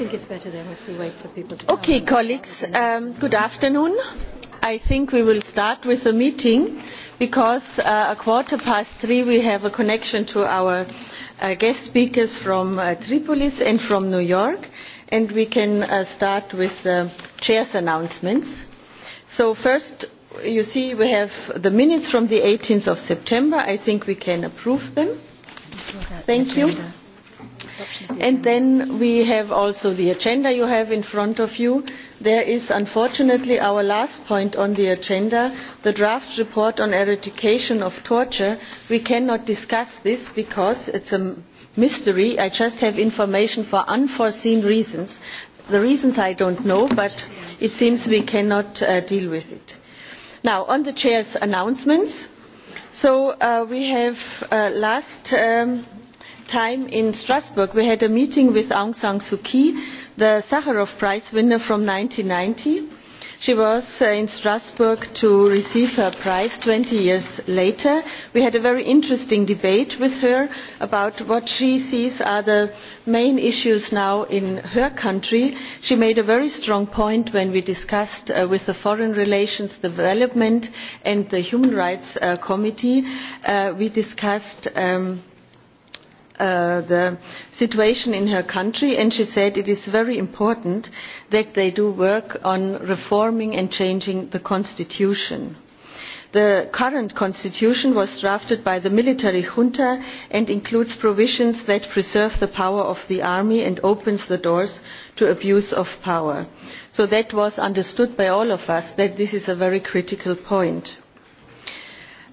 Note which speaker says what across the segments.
Speaker 1: Okay, colleagues, good afternoon. I think we will start with the meeting because a quarter past three we have a connection to our guest speakers from Tripolis and from New York, and we can start with the chair's announcements. So first, you see we have the minutes from the 18th of September. I think we can approve them. Thank you. And then we have also the agenda you have in front of you. There is unfortunately our last point on the agenda, the draft report on eradication of torture. We cannot discuss this because it's a mystery. I just have information for unforeseen reasons. The reasons I don't know, but it seems we cannot deal with it. Now, on the chair's announcements. So we have last time in Strasbourg, we had a meeting with Aung San Suu Kyi, the Sakharov Prize winner from 1990. She was in Strasbourg to receive her prize 20 years later. We had a very interesting debate with her about what she sees are the main issues now in her country. She made a very strong point when we discussed with the Foreign Relations Development and the Human Rights Committee. We discussed the situation in her country and she said it is very important that they do work on reforming and changing the constitution. The current constitution was drafted by the military junta and includes provisions that preserve the power of the army and opens the doors to abuse of power. So that was understood by all of us that this is a very critical point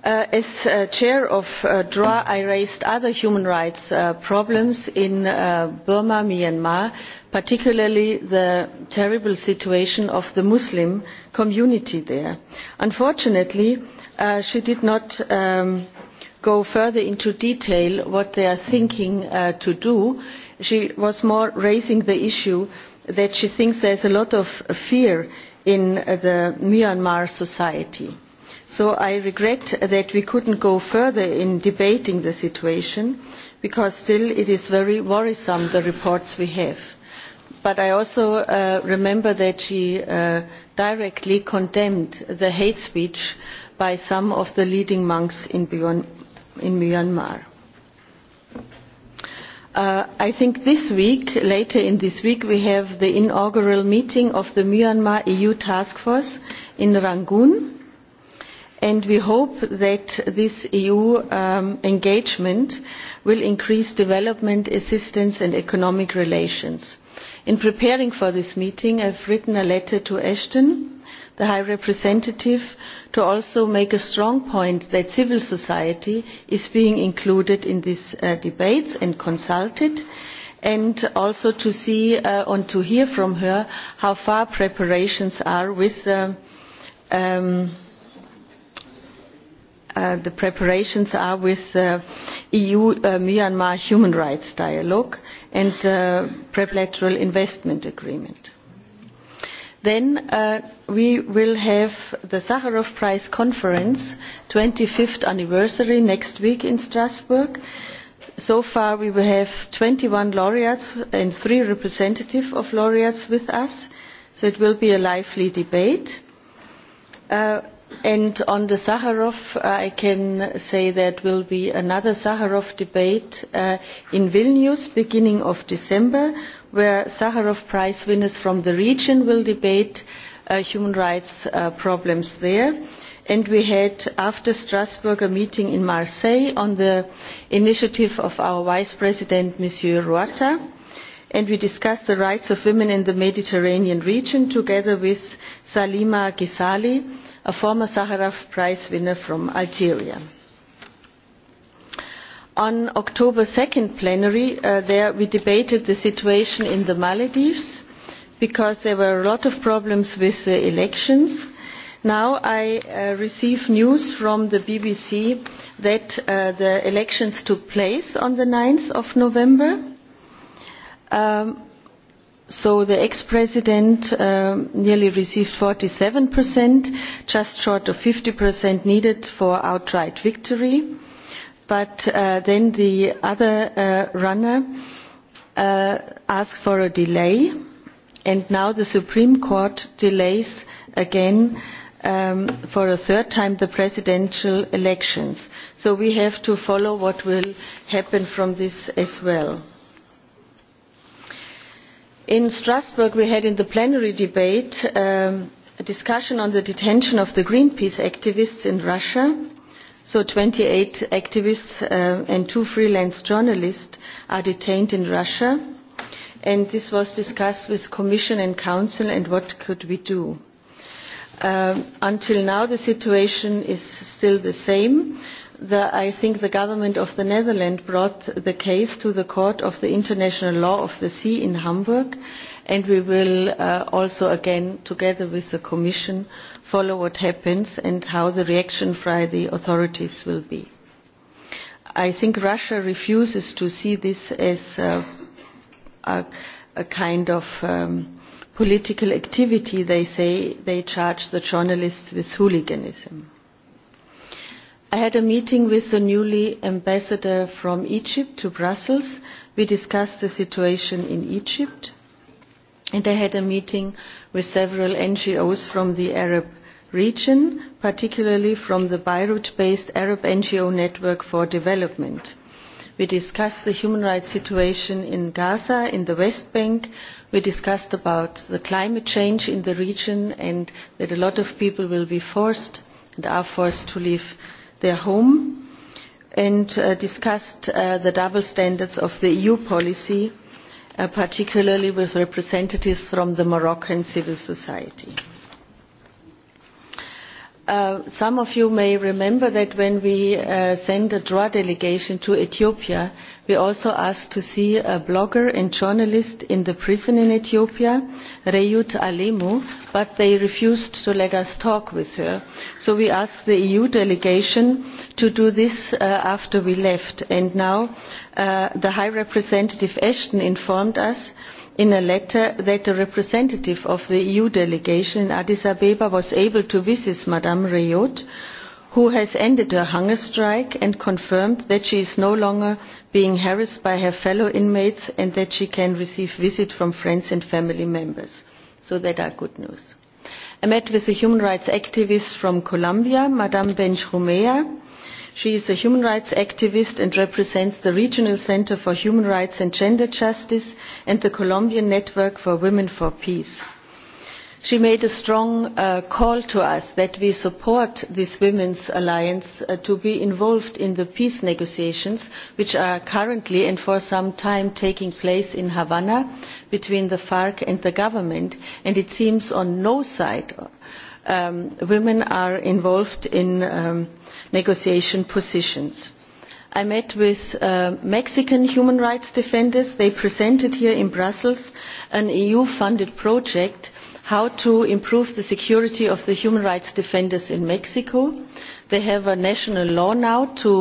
Speaker 1: As chair of DRA, I raised other human rights problems in Burma, Myanmar, particularly the terrible situation of the Muslim community there. Unfortunately, she did not go further into detail what they are thinking to do. She was more raising the issue that she thinks there is a lot of fear in the Myanmar society. So I regret that we couldn't go further in debating the situation because still it is very worrisome, the reports we have. But I also remember that she directly condemned the hate speech by some of the leading monks in Myanmar. I think this week, later in this week, we have the inaugural meeting of the Myanmar EU Task Force in Rangoon and we hope that this eu engagement will increase development assistance and economic relations. in preparing for this meeting i have written a letter to ashton the high representative to also make a strong point that civil society is being included in these debates and consulted and also to see and to hear from her how far preparations are with the the preparations are with the EU Myanmar Human Rights Dialogue and the Bilateral Investment Agreement. Then we will have the Sakharov Prize Conference, 25th anniversary, next week in Strasbourg. So far we will have 21 laureates and three representatives of laureates with us, so it will be a lively debate. And on the Sakharov, I can say that will be another Sakharov debate in Vilnius, beginning of December, where Sakharov Prize winners from the region will debate human rights problems there. And we had, after Strasbourg, a meeting in Marseille on the initiative of our Vice President, Monsieur Ruata, and we discussed the rights of women in the Mediterranean region together with Salima Ghisali a former Sakharov Prize winner from Algeria. On October 2nd plenary, there we debated the situation in the Maldives because there were a lot of problems with the elections. Now I receive news from the BBC that the elections took place on the 9th of November So the ex-president nearly received 47%, just short of 50% needed for outright victory. But then the other runner asked for a delay, and now the Supreme Court delays again for a third time the presidential elections. So we have to follow what will happen from this as well in strasbourg we had in the plenary debate a discussion on the detention of the greenpeace activists in russia so twenty eight activists and two freelance journalists are detained in russia and this was discussed with commission and council and what could we do. until now the situation is still the same. I think the government of the Netherlands brought the case to the Court of the International Law of the Sea in Hamburg, and we will also again, together with the Commission, follow what happens and how the reaction from the authorities will be. I think Russia refuses to see this as a kind of political activity. They say they charge the journalists with hooliganism. I had a meeting with the newly ambassador from Egypt to Brussels. We discussed the situation in Egypt. And I had a meeting with several NGOs from the Arab region, particularly from the Beirut-based Arab NGO Network for Development. We discussed the human rights situation in Gaza, in the West Bank. We discussed about the climate change in the region and that a lot of people will be forced and are forced to leave their home and discussed the double standards of the eu policy particularly with representatives from the moroccan civil society. some of you may remember that when we sent a draw delegation to ethiopia We also asked to see a blogger and journalist in the prison in Ethiopia, Reyut Alemu, but they refused to let us talk with her. So we asked the EU delegation to do this after we left. And now the High Representative Ashton informed us in a letter that a representative of the EU delegation in Addis Ababa was able to visit Madame Reyut who has ended her hunger strike and confirmed that she is no longer being harassed by her fellow inmates and that she can receive visits from friends and family members. So that are good news. I met with a human rights activist from Colombia, Madame Benjumea. She is a human rights activist and represents the Regional Center for Human Rights and Gender Justice and the Colombian Network for Women for Peace. She made a strong call to us that we support this Women's Alliance to be involved in the peace negotiations which are currently and for some time taking place in Havana between the FARC and the government, and it seems on no side women are involved in negotiation positions. I met with Mexican human rights defenders. They presented here in Brussels an EU funded project how to improve the security of the human rights defenders in Mexico. They have a national law now to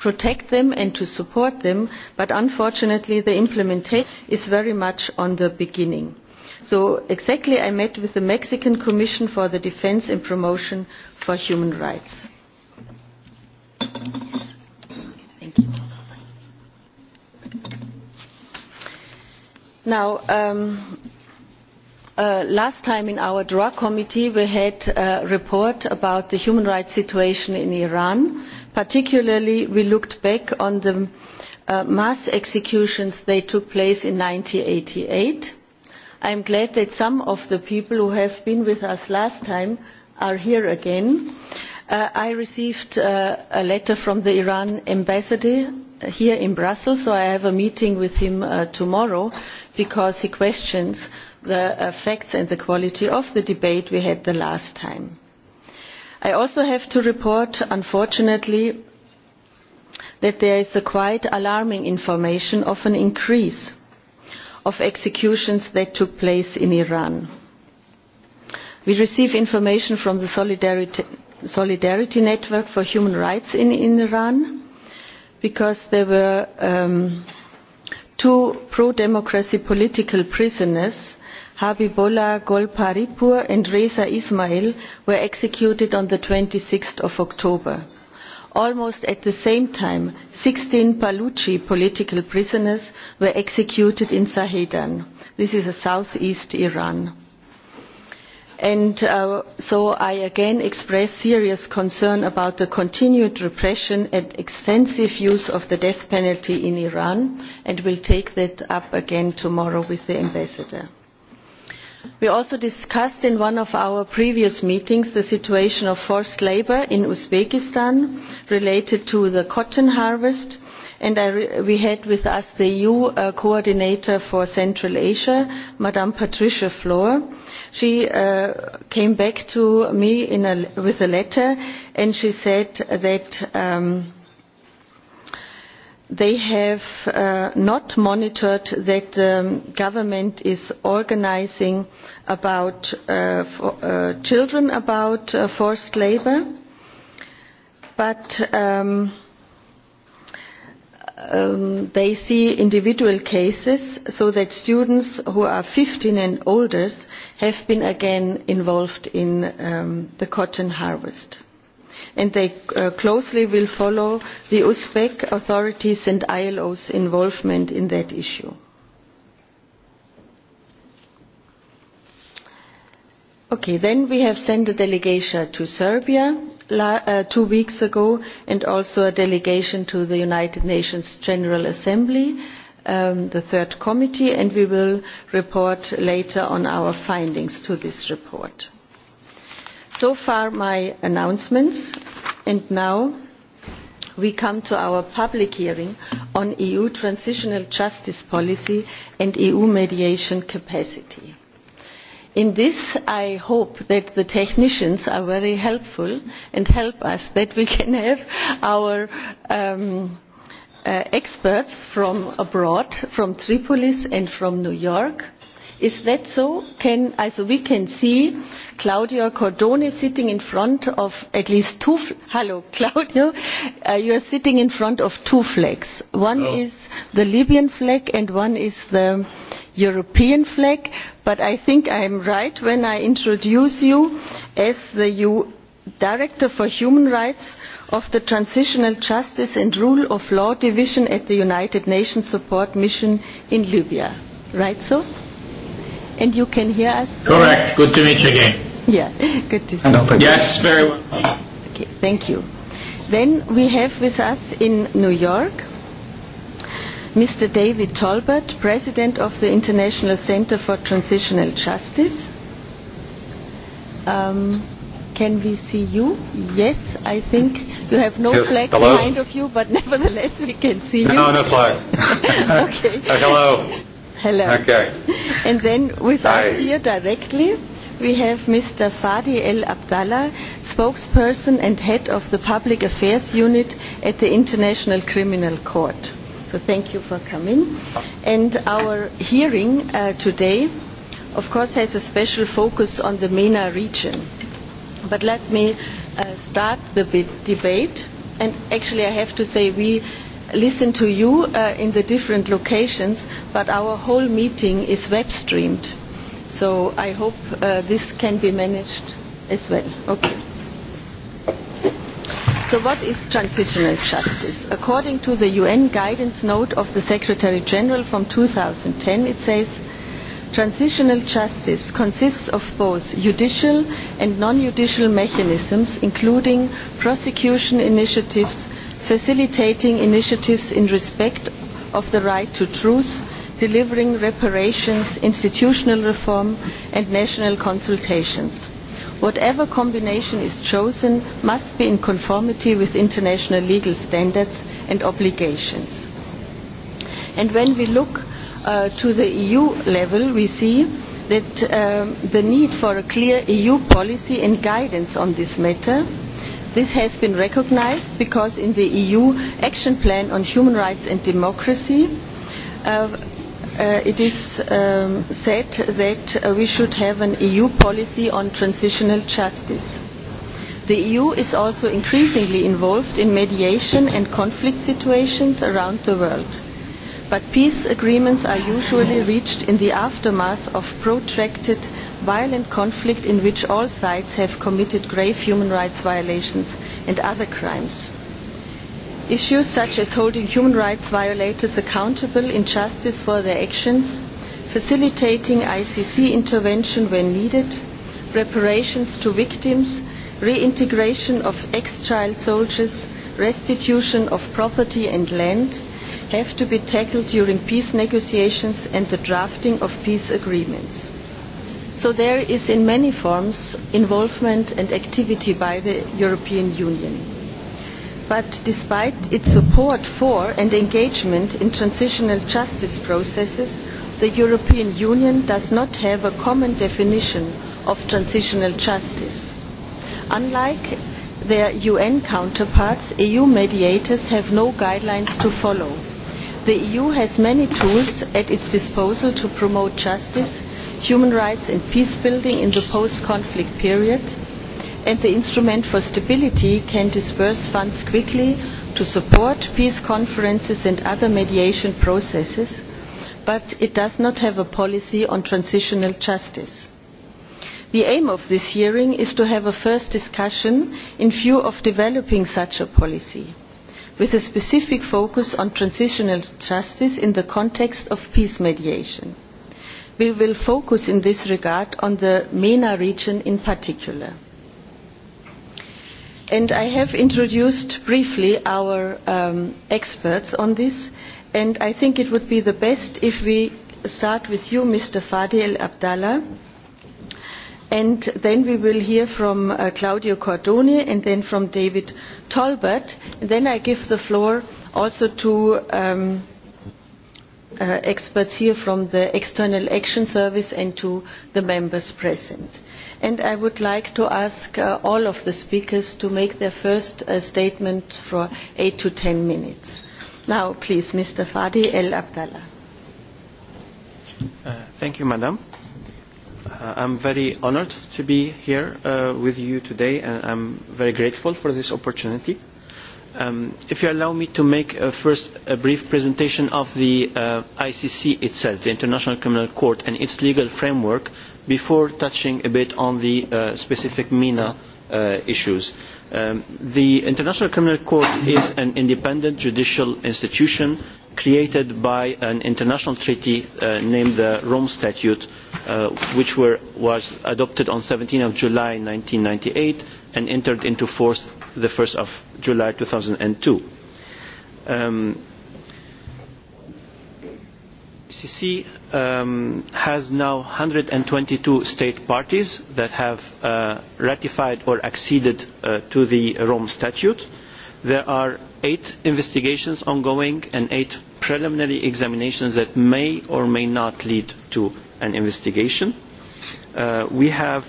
Speaker 1: protect them and to support them, but unfortunately the implementation is very much on the beginning. So exactly I met with the Mexican Commission for the Defense and Promotion for Human Rights. Now last time in our drug committee we had a report about the human rights situation in iran particularly we looked back on the mass executions that took place in 1988 i am glad that some of the people who have been with us last time are here again i received a letter from the iran ambassador here in brussels so i have a meeting with him tomorrow because he questions the effects and the quality of the debate we had the last time. I also have to report, unfortunately, that there is a quite alarming information of an increase of executions that took place in Iran. We receive information from the Solidarity Network for Human Rights in Iran because there were two pro-democracy political prisoners Habibullah Golparipur and Reza Ismail were executed on the 26th of October. Almost at the same time, sixteen Baluchi political prisoners were executed in Sahedan. This is a east Iran. And so I again express serious concern about the continued repression and extensive use of the death penalty in Iran and will take that up again tomorrow with the ambassador. We also discussed in one of our previous meetings the situation of forced labour in Uzbekistan related to the cotton harvest and we had with us the EU coordinator for Central Asia, Madame Patricia Floor. She came back to me with a letter and she said that they have not monitored that the government is organising about children about forced labour but they see individual cases so that students who are 15 and older have been again involved in the cotton harvest and they closely will follow the Uzbek authorities and ILO's involvement in that issue. Okay, then we have sent a delegation to Serbia two weeks ago and also a delegation to the United Nations General Assembly, the third committee, and we will report later on our findings to this report. So far my announcements and now we come to our public hearing on EU transitional justice policy and EU mediation capacity. In this I hope that the technicians are very helpful and help us that we can have our experts from abroad, from Tripolis and from New York Is that so? We can see Claudio Cordone sitting in front of at least two. Hello, Claudio. You are sitting in front of two flags. One is the Libyan flag and one is the European flag. But I think I am right when I introduce you as the Director for Human Rights of the Transitional Justice and Rule of Law Division at the United Nations Support Mission in Libya. Right so? and you can hear us? Correct.
Speaker 2: Good to meet you
Speaker 3: again.
Speaker 1: Yeah, good to see you. Yes, very well. Okay, thank you. Then we have with us in New York Mr. David Talbot, President of the International Center for Transitional Justice. Um, can we see you? Yes, I think you have no flag behind of you, but nevertheless we can see you. No, no flag.
Speaker 4: okay.
Speaker 5: Hello.
Speaker 1: Hello. Okay. And then with us here directly, we have Mr. Fadi El Abdallah, spokesperson and head of the Public Affairs Unit at the International Criminal Court. So thank you for coming. And our hearing today, of course, has a special focus on the MENA region. But let me start the debate. And actually, I have to say we listen to you in the different locations, but our whole meeting is web streamed. So I hope this can be managed as well. Okay. So what is transitional justice? According to the UN guidance note of the Secretary General from 2010, it says transitional justice consists of both judicial and non-judicial mechanisms, including prosecution initiatives facilitating initiatives in respect of the right to truth, delivering reparations, institutional reform and national consultations. Whatever combination is chosen must be in conformity with international legal standards and obligations. And when we look to the EU level, we see that the need for a clear EU policy and guidance on this matter This has been recognised because in the EU Action Plan on Human Rights and Democracy it is said that we should have an EU policy on transitional justice. The EU is also increasingly involved in mediation and conflict situations around the world but peace agreements are usually reached in the aftermath of protracted violent conflict in which all sides have committed grave human rights violations and other crimes. Issues such as holding human rights violators accountable in justice for their actions, facilitating ICC intervention when needed, reparations to victims, reintegration of ex-child soldiers, restitution of property and land, have to be tackled during peace negotiations and the drafting of peace agreements. So there is in many forms involvement and activity by the European Union. But despite its support for and engagement in transitional justice processes, the European Union does not have a common definition of transitional justice. Unlike their UN counterparts, EU mediators have no guidelines to follow the eu has many tools at its disposal to promote justice human rights and peace building in the post conflict period and the instrument for stability can disperse funds quickly to support peace conferences and other mediation processes but it does not have a policy on transitional justice. the aim of this hearing is to have a first discussion in view of developing such a policy with a specific focus on transitional justice in the context of peace mediation. We will focus in this regard on the MENA region in particular. And I have introduced briefly our experts on this, and I think it would be the best if we start with you, Mr. Fadi El Abdallah And then we will hear from Claudio Cordoni and then from David Tolbert. Then I give the floor also to experts here from the External Action Service and to the members present. And I would like to ask all of the speakers to make their first statement for eight to ten minutes. Now, please, Mr. Fadi El Abdallah.
Speaker 6: Thank you, Madam. I'm very honored to be here with you today and I'm very grateful for this opportunity. If you allow me to make first a brief presentation of the ICC itself, the International Criminal Court and its legal framework before touching a bit on the specific MENA issues. The International Criminal Court is an independent judicial institution created by an international treaty named the Rome Statute which was adopted on 17 of July 1998 and entered into force the 1st of July 2002. CC has now 122 state parties that have ratified or acceded to the Rome Statute. There are eight investigations ongoing and eight preliminary examinations that may or may not lead to an investigation. We have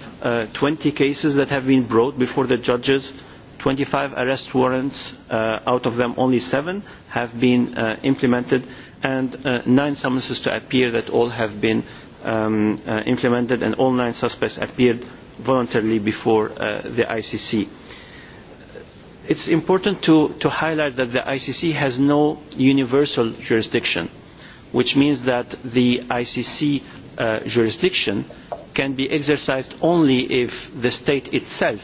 Speaker 6: 20 cases that have been brought before the judges. 25 arrest warrants, out of them only seven have been implemented, and nine summonses to appear that all have been implemented, and all nine suspects appeared voluntarily before the ICC. It's important to highlight that the ICC has no universal jurisdiction, which means that the ICC jurisdiction can be exercised only if the state itself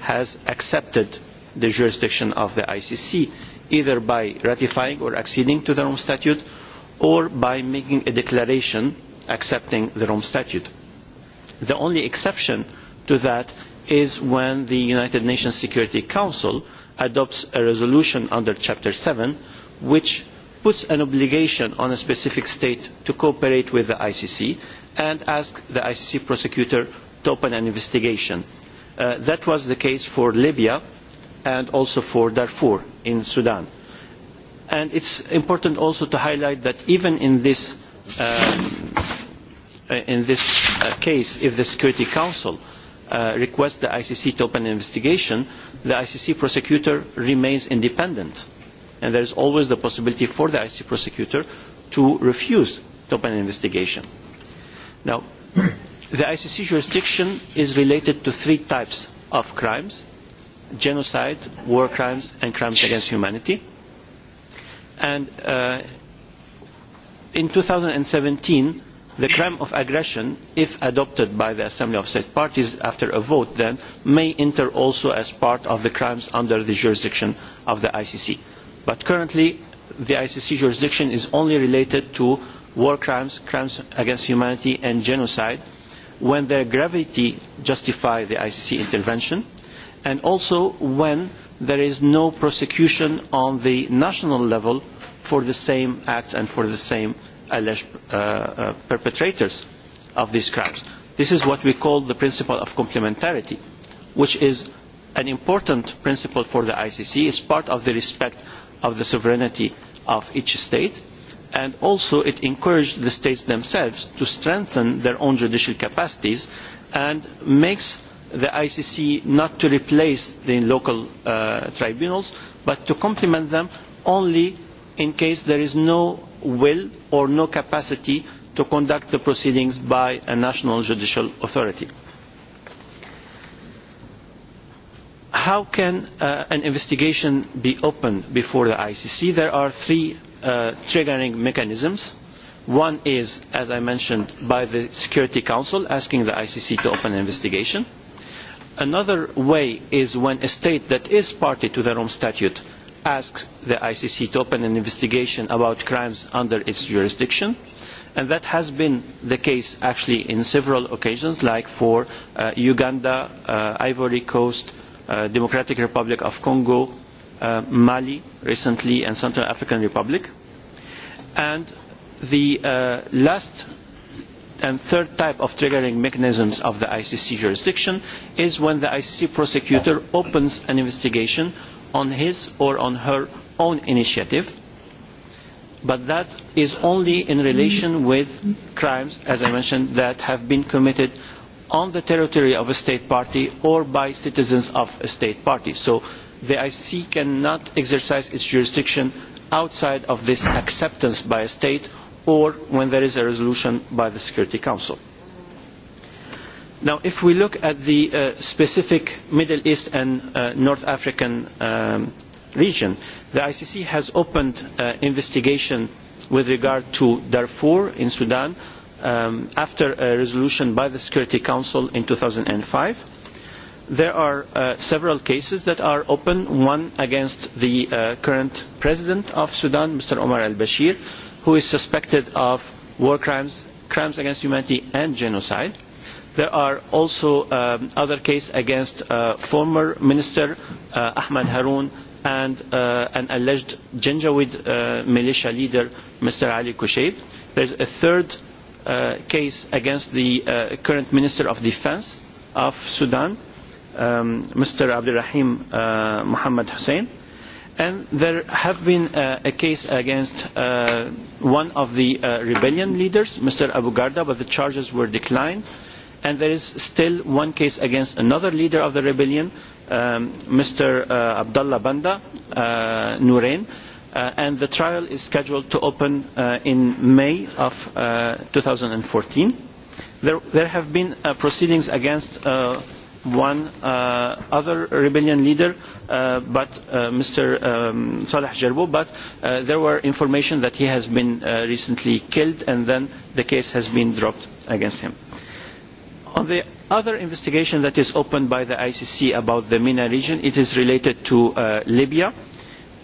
Speaker 6: has accepted the jurisdiction of the ICC, either by ratifying or acceding to the Rome Statute or by making a declaration accepting the Rome Statute. The only exception to that is when the United Nations Security Council adopts a resolution under Chapter 7 which puts an obligation on a specific state to cooperate with the ICC and ask the ICC prosecutor to open an investigation. That was the case for Libya and also for Darfur in Sudan. And it's important also to highlight that even in this case, if the Security Council requests the ICC to open an investigation, the ICC prosecutor remains independent and there is always the possibility for the ICC prosecutor to refuse to open an investigation. Now, the ICC jurisdiction is related to three types of crimes, genocide, war crimes, and crimes against humanity. And in 2017, the crime of aggression, if adopted by the Assembly of State Parties after a vote then, may enter also as part of the crimes under the jurisdiction of the ICC But currently, the ICC jurisdiction is only related to war crimes, crimes against humanity and genocide, when their gravity justifies the ICC intervention, and also when there is no prosecution on the national level for the same acts and for the same alleged perpetrators of these crimes. This is what we call the principle of complementarity, which is an important principle for the ICC, is part of the respect of the sovereignty of each state and also it encouraged the states themselves to strengthen their own judicial capacities and makes the icc not to replace the local tribunals but to complement them only in case there is no will or no capacity to conduct the proceedings by a national judicial authority. How can an investigation be opened before the ICC? There are three triggering mechanisms. One is, as I mentioned, by the Security Council asking the ICC to open an investigation. Another way is when a state that is party to the Rome Statute asks the ICC to open an investigation about crimes under its jurisdiction. And that has been the case actually in several occasions, like for Uganda, Ivory Coast, Democratic Republic of Congo, Mali recently, and Central African Republic. And the last and third type of triggering mechanisms of the ICC jurisdiction is when the ICC prosecutor opens an investigation on his or on her own initiative, but that is only in relation with crimes, as I mentioned, that have been committed on the territory of a state party or by citizens of a state party. So the ICC cannot exercise its jurisdiction outside of this acceptance by a state or when there is a resolution by the Security Council. Now, if we look at the specific Middle East and North African region, the ICC has opened investigation with regard to Darfur in Sudan after a resolution by the Security Council in 2005. There are several cases that are open, one against the current president of Sudan, Mr. Omar al-Bashir, who is suspected of war crimes, crimes against humanity and genocide. There are also other cases against former Minister Ahmad Haroun and an alleged Janjaweed militia leader, Mr. Ali Kushayb. There is a third case against the current Minister of defence of Sudan, Mr. Abdirahim Mohammed Hussein. And there have been a case against one of the rebellion leaders, Mr. Abu Garda, but the charges were declined. And there is still one case against another leader of the rebellion, Mr. Abdullah Banda, Nurein and the trial is scheduled to open in May of 2014. There have been proceedings against one other rebellion leader, but Mr. Salah Jerbo, but there were information that he has been recently killed and then the case has been dropped against him. On the other investigation that is opened by the ICC about the MENA region, it is related to Libya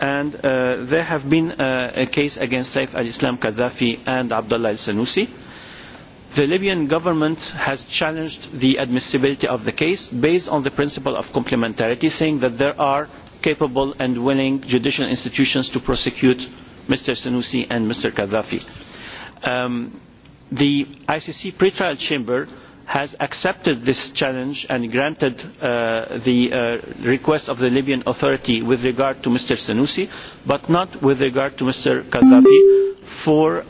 Speaker 6: and there have been a case against Saif al-Islam Gaddafi and Abdullah al-Sanusi. The Libyan government has challenged the admissibility of the case based on the principle of complementarity, saying that there are capable and willing judicial institutions to prosecute Mr. Sanusi and Mr. Gaddafi. The ICC pretrial chamber has accepted this challenge and granted the request of the Libyan Authority with regard to Mr Senussi, but not with regard to Mr Gaddafi, for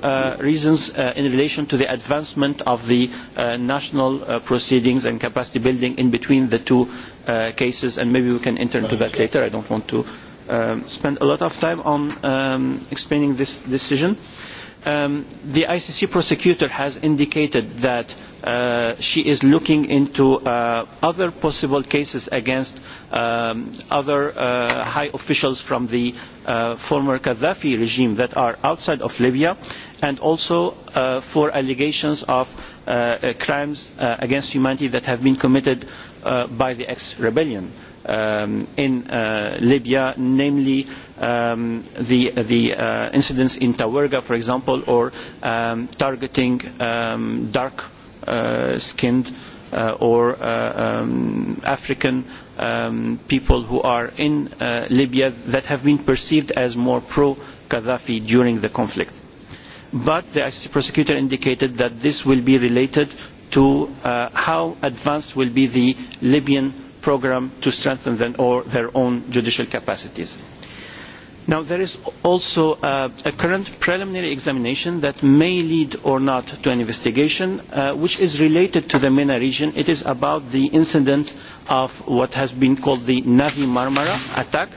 Speaker 6: reasons in relation to the advancement of the national proceedings and capacity building in between the two cases and maybe we can enter into that later. I don't want to spend a lot of time on explaining this decision. The ICC prosecutor has indicated that she is looking into other possible cases against other high officials from the former Gaddafi regime that are outside of Libya and also for allegations of crimes against humanity that have been committed by the ex-rebellion in Libya, namely the incidents in Tawerga, for example, or targeting dark skinned or African people who are in Libya that have been perceived as more pro-Gaddafi during the conflict. But the prosecutor indicated that this will be related to how advanced will be the Libyan program to strengthen their own judicial capacities. Now there is also a current preliminary examination that may lead or not to an investigation which is related to the MENA region. It is about the incident of what has been called the Navi Marmara attack.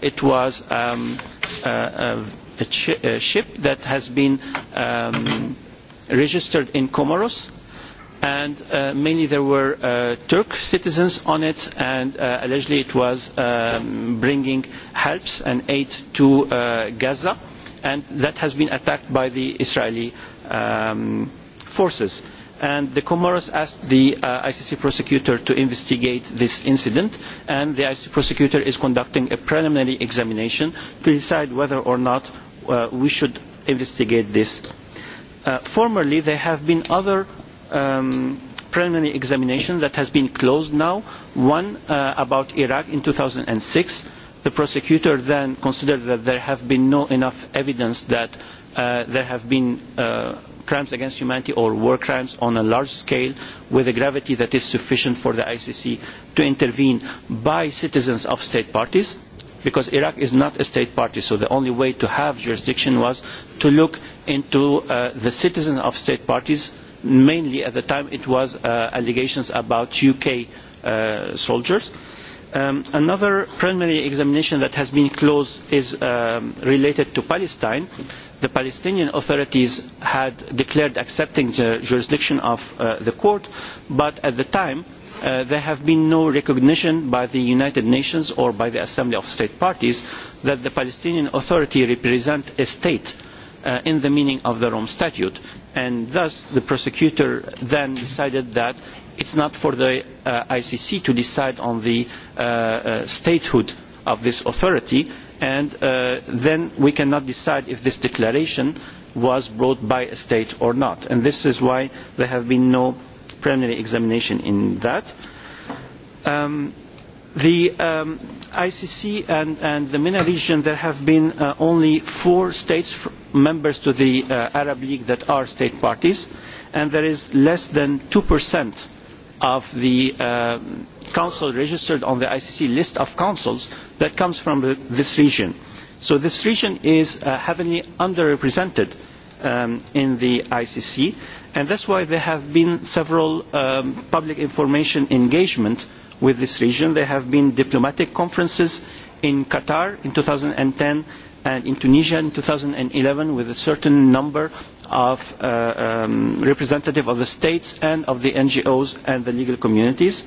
Speaker 6: It was a ship that has been registered in Comoros and mainly there were Turk citizens on it and allegedly it was bringing helps and aid to Gaza and that has been attacked by the Israeli forces. And the Comoros asked the ICC prosecutor to investigate this incident and the ICC prosecutor is conducting a preliminary examination to decide whether or not we should investigate this. Formerly there have been other preliminary examination that has been closed now, one about Iraq in 2006. The prosecutor then considered that there have been no enough evidence that there have been crimes against humanity or war crimes on a large scale with a gravity that is sufficient for the ICC to intervene by citizens of state parties because Iraq is not a state party so the only way to have jurisdiction was to look into the citizens of state parties mainly at the time it was allegations about UK soldiers. Another preliminary examination that has been closed is related to Palestine. The Palestinian authorities had declared accepting the jurisdiction of the court, but at the time there have been no recognition by the United Nations or by the Assembly of State Parties that the Palestinian Authority represents a state in the meaning of the Rome Statute. And thus the prosecutor then decided that it's not for the ICC to decide on the statehood of this authority and then we cannot decide if this declaration was brought by a state or not. And this is why there have been no preliminary examination in that. The ICC and the MENA region, there have been only four states members to the Arab League that are state parties, and there is less than 2% of the council registered on the ICC list of councils that comes from this region. So this region is heavily underrepresented in the ICC, and that's why there have been several public information engagement with this region. There have been diplomatic conferences in Qatar in 2010 and in Tunisia in 2011 with a certain number of representatives of the states and of the NGOs and the legal communities.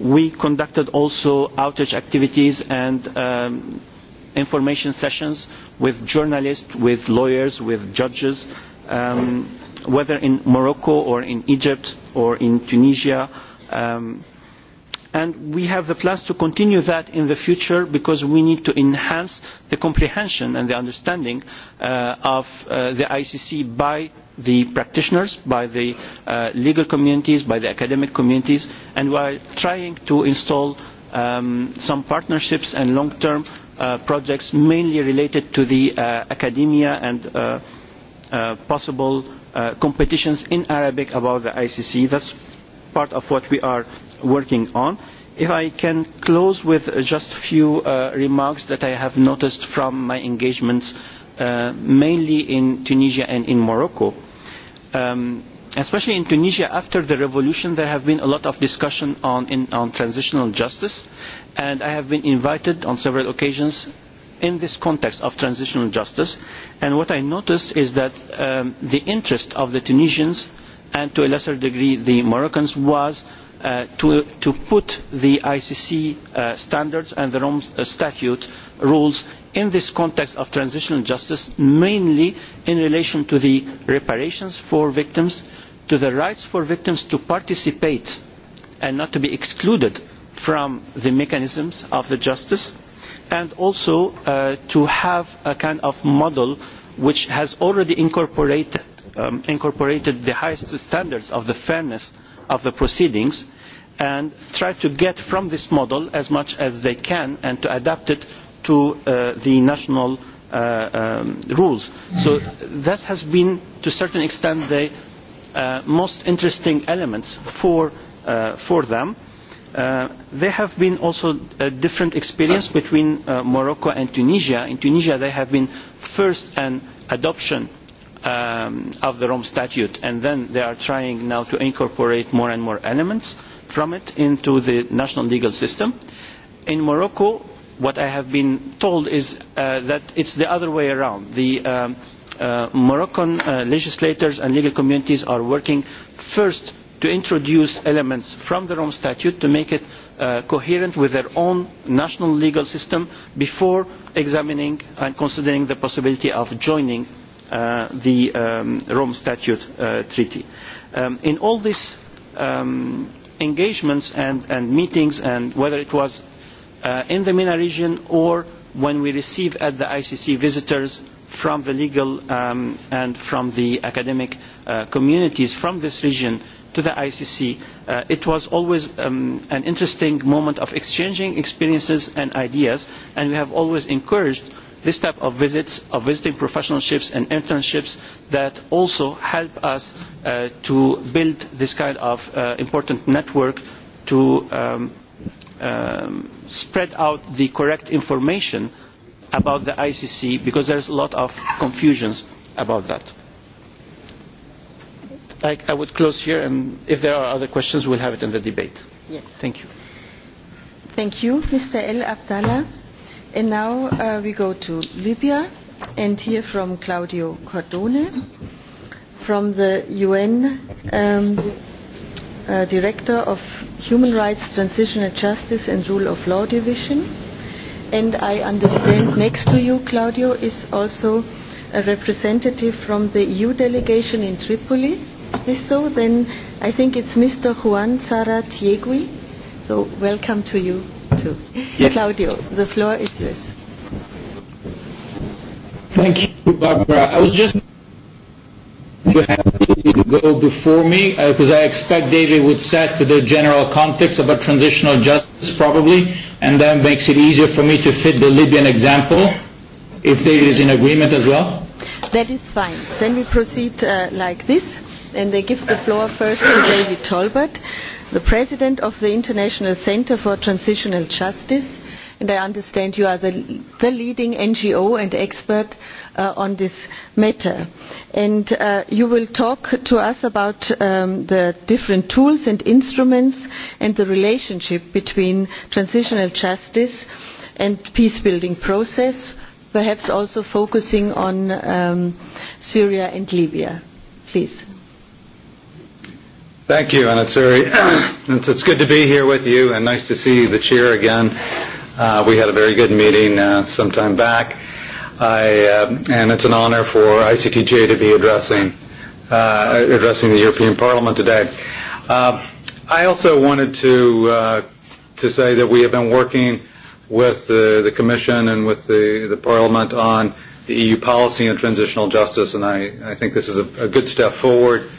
Speaker 6: We conducted also outreach activities and information sessions with journalists, with lawyers, with judges, whether in Morocco or in Egypt or in Tunisia and we have the plans to continue that in the future because we need to enhance the comprehension and the understanding of the icc by the practitioners by the legal communities by the academic communities and we are trying to install some partnerships and long term projects mainly related to the academia and possible competitions in arabic about the icc. that is part of what we are working on. If I can close with just a few remarks that I have noticed from my engagements mainly in Tunisia and in Morocco. Especially in Tunisia after the revolution there have been a lot of discussion on transitional justice and I have been invited on several occasions in this context of transitional justice and what I noticed is that the interest of the Tunisians and to a lesser degree the Moroccans was to put the ICC standards and the Rome Statute rules in this context of transitional justice, mainly in relation to the reparations for victims, to the rights for victims to participate and not to be excluded from the mechanisms of the justice, and also to have a kind of model which has already incorporated the highest standards of the fairness of the proceedings and try to get from this model as much as they can and to adapt it to the national rules. So that has been to a certain extent the most interesting elements for them. There have been also a different experience between Morocco and Tunisia. In Tunisia there have been first an adoption of the Rome Statute, and then they are trying now to incorporate more and more elements from it into the national legal system. In Morocco, what I have been told is that it's the other way around. The Moroccan legislators and legal communities are working first to introduce elements from the Rome Statute to make it coherent with their own national legal system before examining and considering the possibility of joining the Rome Statute Treaty. In all these engagements and meetings, and whether it was in the MENA region or when we received at the ICC visitors from the legal and from the academic communities from this region to the ICC, it was always an interesting moment of exchanging experiences and ideas, and we have always encouraged this type of visits, of visiting professionalships and internships that also help us to build this kind of important network to spread out the correct information about the ICC because there is a lot of confusions about that. I would close here and if there are other questions we'll have it in the debate. Thank you.
Speaker 1: Thank you. Mr. El Abdallah. And now we go to Libya and hear from Claudio Cordone from the UN Director of Human Rights, Transitional Justice and Rule of Law Division. And I understand next to you, Claudio, is also a representative from the EU delegation in Tripoli. Is so? Then I think it's Mr. Juan Sara Tiegui. So welcome to you. Claudio, the floor is yours.
Speaker 2: Thank you, Barbara. I was just you have go before me because I expect David would set the general context about transitional justice probably and that makes it easier for me to fit the Libyan example if David is in agreement as well.
Speaker 1: That is fine. Then we proceed like this and they give the floor first to David Tolbert the president of the International Center for Transitional Justice, and I understand you are the leading NGO and expert on this matter. And you will talk to us about the different tools and instruments and the relationship between transitional justice and peace-building process, perhaps also focusing on Syria and Libya. Please.
Speaker 5: Thank you, and it's very, it's, good to be here with you, and nice to see the chair again. Uh, we had a very good meeting uh, some time back, I, uh, and it's an honor for ICTJ to be addressing uh, addressing the European Parliament today. Uh, I also wanted to uh, to say that we have been working with the, the Commission and with the, the Parliament on the EU policy on transitional justice, and I, I think this is a, a good step forward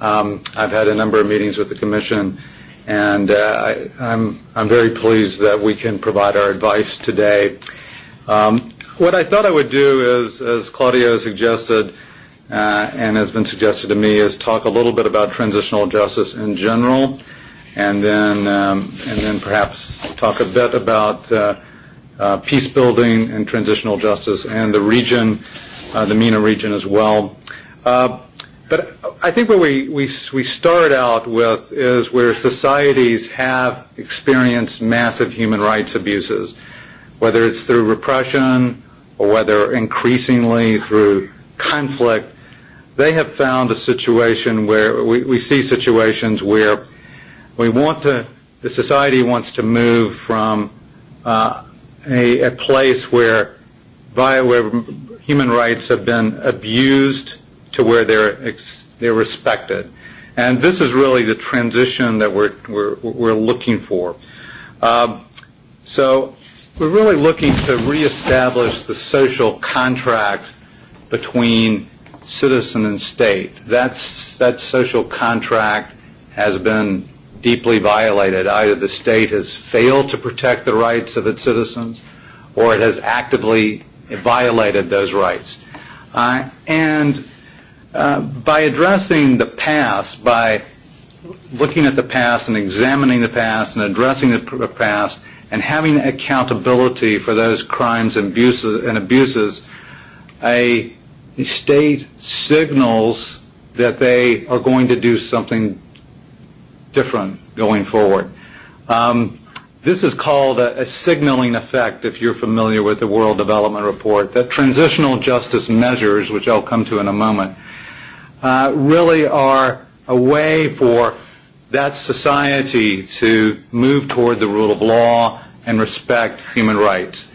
Speaker 5: Um, I've had a number of meetings with the Commission, and I, I'm, I'm very pleased that we can provide our advice today. Um, what I thought I would do is, as Claudio suggested, uh, and has been suggested to me, is talk a little bit about transitional justice in general, and then, um, and then perhaps talk a bit about uh, uh, peace building and transitional justice and the region, uh, the MENA region as well. Uh, But I think what we, we, we start out with is where societies have experienced massive human rights abuses, whether it's through repression or whether increasingly through conflict, they have found a situation where we, we see situations where we want to, the society wants to move from uh, a, a place where, where human rights have been abused to where they're they're respected. And this is really the transition that we're we're we're looking for. Um so we're really looking to reestablish the social contract between citizen and state. That's that social contract has been deeply violated. Either the state has failed to protect the rights of its citizens or it has actively violated those rights. And by addressing the past, by looking at the past and examining the past and addressing the past and having accountability for those crimes and abuses, a state signals that they are going to do something different going forward. this is called a, a signaling effect, if you're familiar with the World Development Report, that transitional justice measures, which I'll come to in a moment, really are a way for that society to move toward the rule of law and respect human rights.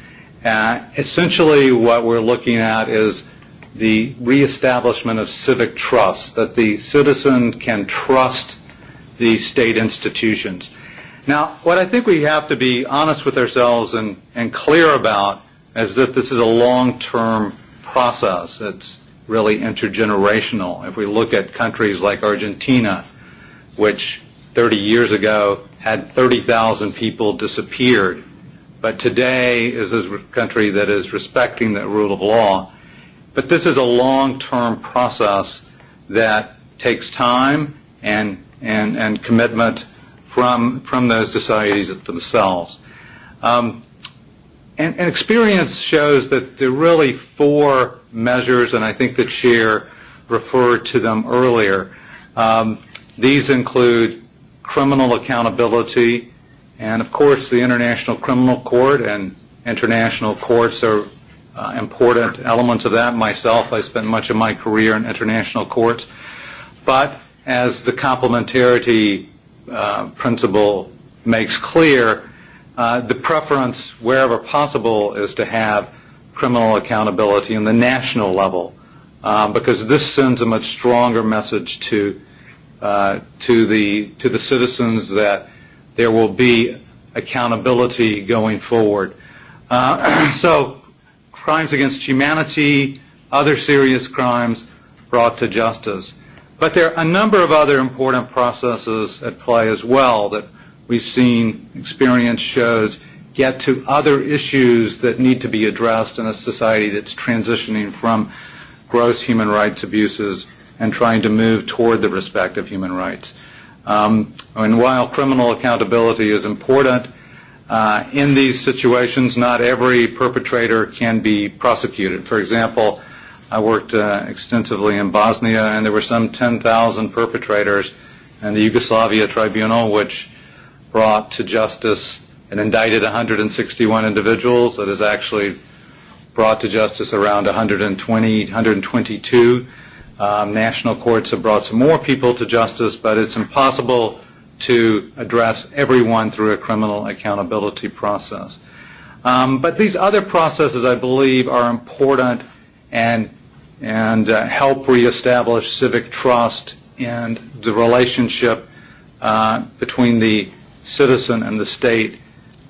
Speaker 5: Essentially what we're looking at is the reestablishment of civic trust, that the citizen can trust the state institutions. Now, what I think we have to be honest with ourselves and clear about is that this is a long-term process. It's really intergenerational. If we look at countries like Argentina, which 30 years ago had 30,000 people disappeared, but today is a country that is respecting the rule of law. But this is a long-term process that takes time and, and, and commitment from, from those societies themselves. Um, and, and experience shows that there are really four measures, and I think the chair referred to them earlier. these include criminal accountability, and of course the International Criminal Court and international courts are important elements of that. Myself, I spent much of my career in international courts. But as the complementarity principle makes clear, the preference, wherever possible, is to have criminal accountability in the national level because this sends a much stronger message to to the to the citizens that there will be accountability going forward. So crimes against humanity, other serious crimes brought to justice. But there are a number of other important processes at play as well that we've seen experience shows get to other issues that need to be addressed in a society that's transitioning from gross human rights abuses and trying to move toward the respect of human rights. Um, and while criminal accountability is important, uh, in these situations, not every perpetrator can be prosecuted. For example, I worked uh, extensively in Bosnia, and there were some 10,000 perpetrators, and the Yugoslavia Tribunal, which brought to justice and indicted 161 individuals. That has actually brought to justice around 120, 122. Um, national courts have brought some more people to justice, but it's impossible to address everyone through a criminal accountability process. Um, but these other processes, I believe, are important and and help reestablish civic trust and the relationship uh between the citizen and the state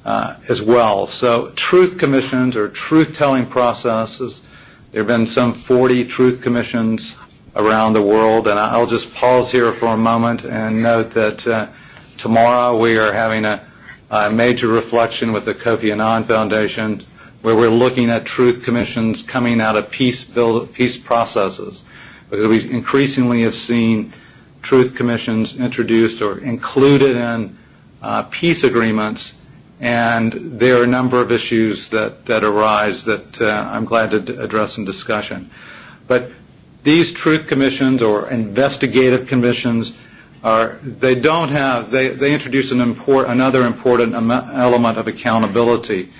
Speaker 5: as well. So truth commissions or truth-telling processes, there have been some 40 truth commissions around the world, and I'll just pause here for a moment and note that tomorrow we are having a major reflection with the Kofi Annan Foundation where we're looking at truth commissions coming out of peace build peace processes because we increasingly have seen truth commissions introduced or included in peace agreements And there are a number of issues that, that arise that I'm glad to address in discussion. But these truth commissions or investigative commissions are, they don't have, they, introduce an import, another important element of accountability.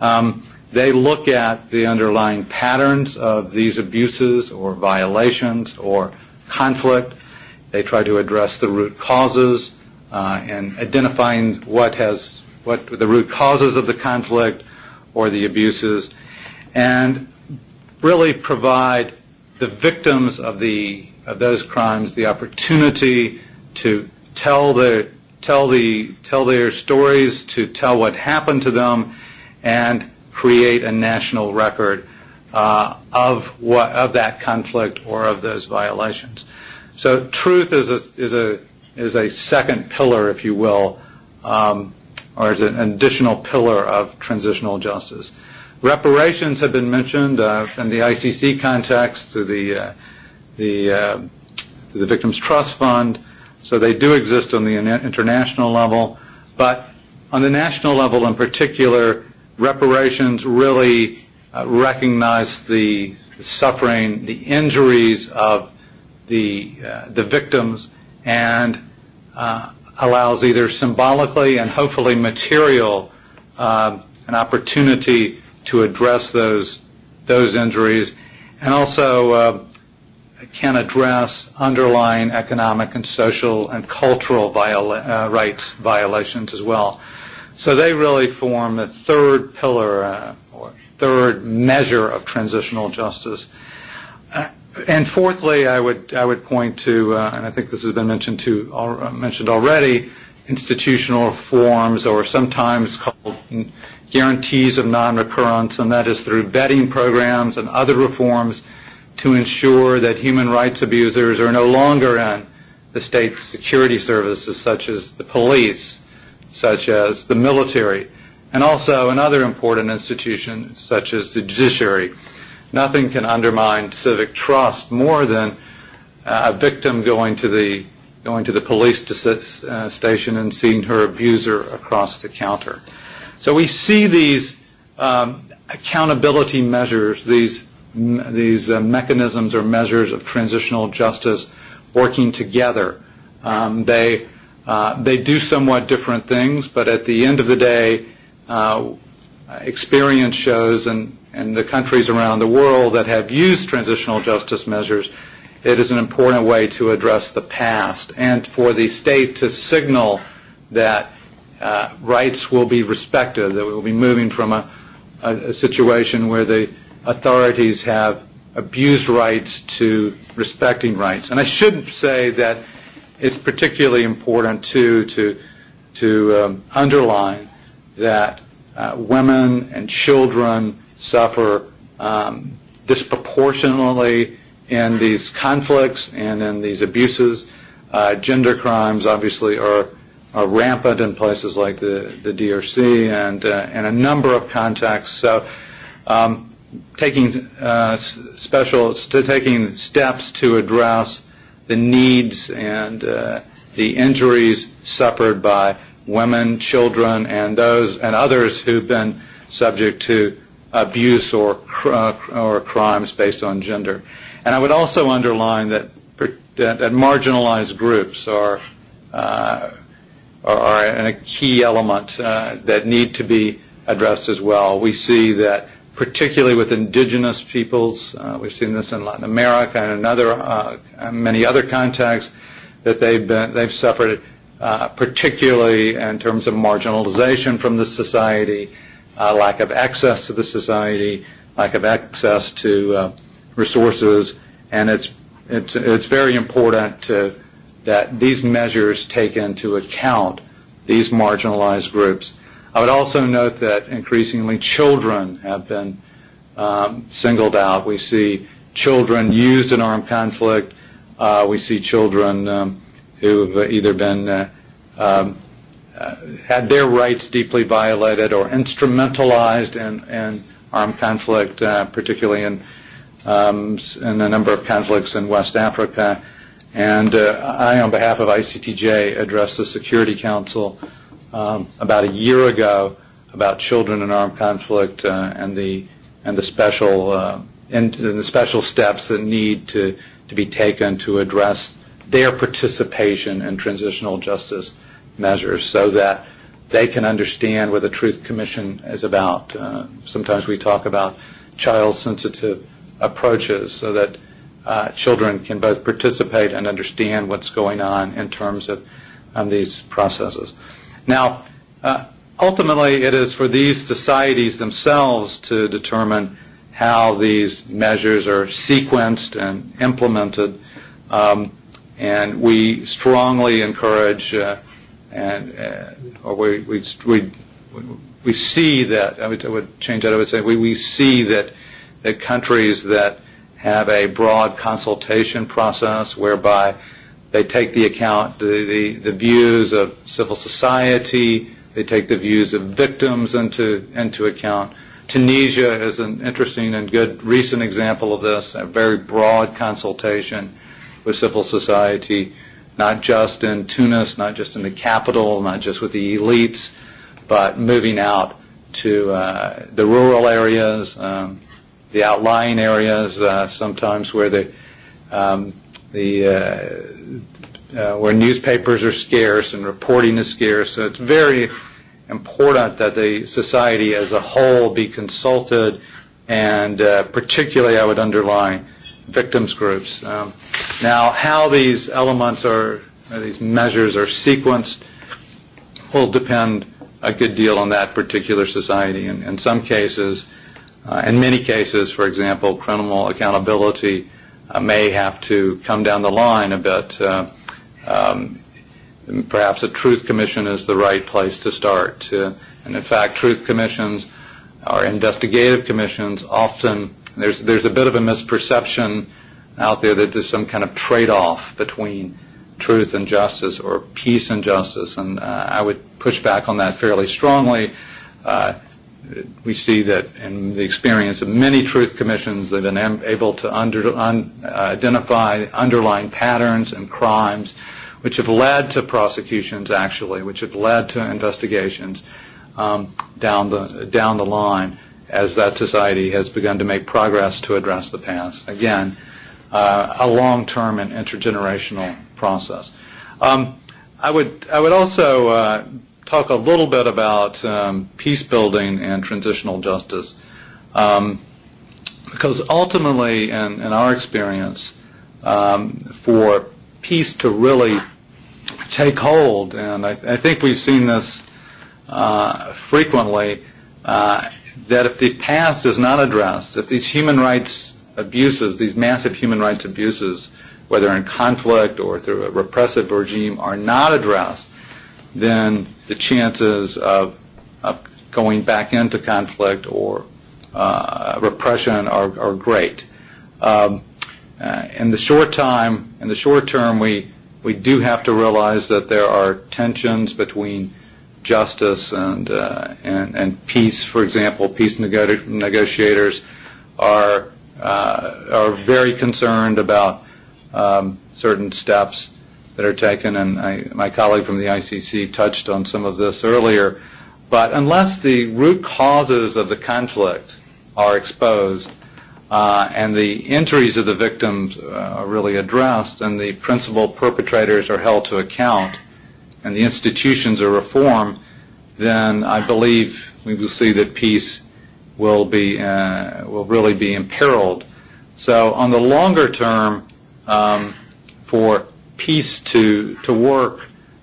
Speaker 5: Um, they look at the underlying patterns of these abuses or violations or conflict. They try to address the root causes and identifying what has what the root causes of the conflict or the abuses, and really provide the victims of the of those crimes the opportunity to tell their tell the tell their stories, to tell what happened to them, and create a national record of what of that conflict or of those violations. So truth is a is a is a second pillar, if you will, um, or as an additional pillar of transitional justice. Reparations have been mentioned in the ICC context through the the through the Victims Trust Fund, so they do exist on the international level, but on the national level in particular, reparations really recognize the suffering, the injuries of the the victims and allows either symbolically and hopefully material an opportunity to address those those injuries and also can address underlying economic and social and cultural rights violations as well. So they really form the third pillar or third measure of transitional justice. And fourthly, I would I would point to, and I think this has been mentioned mentioned already, institutional reforms or sometimes called guarantees of non-recurrence, and that is through vetting programs and other reforms to ensure that human rights abusers are no longer in the state security services, such as the police, such as the military, and also in other important institutions, such as the judiciary. Nothing can undermine civic trust more than a victim going to the going to the police station and seeing her abuser across the counter. So we see these accountability measures, these these mechanisms or measures of transitional justice working together. They they do somewhat different things, but at the end of the day experience shows and the countries around the world that have used transitional justice measures, it is an important way to address the past and for the state to signal that rights will be respected, that we will be moving from a, situation where the authorities have abused rights to respecting rights. And I should say that it's particularly important, too, to, to underline that women and children suffer disproportionately in these conflicts and in these abuses. gender crimes obviously are, are rampant in places like the, the DRC and, in a number of contexts. So taking special, taking steps to address the needs and the injuries suffered by women, children, and those and others who've been subject to abuse or or crimes based on gender. And I would also underline that that marginalized groups are are a key element that need to be addressed as well. We see that particularly with indigenous peoples, we've seen this in Latin America and in other many other contexts, that they've been they've suffered particularly in terms of marginalization from the society, lack of access to the society, lack of access to resources, and it's it's very important that these measures take into account these marginalized groups. I would also note that increasingly children have been singled out. We see children used in armed conflict. we see children have either been um, had their rights deeply violated or instrumentalized in, in armed conflict, particularly in, um, in a number of conflicts in West Africa. And I, on behalf of ICTJ, addressed the Security Council um, about a year ago about children in armed conflict and the and the special and the special steps that need to to be taken to address their participation in transitional justice measures so that they can understand what the Truth Commission is about. Sometimes we talk about child-sensitive approaches so that children can both participate and understand what's going on in terms of these processes. Now, ultimately, it is for these societies themselves to determine how these measures are sequenced and implemented. Um and we strongly encourage and or we we we we see that I would I would change that I would say we we see that that countries that have a broad consultation process whereby they take the account the the the views of civil society they take the views of victims into into account Tunisia is an interesting and good recent example of this a very broad consultation with civil society, not just in Tunis, not just in the capital, not just with the elites, but moving out to uh, the rural areas, um, the outlying areas, uh, sometimes where the um, the uh, uh, where newspapers are scarce and reporting is scarce. So it's very important that the society as a whole be consulted, and uh, particularly I would underline victims groups. Now, how these elements are, these measures are sequenced will depend a good deal on that particular society. In some cases, in many cases, for example, criminal accountability may have to come down the line a bit. Perhaps a truth commission is the right place to start. And in fact, truth commissions or investigative commissions often There's there's a bit of a misperception out there that there's some kind of trade-off between truth and justice or peace and justice, and I would push back on that fairly strongly. We see that in the experience of many truth commissions, they've been able to identify underlying patterns and crimes which have led to prosecutions, actually, which have led to investigations down the down the line as that society has begun to make progress to address the past. Again, a long-term and intergenerational process. Um, I would I would also talk a little bit about um, peace building and transitional justice, um, because ultimately, in, in our experience, um, for peace to really take hold, and I, I think we've seen this uh, frequently that if the past is not addressed, if these human rights abuses, these massive human rights abuses, whether in conflict or through a repressive regime, are not addressed, then the chances of, going back into conflict or uh, repression are, are great. Um, in the short time, in the short term, we we do have to realize that there are tensions between justice and and and peace, for example, peace negotiators are are very concerned about certain steps that are taken, and my colleague from the ICC touched on some of this earlier. But unless the root causes of the conflict are exposed and the injuries of the victims are really addressed and the principal perpetrators are held to account, and the institutions are reformed, then I believe we will see that peace will be will really be imperiled. So on the longer term, um, for peace to to work,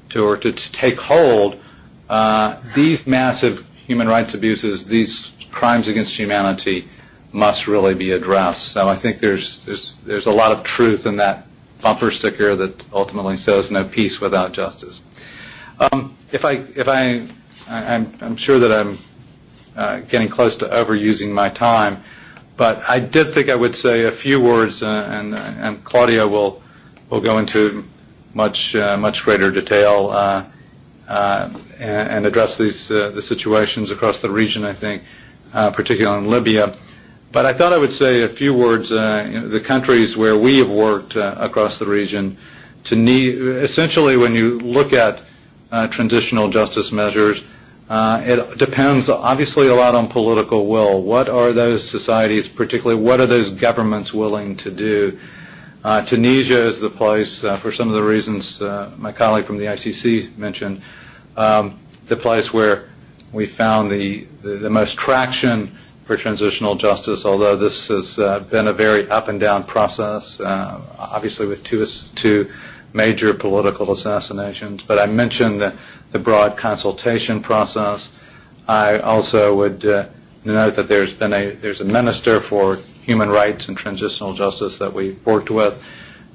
Speaker 5: to or to take hold, uh, these massive human rights abuses, these crimes against humanity, must really be addressed. So I think there's there's there's a lot of truth in that bumper sticker that ultimately says no peace without justice. Um, if I, if I, I'm, I'm sure that I'm getting close to overusing my time, but I did think I would say a few words, and, and Claudia will, will go into much, much greater detail, uh, uh, and, address these, the situations across the region, I think, particularly in Libya. But I thought I would say a few words, uh, the countries where we have worked across the region to need, essentially when you look at transitional justice measures. It depends obviously a lot on political will. What are those societies, particularly what are those governments willing to do? Tunisia is the place, for some of the reasons my colleague from the ICC mentioned, the place where we found the the most traction for transitional justice, although this has been a very up and down process, obviously with two major political assassinations. But I mentioned the, the broad consultation process. I also would uh, note that there's been a there's a minister for human rights and transitional justice that we've worked with,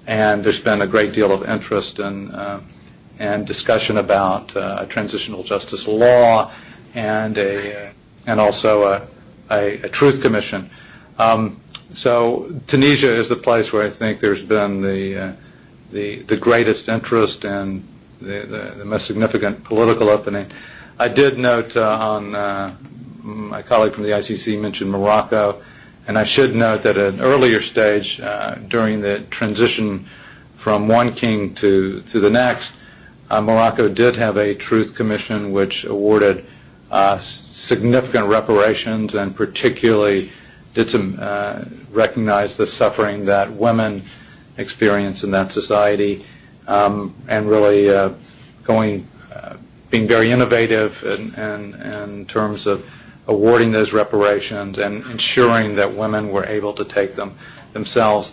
Speaker 5: and there's been a great deal of interest and uh, and discussion about uh, a transitional justice law and a and also a a, a truth commission. Um, so Tunisia is the place where I think there's been the uh, the the greatest interest and the the most significant political opening. I did note on my colleague from the ICC mentioned Morocco, and I should note that at an earlier stage during the transition from one king to to the next, Morocco did have a truth commission which awarded significant reparations and particularly did some recognize the suffering that women experience in that society um, and really going, being very innovative in, in, in terms of awarding those reparations and ensuring that women were able to take them themselves.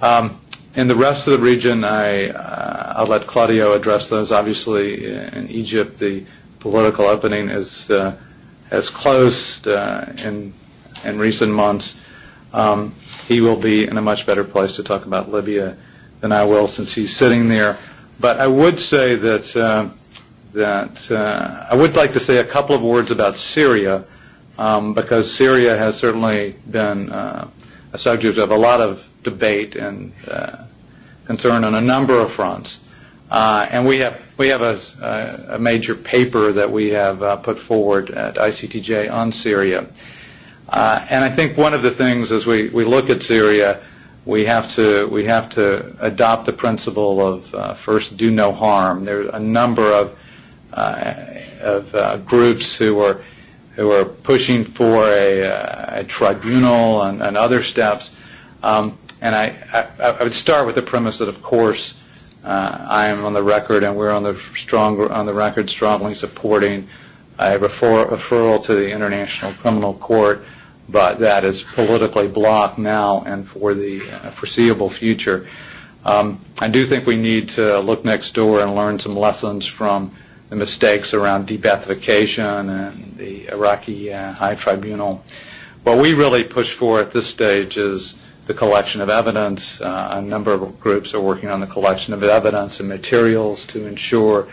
Speaker 5: Um, in the rest of the region, I, uh, I'll let Claudio address those. Obviously, in Egypt, the political opening is, uh, has closed in, in recent months. Um, he will be in a much better place to talk about Libya than I will since he's sitting there. But I would say that that I would like to say a couple of words about Syria, because Syria has certainly been a subject of a lot of debate and concern on a number of fronts. And we have we have a major paper that we have put forward at ICTJ on Syria. And I think one of the things as we we look at Syria, we have to we have to adopt the principle of first do no harm. There are a number of of groups who are who are pushing for a tribunal and and other steps. Um and I I would start with the premise that of course I am on the record and we're on the strong on the record strongly supporting a referral to the International Criminal Court but that is politically blocked now and for the foreseeable future. Um, I do think we need to look next door and learn some lessons from the mistakes around debathification and the Iraqi High Tribunal. What we really push for at this stage is the collection of evidence. A number of groups are working on the collection of evidence and materials to ensure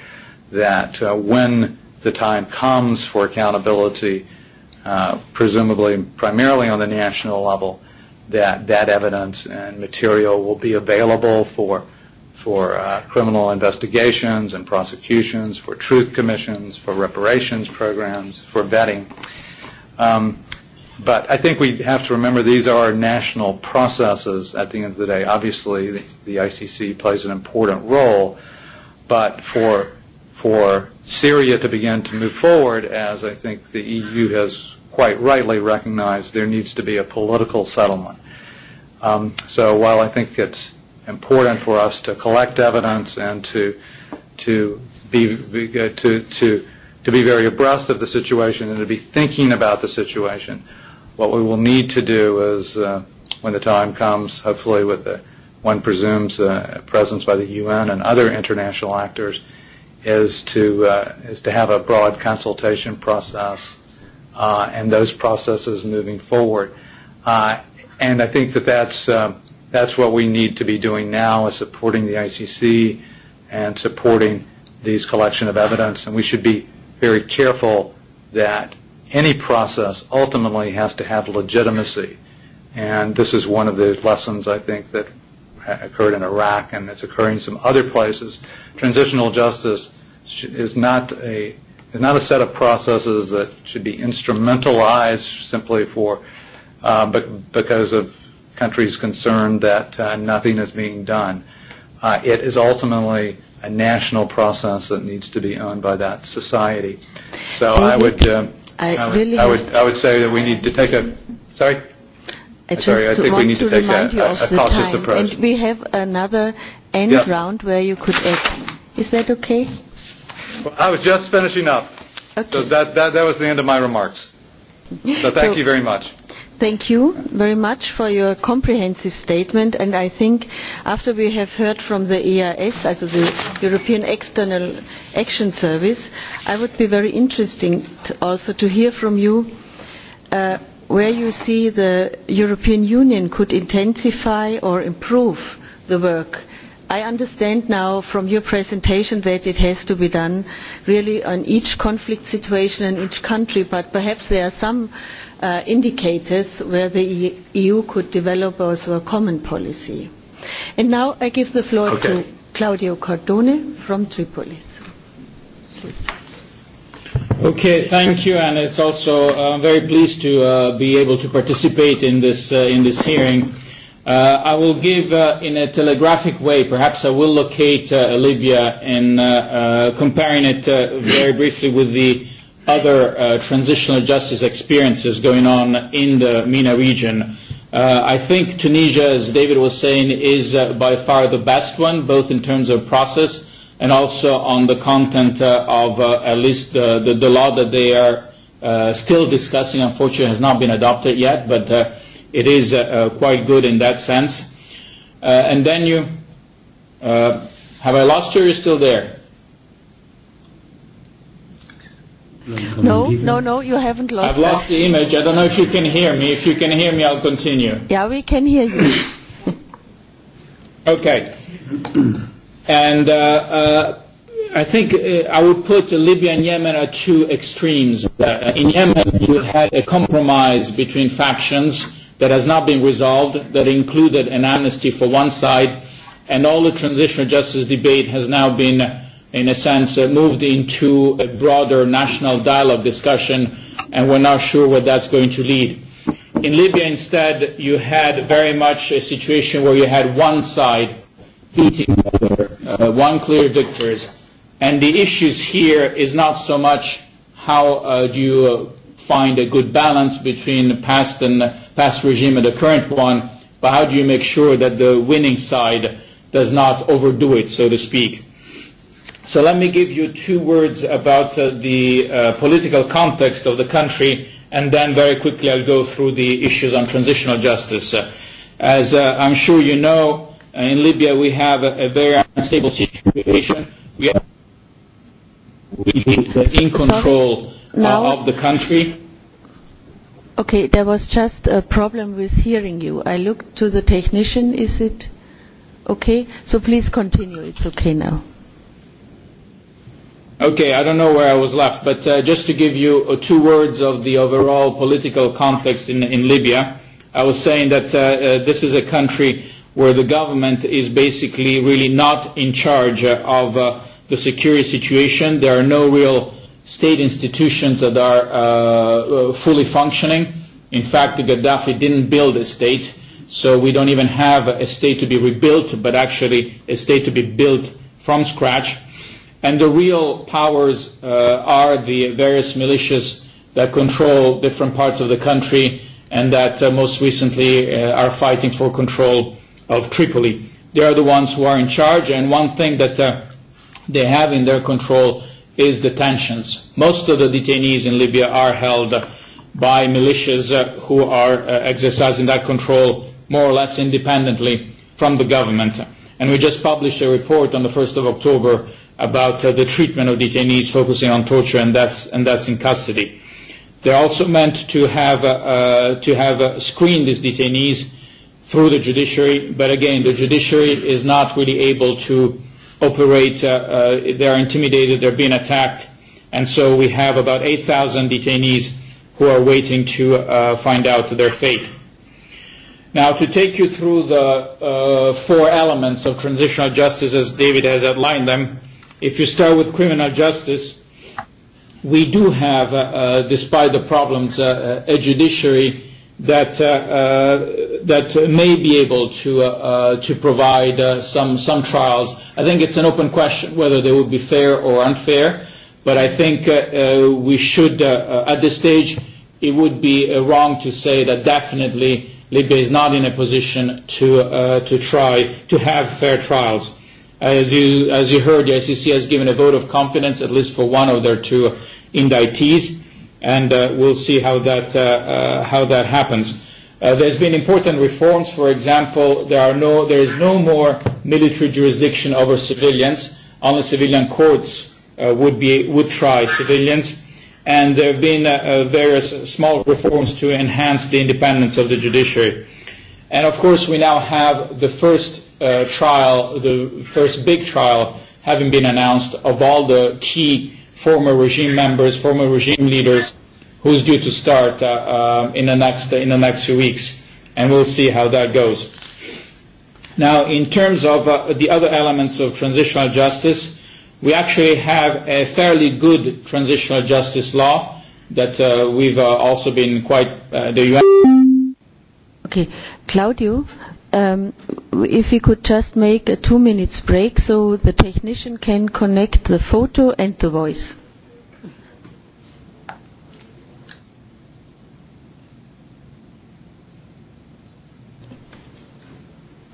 Speaker 5: that when the time comes for accountability, presumably primarily on the national level, that that evidence and material will be available for for criminal investigations and prosecutions, for truth commissions, for reparations programs, for vetting. But I think we have to remember these are national processes at the end of the day. Obviously, the ICC plays an important role, but for for Syria to begin to move forward, as I think the EU has quite rightly recognized, there needs to be a political settlement. Um, so while I think it's important for us to collect evidence and to to be to to to be very abreast of the situation and to be thinking about the situation. What we will need to do is, when the time comes, hopefully with the, one presumes, presence by the UN and other international actors, is to is to have a broad consultation process uh and those processes moving forward. Uh and I think that that's that's what we need to be doing now is supporting the ICC and supporting these collection of evidence and we should be very careful that any process ultimately has to have legitimacy and this is one of the lessons I think that occurred in Iraq and it's occurring some other places. Transitional justice is not a is not a set of processes that should be instrumentalized simply for because of countries concerned that nothing is being done. It is ultimately a national process that needs to be owned by that society. So I would I would I would say that we need to take a sorry I just want to remind you of the time. And
Speaker 1: we have another end round where you could add. Is that okay?
Speaker 5: I was just finishing up. So that that was the end of my remarks.
Speaker 3: So thank you very much.
Speaker 1: Thank you very much for your comprehensive statement and I think after we have heard from the EIS, also the European External Action Service, I would be very interested also to hear from you where you see the European Union could intensify or improve the work. I understand now from your presentation that it has to be done really on each conflict situation in each country, but perhaps there are some indicators where the EU could develop also a common policy. And now I give the floor to Claudio Cardone from Tripolis.
Speaker 2: Okay, thank you, and it's also I'm very pleased to be able to participate in this in this hearing. I will give in a telegraphic way. Perhaps I will locate Libya and comparing it very briefly with the other transitional justice experiences going on in the MENA region. I think Tunisia, as David was saying, is by far the best one, both in terms of process and also on the content of at least the the law that they are still discussing unfortunately has not been adopted yet but it is quite good in that sense and then you have I lost you you're still there No, no,
Speaker 1: no, you haven't lost I've lost
Speaker 2: the image. I don't know if you can hear me. If you can hear me, I'll continue.
Speaker 1: Yeah, we can hear you.
Speaker 2: Okay. And I think I would put Libya and Yemen at two extremes. In Yemen, you had a compromise between factions that has not been resolved, that included an amnesty for one side, and all the transitional justice debate has now been, in a sense, moved into a broader national dialogue discussion, and we're not sure where that's going to lead. In Libya, instead, you had very much a situation where you had one side beating the other one clear victors. And the issues here is not so much how do you find a good balance between the past and past regime and the current one, but how do you make sure that the winning side does not overdo it, so to speak. So let me give you two words about the political context of the country, and then very quickly I'll go through the issues on transitional justice. As I'm sure you know, In Libya, we have a very unstable situation. We are
Speaker 7: in control
Speaker 2: of the country.
Speaker 1: Okay, there was just a problem with hearing you. I looked to the technician. Is it okay? So please continue. It's okay now.
Speaker 2: Okay, I don't know where I was left, but just to give you two words of the overall political context in Libya, I was saying that this is a country where the government is basically really not in charge of the security situation. There are no real state institutions that are fully functioning. In fact, Gaddafi didn't build a state, so we don't even have a state to be rebuilt, but actually a state to be built from scratch. And the real powers are the various militias that control different parts of the country and that most recently are fighting for control of Tripoli. They are the ones who are in charge, and one thing that they have in their control is the tensions. Most of the detainees in Libya are held by militias who are exercising that control more or less independently from the government. And we just published a report on the 1st of October about the treatment of detainees focusing on torture and deaths, and deaths in custody. They're also meant to have, to have screened these detainees through the judiciary, but again, the judiciary is not really able to operate. They are intimidated, they're being attacked, and so we have about 8,000 detainees who are waiting to find out their fate. Now, to take you through the four elements of transitional justice as David has outlined them, if you start with criminal justice, we do have, despite the problems, a judiciary that that may be able to to provide some some trials. I think it's an open question whether they would be fair or unfair, but I think we should at this stage it would be wrong to say that definitely Libya is not in a position to to try to have fair trials. As you as you heard, the ICC has given a vote of confidence at least for one of their two indictees, and we'll see how that how that happens. There's been important reforms. For example, there are no, there is no more military jurisdiction over civilians, only civilian courts would be would try civilians, and there have been various small reforms to enhance the independence of the judiciary. And of course, we now have the first trial, the first big trial, having been announced of all the key former regime members, former regime leaders who's due to start in the next in the next few weeks, and we'll see how that goes. Now, in terms of the other elements of transitional justice, we actually have a fairly good transitional justice law that we've also been quite the
Speaker 1: UN. Okay, Claudio, if we could just make a two minutes break so the technician can connect the photo and the voice.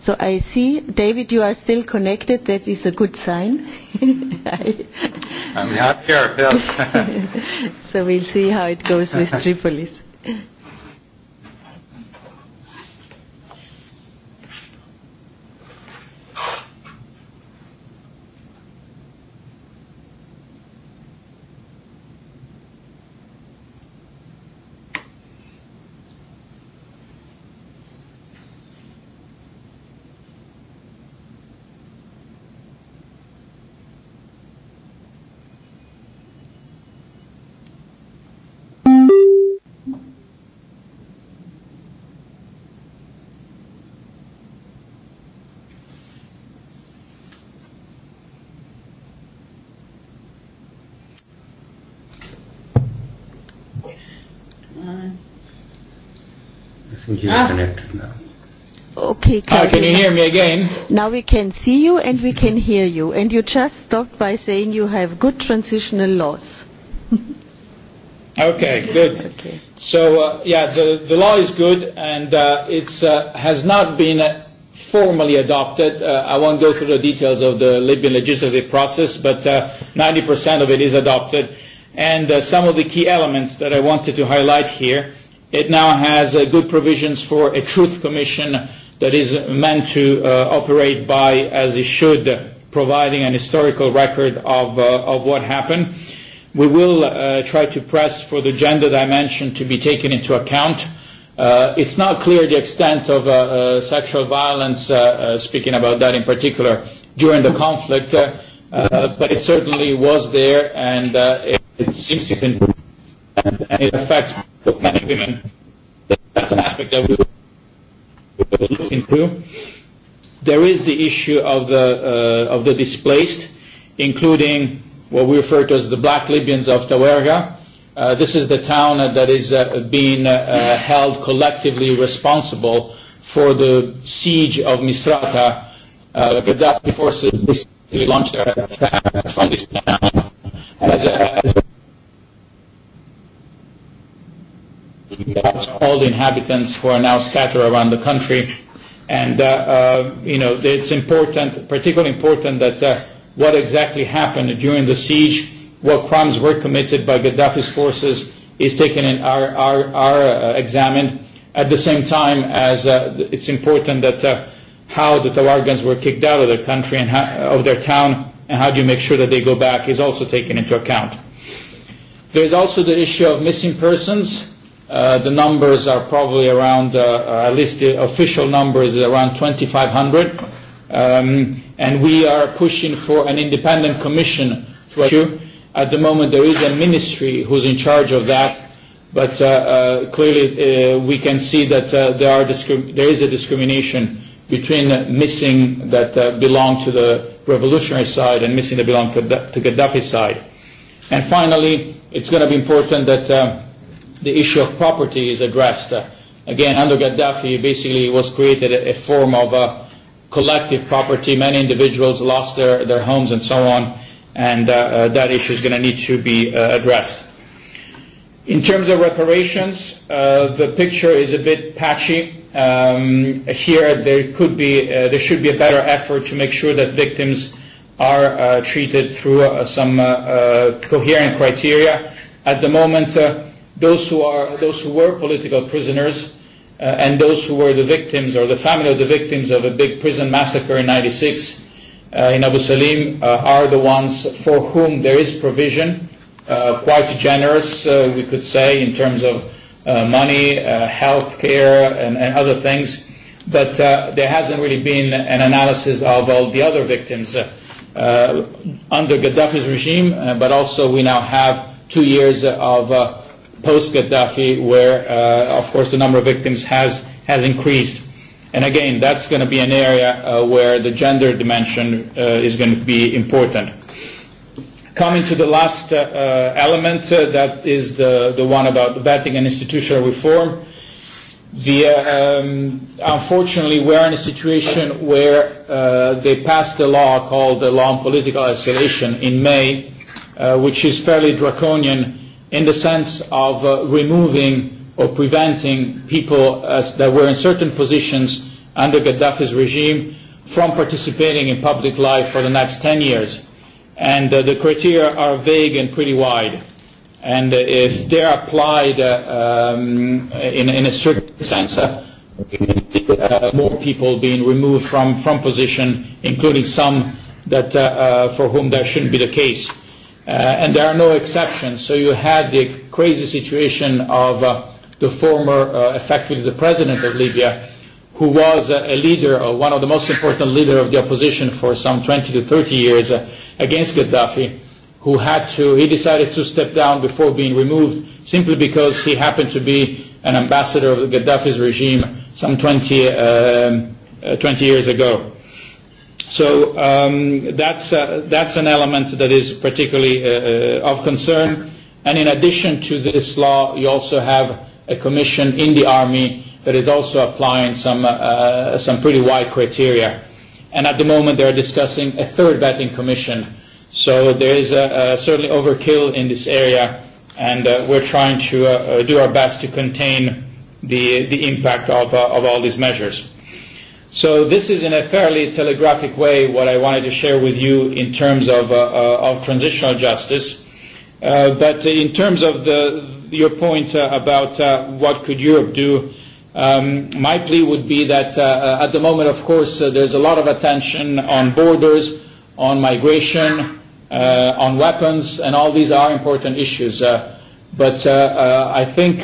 Speaker 1: So I see, David, you are still connected. That is a good sign. I'm
Speaker 5: not here, yes.
Speaker 1: So we'll see how it goes with
Speaker 3: Tripolis.
Speaker 4: You ah. Okay, can you hear me again?
Speaker 1: Now we can see you and we can hear you. And you just stopped by saying you have good transitional laws.
Speaker 8: Okay, good.
Speaker 2: So, uh yeah, the the law is good and uh it's has not been formally adopted. I won't go through the details of the Libyan legislative process, but 90% of it is adopted. And some of the key elements that I wanted to highlight here It now has good provisions for a truth commission that is meant to operate by, as it should, providing an historical record of of what happened. We will try to press for the gender dimension to be taken into account. It's not clear the extent of sexual violence, speaking about that in particular, during the conflict, but it certainly was there and it seems to continue and, and it affects many women. That's an aspect that we will look into. There is the issue of the uh, of the displaced, including what we refer to as the Black Libyans of Tawerga. Uh, this is the town that is uh, being uh, held collectively responsible for the siege of Misrata. Uh, Gaddafi forces launched their attacks from this town as a, as a all the inhabitants who are now scattered around the country. And, you know, it's important, particularly important that what exactly happened during the siege, what crimes were committed by Gaddafi's forces is taken and are, are, are examined. At the same time as it's important that how the Tawargans were kicked out of their country and of their town and how do you make sure that they go back is also taken into account. There is also the issue of missing persons The numbers are probably around, at least the official number is around 2,500, and we are pushing for an independent commission to issue. At the moment, there is a ministry who's in charge of that, but clearly we can see that there are there is a discrimination between missing that belong to the revolutionary side and missing that belong to Gaddafi side. And finally, it's going to be important that the issue of property is addressed. Again, under Gaddafi, basically was created a form of collective property. Many individuals lost their their homes and so on, and that issue is going to need to be addressed. In terms of reparations, the picture is a bit patchy. Here, there could be, there should be a better effort to make sure that victims are treated through some coherent criteria. At the moment those who are those who were political prisoners and those who were the victims or the family of the victims of a big prison massacre in 96 in Abu Salim are the ones for whom there is provision quite generous we could say in terms of money health care and other things but there hasn't really been an analysis of all the other victims under Gaddafi's regime but also we now have two years of post-Gaddafi, where, of course, the number of victims has has increased. And again, that's going to be an area where the gender dimension is going to be important. Coming to the last element, that is the the one about betting and institutional reform. The Unfortunately, we are in a situation where they passed a law called the Law on Political Isolation in May, which is fairly draconian in the sense of removing or preventing people that were in certain positions under Gaddafi's regime from participating in public life for the next 10 years. And the criteria are vague and pretty wide. And if they are applied in a certain sense, more people being removed from position, including some that for whom that shouldn't be the case and there are no exceptions. So you had the crazy situation of the former, effectively the president of Libya, who was a leader, one of the most important leaders of the opposition for some 20 to 30 years against Gaddafi, who had to, he decided to step down before being removed simply because he happened to be an ambassador of Gaddafi's regime some 20 years ago. So that's an element that is particularly of concern. And in addition to this law, you also have a commission in the army that is also applying some some pretty wide criteria. And at the moment, they are discussing a third vetting commission. So there is certainly overkill in this area, and we're trying to do our best to contain the the impact of of all these measures. So this is in a fairly telegraphic way what I wanted to share with you in terms of, of transitional justice. but in terms of the, your point about what could Europe do, um, my plea would be that at the moment, of course, there's a lot of attention on borders, on migration, on weapons, and all these are important issues. but I think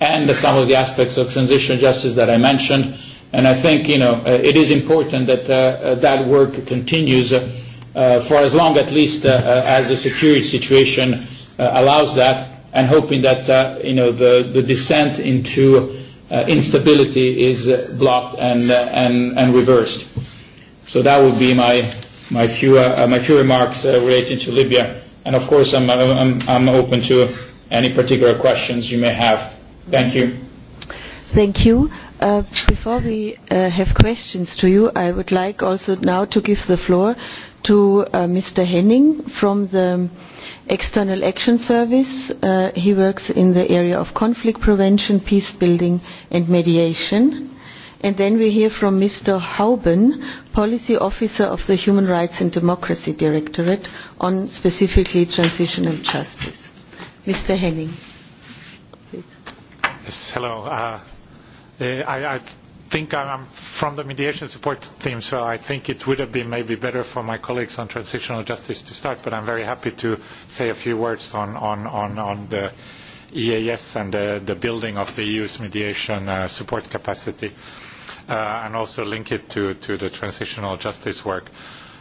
Speaker 2: and some of the aspects of transition justice that I mentioned. And I think, you know, it is important that that work continues for as long at least as the security situation allows that and hoping that, you know, the, the descent into instability is blocked and, and, and reversed. So that would be my, my, few, my few remarks relating to Libya. And of course, I'm, I'm, I'm open to any particular questions you may have. Thank
Speaker 8: you.
Speaker 1: Thank you. Before we have questions to you, I would like also now to give the floor to Mr. Henning from the External Action Service. He works in the area of conflict prevention, peace building and mediation. And then we hear from Mr. Hauben, Policy Officer of the Human Rights and Democracy Directorate on specifically transitional justice. Mr. Henning.
Speaker 8: Yes, hello. I think I'm from the mediation support team, so I think it would have been maybe better for my colleagues on transitional justice to start, but I'm very happy to say a few words on on on on the EAS and the building of the EU's mediation support capacity, and also link it to the transitional justice work.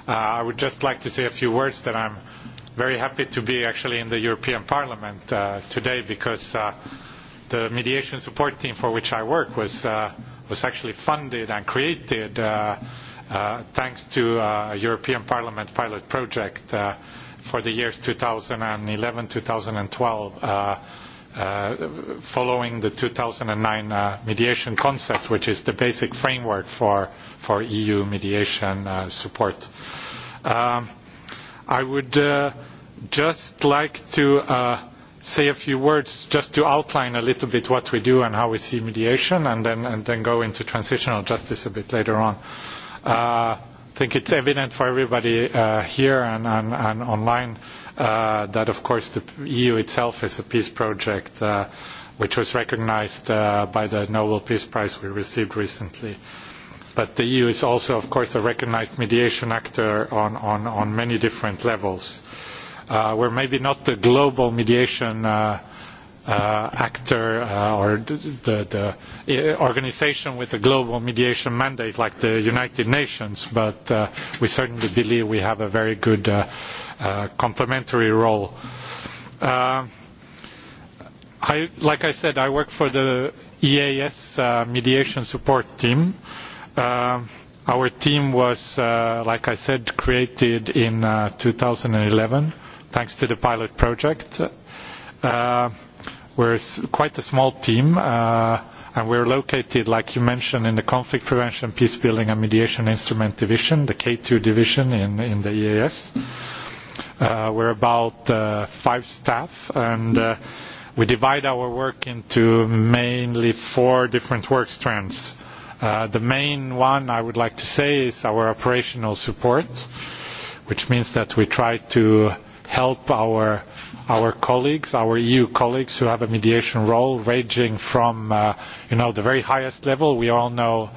Speaker 8: I would just like to say a few words that I'm very happy to be actually in the European Parliament today because the mediation support team for which I work was was actually funded and created thanks to a European Parliament pilot project for the years 2011-2012 following the 2009 mediation concept which is the basic framework for for EU mediation support. I would just like to say a few words just to outline a little bit what we do and how we see mediation, and then go into transitional justice a bit later on. I think it's evident for everybody here and online that, of course, the EU itself is a peace project which was recognized by the Nobel Peace Prize we received recently. But the EU is also, of course, a recognized mediation actor on many different levels. We're maybe not the global mediation actor or the organization with a global mediation mandate like the United Nations, but we certainly believe we have a very good complementary role. Like I said, I work for the EAS mediation support team. Our team was, like I said, created in 2011 thanks to the pilot project. We're quite a small team, and we're located, like you mentioned, in the Conflict Prevention, Peace Building and Mediation Instrument Division, the K2 division in the EAS. We're about five staff, and we divide our work into mainly four different work strands. The main one, I would like to say, is our operational support, which means that we try to help our our colleagues, our EU colleagues who have a mediation role, ranging from the very highest level. We all know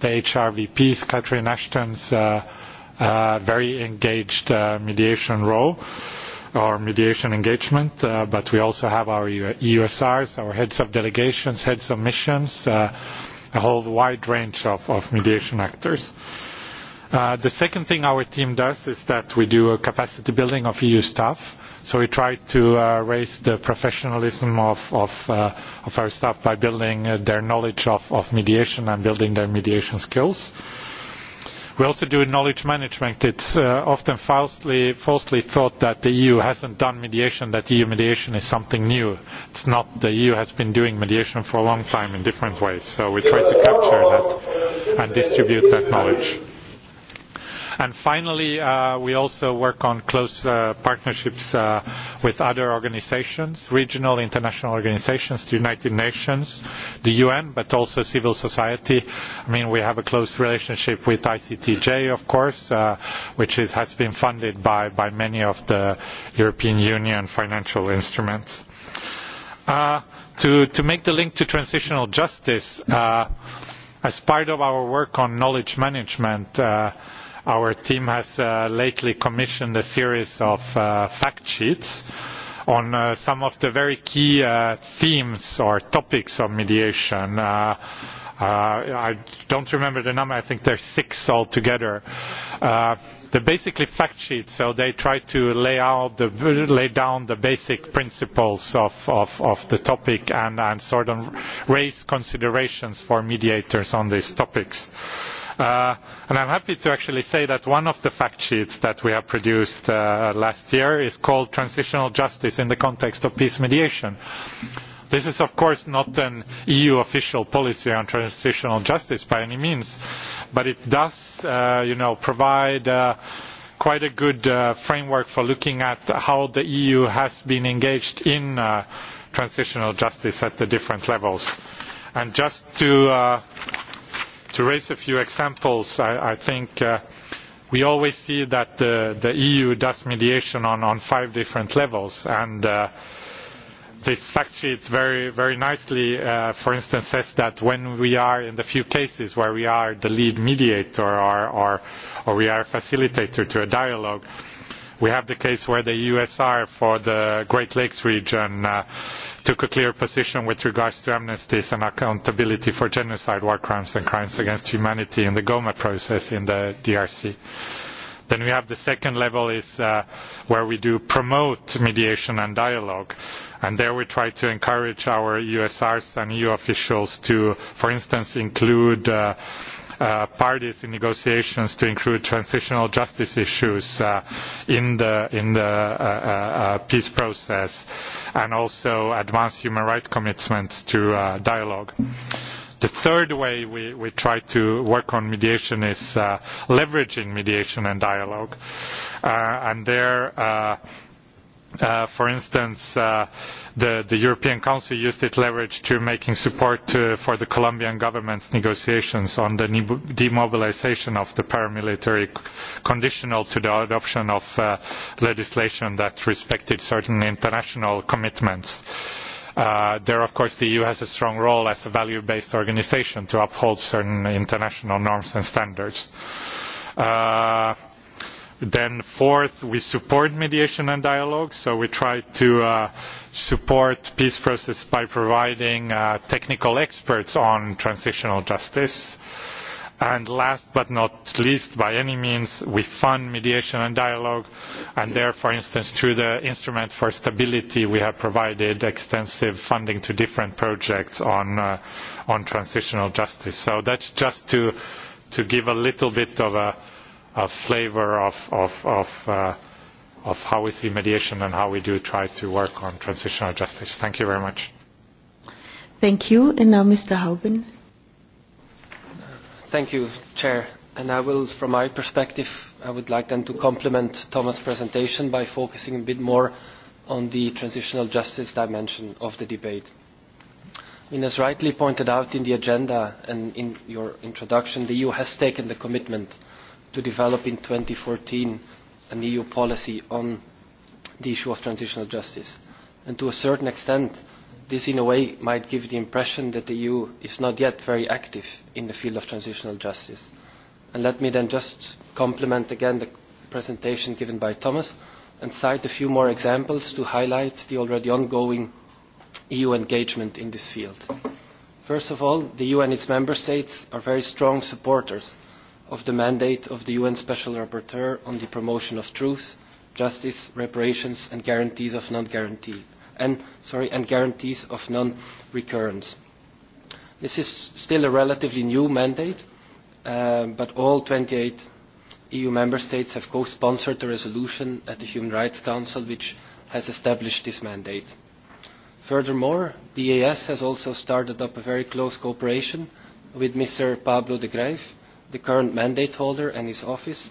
Speaker 8: the HRVPs, Catherine Ashton's very engaged mediation role or mediation engagement, but we also have our EUSRs, our heads of delegations, heads of missions, a whole wide range of mediation actors. The second thing our team does is that we do a capacity building of EU staff. So we try to raise the professionalism of our staff by building their knowledge of mediation and building their mediation skills. We also do knowledge management. It's often falsely thought that the EU hasn't done mediation, that EU mediation is something new. It's not. The EU has been doing mediation for a long time in different ways. So we try to capture that and distribute that knowledge. And finally, we also work on close partnerships with other organizations, regional, international organizations, the United Nations, the UN, but also civil society. I mean, we have a close relationship with ICTJ, of course, which has been funded by many of the European Union financial instruments. To make the link to transitional justice, as part of our work on knowledge management, Our team has lately commissioned a series of fact sheets on some of the very key themes or topics of mediation. I don't remember the number. I think there are six altogether. They're basically fact sheets, so they try to lay lay down the basic principles of the topic and sort of raise considerations for mediators on these topics. And I'm happy to actually say that one of the fact sheets that we have produced last year is called Transitional Justice in the Context of Peace Mediation. This is, of course, not an EU official policy on transitional justice by any means, but it does provide quite a good framework for looking at how the EU has been engaged in transitional justice at the different levels. And just to to raise a few examples i think we always see that the eu does mediation on five different levels and this fact sheet very nicely for instance says that when we are in the few cases where we are the lead mediator or we are a facilitator to a dialogue we have the case where the usr for the great lakes region took a clear position with regards to amnesties and accountability for genocide, war crimes and crimes against humanity in the Goma process in the DRC. Then we have the second level is where we do promote mediation and dialogue. And there we try to encourage our USRs and EU officials to, for instance, include parties in negotiations to include transitional justice issues in the peace process and also advance human rights commitments to dialogue. The third way we try to work on mediation is leveraging mediation and dialogue. And there For instance, the European Council used its leverage to making support for the Colombian government's negotiations on the demobilisation of the paramilitary conditional to the adoption of legislation that respected certain international commitments. There, of course, the EU has a strong role as a value-based organisation to uphold certain international norms and standards Then fourth, we support mediation and dialogue, so we try to support peace process by providing technical experts on transitional justice. And last but not least, by any means, we fund mediation and dialogue, and there, for instance, through the Instrument for Stability, we have provided extensive funding to different projects on transitional justice. So that's just to give a little bit of a a flavour of of of how we see mediation and how we do try to work on transitional justice. Thank you very much.
Speaker 1: Thank you. And now Mr. Hauben.
Speaker 9: Thank you, Chair. And I will, from my perspective, I would like then to complement Thomas' presentation by focusing a bit more on the transitional justice dimension of the debate. I mean As rightly pointed out in the agenda and in your introduction, the EU has taken the commitment to develop in 2014 an EU policy on the issue of transitional justice. And to a certain extent, this in a way might give the impression that the EU is not yet very active in the field of transitional justice. And let me then just complement again the presentation given by Thomas and cite a few more examples to highlight the already ongoing EU engagement in this field. First of all, the EU and its member states are very strong supporters of the mandate of the UN Special Rapporteur on the promotion of truth, justice, reparations and guarantees of non-guarantee and sorry and guarantees of non-recurrence. This is still a relatively new mandate, but all 28 EU member states have co-sponsored the resolution at the Human Rights Council, which has established this mandate. Furthermore, BAS has also started up a very close cooperation with Mr. Pablo de Greve the current mandate holder and his office,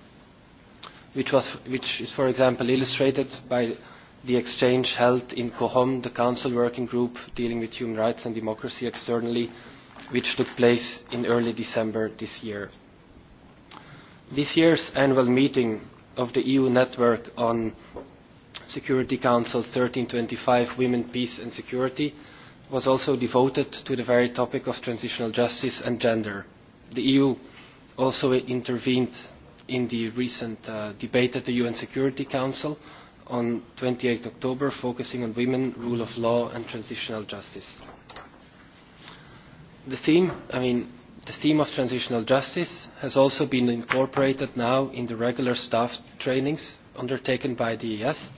Speaker 9: which, was, which is, for example, illustrated by the exchange held in COHOM, the Council Working Group dealing with human rights and democracy externally, which took place in early December this year. This year's annual meeting of the EU Network on Security Council 1325 Women, Peace and Security was also devoted to the very topic of transitional justice and gender. The EU also intervened in the recent debate at the UN Security Council on 28 October, focusing on women, rule of law and transitional justice. The theme, I mean, the theme of transitional justice has also been incorporated now in the regular staff trainings undertaken by the ES.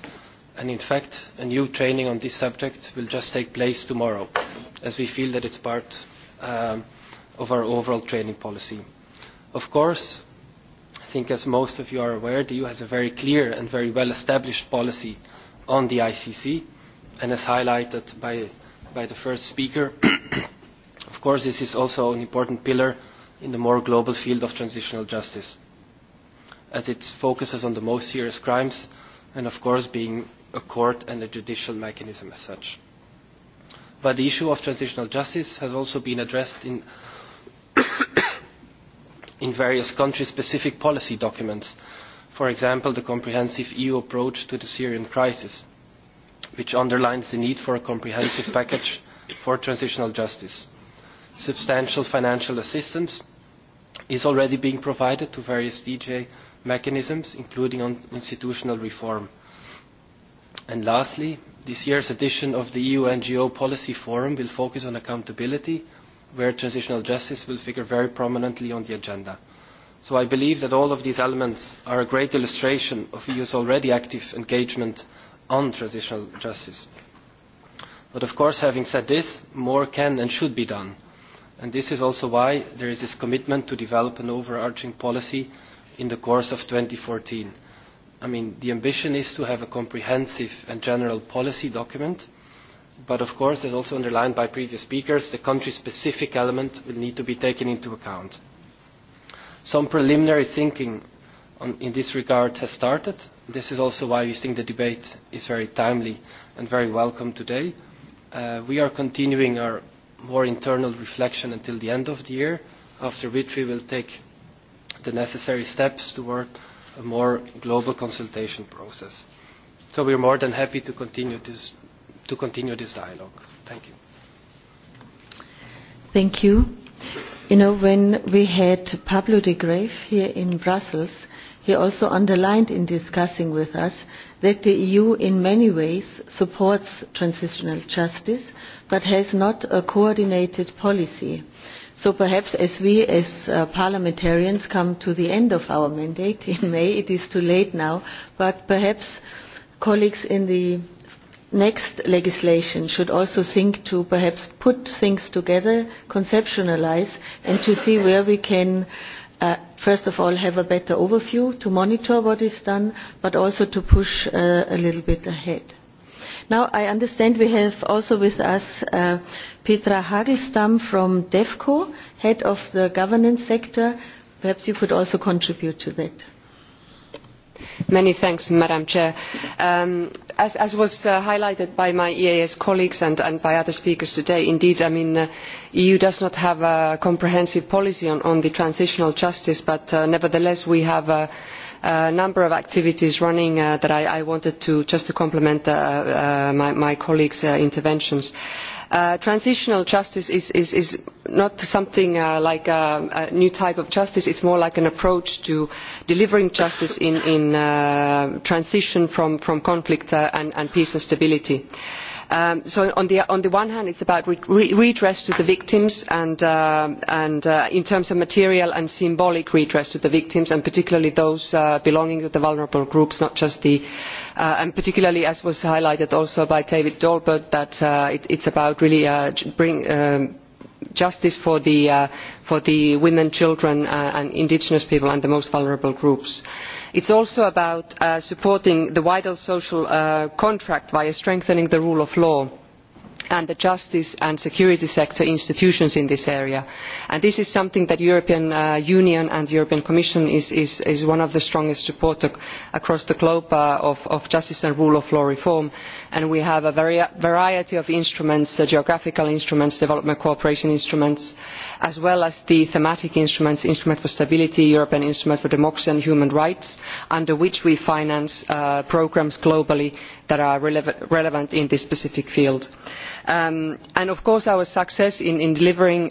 Speaker 9: and in fact a new training on this subject will just take place tomorrow, as we feel that it's part of our overall training policy. Of course, I think as most of you are aware, the EU has a very clear and very well-established policy on the ICC, and as highlighted by the first speaker, of course this is also an important pillar in the more global field of transitional justice, as it focuses on the most serious crimes and of course being a court and a judicial mechanism as such. But the issue of transitional justice has also been addressed in in various country-specific policy documents, for example the comprehensive EU approach to the Syrian crisis, which underlines the need for a comprehensive package for transitional justice. Substantial financial assistance is already being provided to various DJ mechanisms, including on institutional reform. And lastly, this year's edition of the EU NGO Policy Forum will focus on accountability where transitional justice will figure very prominently on the agenda. So I believe that all of these elements are a great illustration of EU's already active engagement on transitional justice. But of course, having said this, more can and should be done. And this is also why there is this commitment to develop an overarching policy in the course of 2014. I mean, the ambition is to have a comprehensive and general policy document but of course, as also underlined by previous speakers, the country-specific element will need to be taken into account. Some preliminary thinking in this regard has started. This is also why we think the debate is very timely and very welcome today. We are continuing our more internal reflection until the end of the year, after which we will take the necessary steps toward a more global consultation process. So we are more than happy to continue this to continue this dialogue. Thank you.
Speaker 1: Thank you. You know, when we had Pablo de Grave here in Brussels, he also underlined in discussing with us that the EU in many ways supports transitional justice, but has not a coordinated policy. So perhaps as we as parliamentarians come to the end of our mandate in May, it is too late now, but perhaps colleagues in the next legislation should also think to perhaps put things together, conceptualize, and to see where we can, first of all, have a better overview to monitor what is done, but also to push a little bit ahead. Now, I understand we have also with us Petra Hagelstam from DEFCO, head of the governance sector. Perhaps you could also contribute to that.
Speaker 10: Many thanks, Madam Chair. As was highlighted by my EAS colleagues and by other speakers today, indeed, the EU does not have a comprehensive policy on transitional justice, but nevertheless we have a number of activities running that I wanted to just to complement my colleagues' interventions Transitional justice is not something like a new type of justice. It's more like an approach to delivering justice in transition from conflict and peace and stability So on the one hand it's about redress to the victims and in terms of material and symbolic redress to the victims and particularly those belonging to the vulnerable groups, not just the and particularly as was highlighted also by David Dolbert that it's about really bring justice for the women, children and indigenous people and the most vulnerable groups it is also about supporting the wider social contract via strengthening the rule of law and the justice and security sector institutions in this area. This is something that the European Union and the European Commission is one of the strongest supporters across the globe of justice and rule of law reform and we have a variety of instruments geographical instruments development cooperation instruments as well as the thematic instruments instrument for stability european instrument for democracy and human rights under which we finance programmes globally that are relevant in this specific field and of course our success in delivering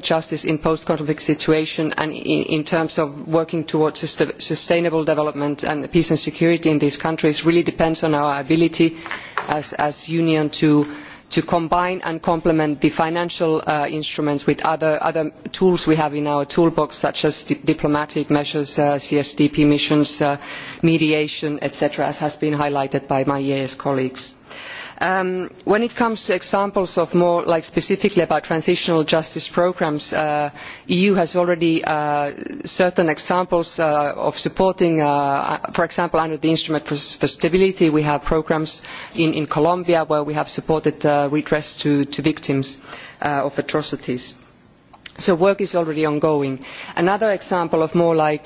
Speaker 10: justice in post conflict situations and in terms of working towards sustainable development and peace and security in these countries really depends on our ability as union to to combine and complement the financial instruments with other tools we have in our toolbox such as diplomatic measures csdp missions mediation etc as has been highlighted by my eeas colleagues. When it comes to examples of more like specifically about transitional justice programmes, the EU has already certain examples of supporting, for example, under the Instrument for Stability, we have programmes in Colombia where we have supported redress to victims of atrocities so work is already ongoing. another example of more like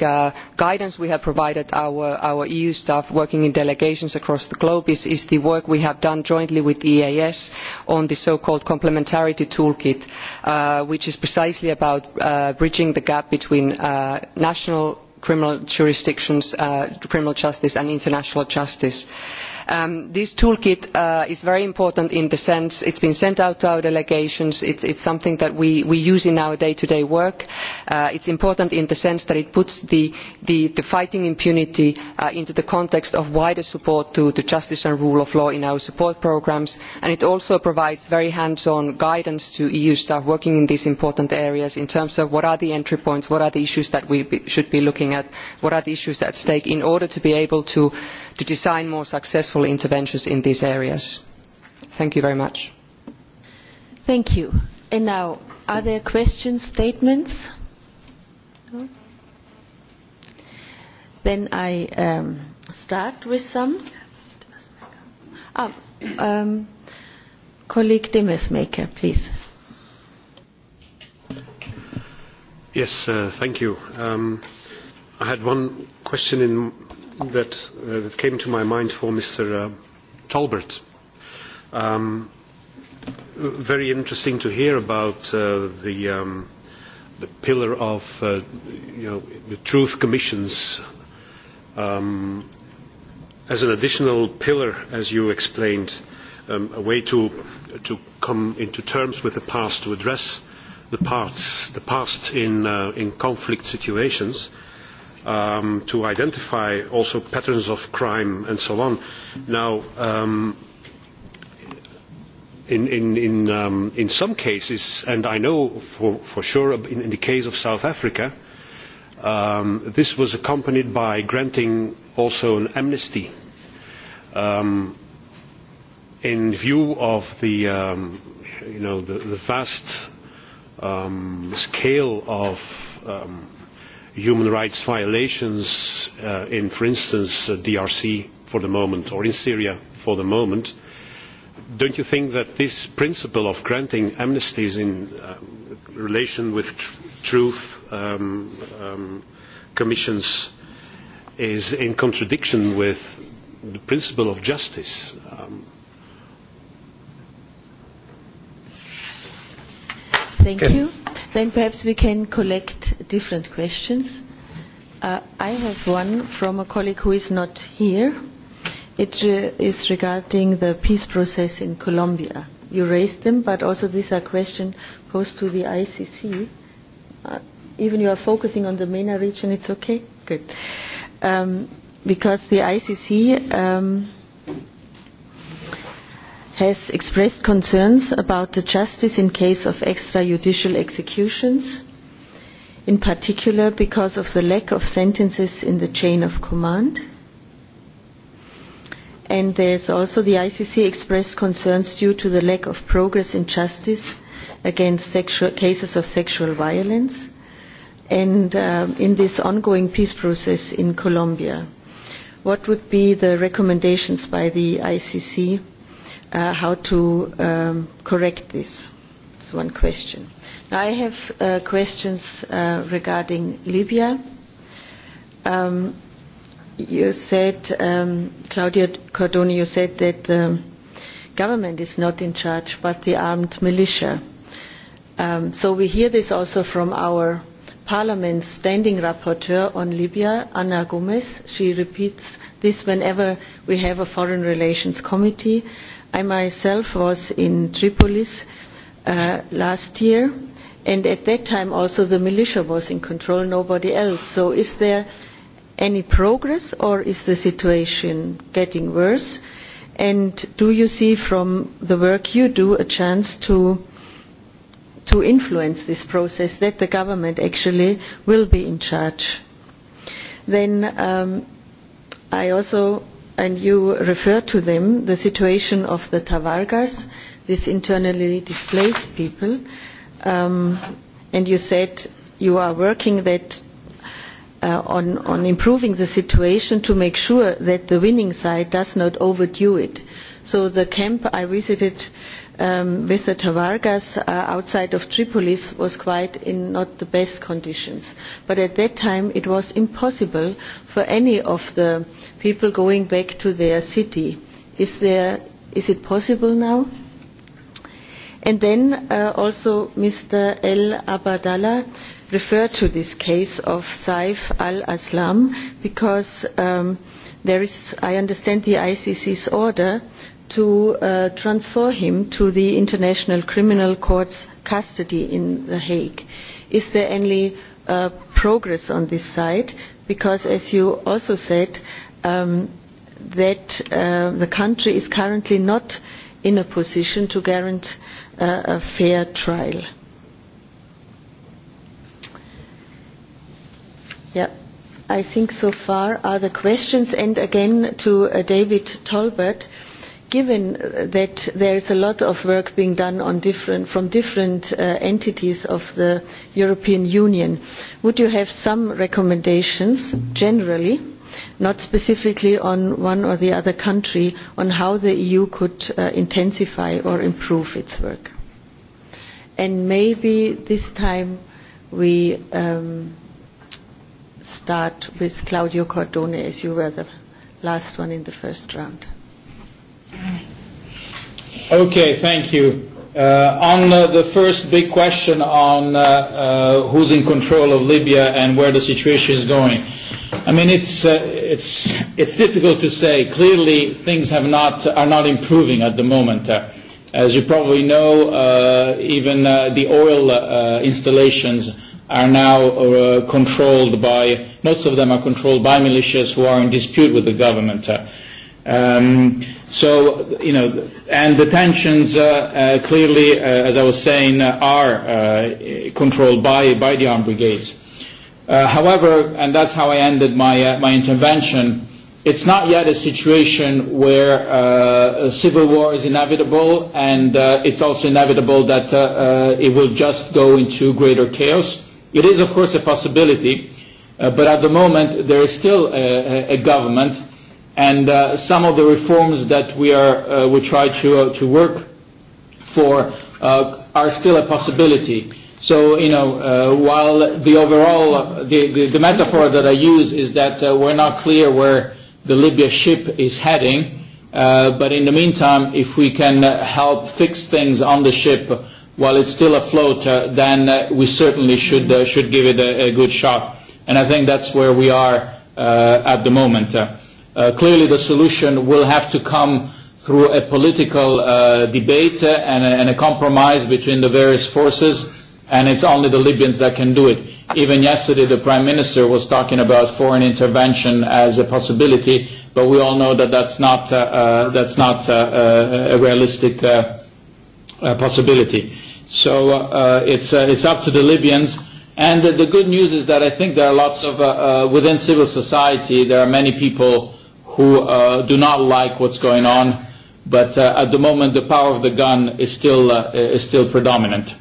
Speaker 10: guidance we have provided our eu staff working in delegations across the globe is the work we have done jointly with eas on the so called complementarity toolkit which is precisely about bridging the gap between national criminal jurisdictions criminal justice and international justice. This toolkit is very important in the sense it's been sent out to our delegations. It's something that we use in our day-to-day work. It's important in the sense that it puts the fighting impunity into the context of wider support to justice and rule of law in our support programs, and it also provides very hands-on guidance to EU staff working in these important areas in terms of what are the entry points, what are the issues that we should be looking at, what are the issues at stake in order to be able to design more successful interventions in these areas. Thank you very much.
Speaker 1: Thank you. And now, are there questions, statements? Then I start with some. Colleague Demesmaker, please.
Speaker 11: Yes, thank you. I had one question in that came to my mind for Mr. Talbert. Very interesting to hear about the pillar of the truth commissions as an additional pillar, as you explained, a way to come into terms with the past, to address the past in conflict situations to identify also patterns of crime and so on. Now, in some cases, and I know for sure in the case of South Africa, this was accompanied by granting also an amnesty in view of the you know, the vast scale of human rights violations in, for instance, DRC for the moment, or in Syria for the moment, don't you think that this principle of granting amnesties in relation with truth commissions is in contradiction with the principle of justice?
Speaker 1: Thank you. Then perhaps we can collect different questions. I have one from a colleague who is not here. It is regarding the peace process in Colombia. You raised them, but also these are questions posed to the ICC. Even you are focusing on the MENA region, it's okay? Good. Because the ICC has expressed concerns about the justice in case of extrajudicial executions, in particular because of the lack of sentences in the chain of command. And there's also the ICC expressed concerns due to the lack of progress in justice against cases of sexual violence and in this ongoing peace process in Colombia. What would be the recommendations by the ICC how to correct this. That's one question. Now I have questions regarding Libya. You said, Claudia Cordoni, you said that the government is not in charge, but the armed militia. So we hear this also from our Parliament's standing rapporteur on Libya, Ana Gomes. She repeats this whenever we have a Foreign Relations Committee I myself was in Tripolis last year, and at that time also the militia was in control, nobody else. So is there any progress or is the situation getting worse? And do you see from the work you do a chance to to influence this process, that the government actually will be in charge? Then I also and you referred to them, the situation of the Tavargas, these internally displaced people, and you said you are working that on improving the situation to make sure that the winning side does not overdo it. So the camp I visited with the Tavargas outside of Tripolis was quite in not the best conditions. But at that time it was impossible for any of the people going back to their city. Is it possible now? And then also Mr. El Abadallah referred to this case of Saif al-Aslam because there is, I understand, the ICC's order to transfer him to the International Criminal Court's custody in The Hague. Is there any progress on this side? Because, as you also said, that the country is currently not in a position to guarantee a fair trial. Yeah, I think so far are the questions. And again to David Tolbert given that there is a lot of work being done from different entities of the European Union, would you have some recommendations generally, not specifically on one or the other country, on how the EU could intensify or improve its work? And maybe this time we start with Claudio Cordone, as you were the last one in the first round.
Speaker 2: Okay, thank you. On the first big question on who's in control of Libya and where the situation is going, I mean it's it's it's difficult to say. Clearly, things have not are not improving at the moment. As you probably know, even the oil installations are now controlled by most of them are controlled by militias who are in dispute with the government. Um So, you know, and the tensions clearly, as I was saying, are controlled by by the armed brigades. However, and that's how I ended my my intervention. It's not yet a situation where a civil war is inevitable, and it's also inevitable that it will just go into greater chaos. It is, of course, a possibility, but at the moment there is still a government and some of the reforms that we are we try to to work for are still a possibility. So, you know, while the overall, the, the, metaphor that I use is that we're not clear where the Libya ship is heading, but in the meantime, if we can help fix things on the ship while it's still afloat, then we certainly should, should give it a, good shot. And I think that's where we are at the moment. Clearly the solution will have to come through a political debate and a compromise between the various forces and it's only the Libyans that can do it. Even yesterday the Prime Minister was talking about foreign intervention as a possibility but we all know that that's not that's not a realistic possibility. So it's it's up to the Libyans and the good news is that I think there are lots of within civil society there are many people who do not like what's going on, but at the moment the power of the gun is still is still predominant.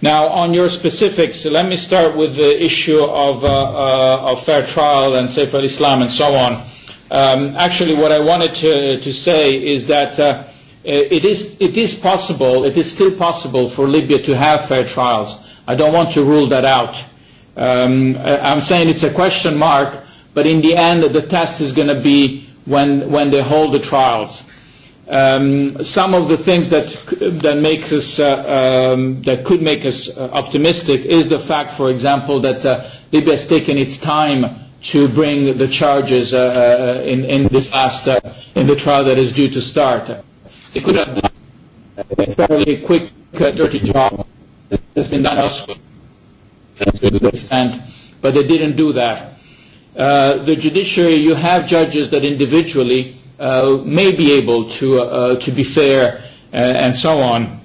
Speaker 2: Now, on your specifics, let me start with the issue of of fair trial and safe al-Islam and so on. Actually, what I wanted to to say is that it is it is possible, it is still possible for Libya to have fair trials. I don't want to rule that out. I'm saying it's a question mark but in the end the test is going to be when when they hold the trials. Some of the things that that makes us that could make us optimistic is the fact, for example, that Libya has taken its time to bring the charges in in this last in the trial that is due to start. They could have done a fairly quick, dirty job that has been done elsewhere but they didn't do that the judiciary, you have judges that individually may be able to to be fair and so on.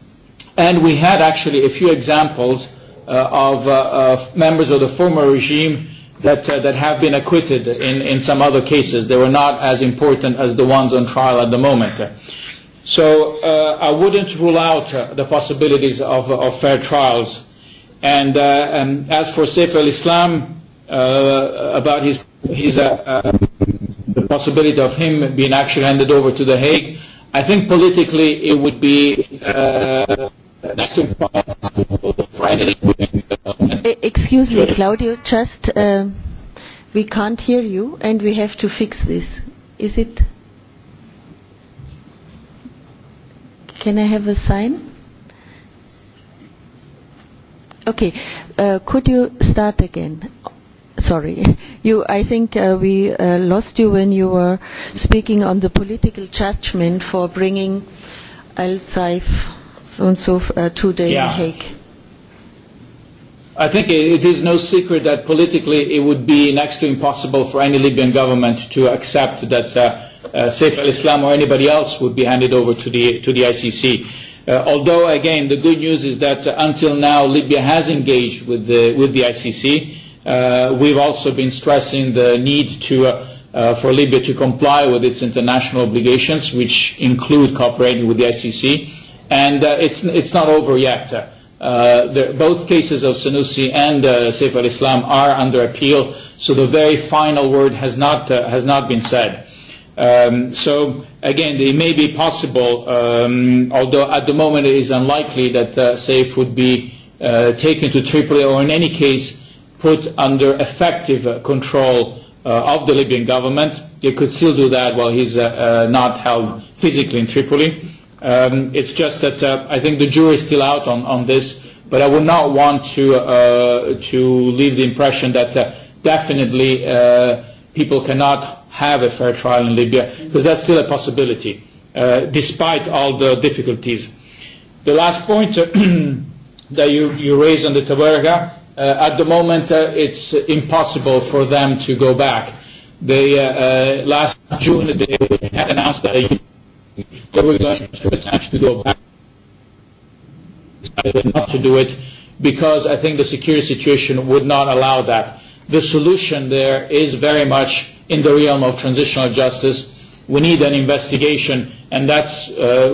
Speaker 2: And we had actually a few examples of members of the former regime that that have been acquitted in in some other cases. They were not as important as the ones on trial at the moment. So I wouldn't rule out the possibilities of of fair trials. And as for Saif al-Islam, about his his the possibility of him being actually handed over to the Hague. I think politically it would be
Speaker 4: Excuse me, Claudio,
Speaker 1: just we can't hear you and we have to fix this. Is it? Can I have a sign? Okay, could you start again? Sorry, you. I think we lost you when you were speaking on the political judgment for bringing Al Saif to so today in Hague.
Speaker 2: I think it is no secret that politically it would be next to impossible for any Libyan government to accept that Saif al-Islam or anybody else would be handed over to the to the ICC. Although, again, the good news is that until now Libya has engaged with the with the ICC We've also been stressing the need to for Libya to comply with its international obligations, which include cooperating with the ICC. And it's it's not over yet. Both cases of Sanusi and Saif al-Islam are under appeal, so the very final word has not has not been said. So again, it may be possible, although at the moment it is unlikely that Saif would be taken to Tripoli or in any case put under effective control of the Libyan government. they could still do that while he's not held physically in Tripoli. It's just that I think the jury is still out on on this, but I would not want to to leave the impression that definitely people cannot have a fair trial in Libya, because that's still a possibility, despite all the difficulties. The last point that you you raised on the Taberga At the moment, it's impossible for them to go back. They last June they had announced that they were going to attempt to go back. Decided not to do it because I think the security situation would not allow that. The solution there is very much in the realm of transitional justice. We need an investigation, and that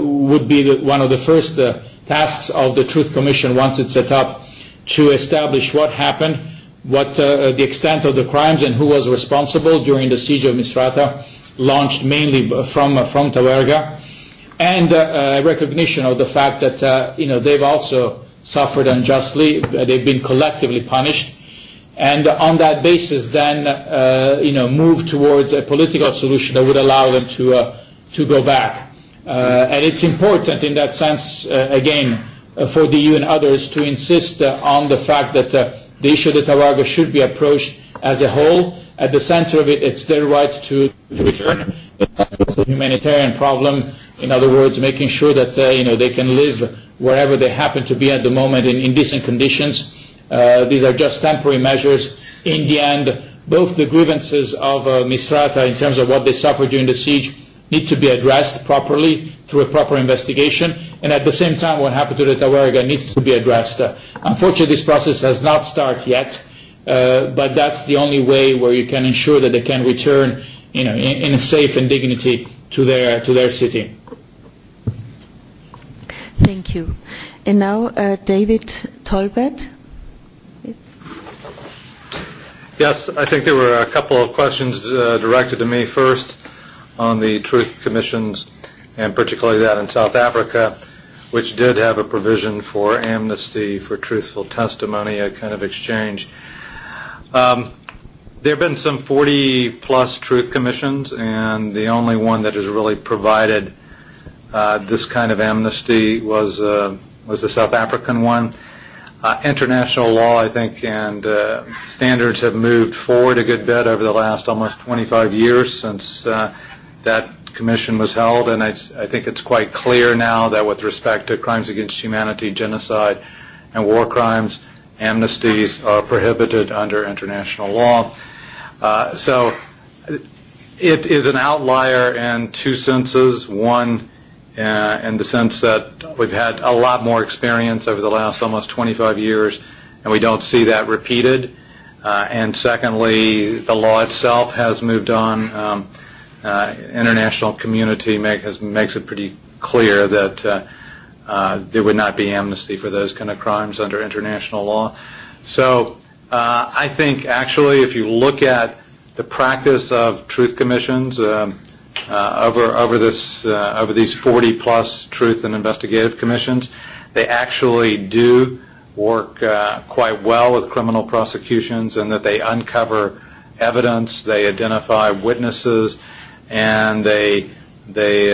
Speaker 2: would be one of the first tasks of the Truth Commission once it's set up to establish what happened, what the extent of the crimes and who was responsible during the siege of Misrata, launched mainly from from Tawerga, and recognition of the fact that you know they've also suffered unjustly, they've been collectively punished, and on that basis then you know move towards a political solution that would allow them to to go back. And it's important in that sense again for the EU and others to insist on the fact that the issue of the Tawaga should be approached as a whole. At the center of it, it's their right to return. It's a humanitarian problem. In other words, making sure that you know they can live wherever they happen to be at the moment in, in decent conditions. these are just temporary measures. In the end, both the grievances of Misrata in terms of what they suffered during the siege need to be addressed properly through a proper investigation and at the same time what happened to the Tawarega needs to be addressed. Unfortunately, this process has not started yet, but that's the only way where you can ensure that they can return you know, in, in a safe and dignity to their, to their city.
Speaker 1: Thank you. And now David Tolbert.
Speaker 5: Yes, I think there were a couple of questions directed to me first on the Truth Commissions and particularly that in South Africa which did have a provision for amnesty, for truthful testimony, a kind of exchange. Um, there have been some 40 plus truth commissions, and the only one that has really provided uh, this kind of amnesty was uh, was the South African one. Uh, international law, I think, and uh, standards have moved forward a good bit over the last almost 25 years since uh, that Commission was held, and I think it's quite clear now that with respect to crimes against humanity, genocide, and war crimes, amnesties are prohibited under international law. So it is an outlier in two senses. One, in the sense that we've had a lot more experience over the last almost 25 years, and we don't see that repeated. And secondly, the law itself has moved on international community has makes it pretty clear that there would not be amnesty for those kind of crimes under international law. So I think actually if you look at the practice of truth commissions over over this over these 40 plus truth and investigative commissions, they actually do work quite well with criminal prosecutions and that they uncover evidence, they identify witnesses and they they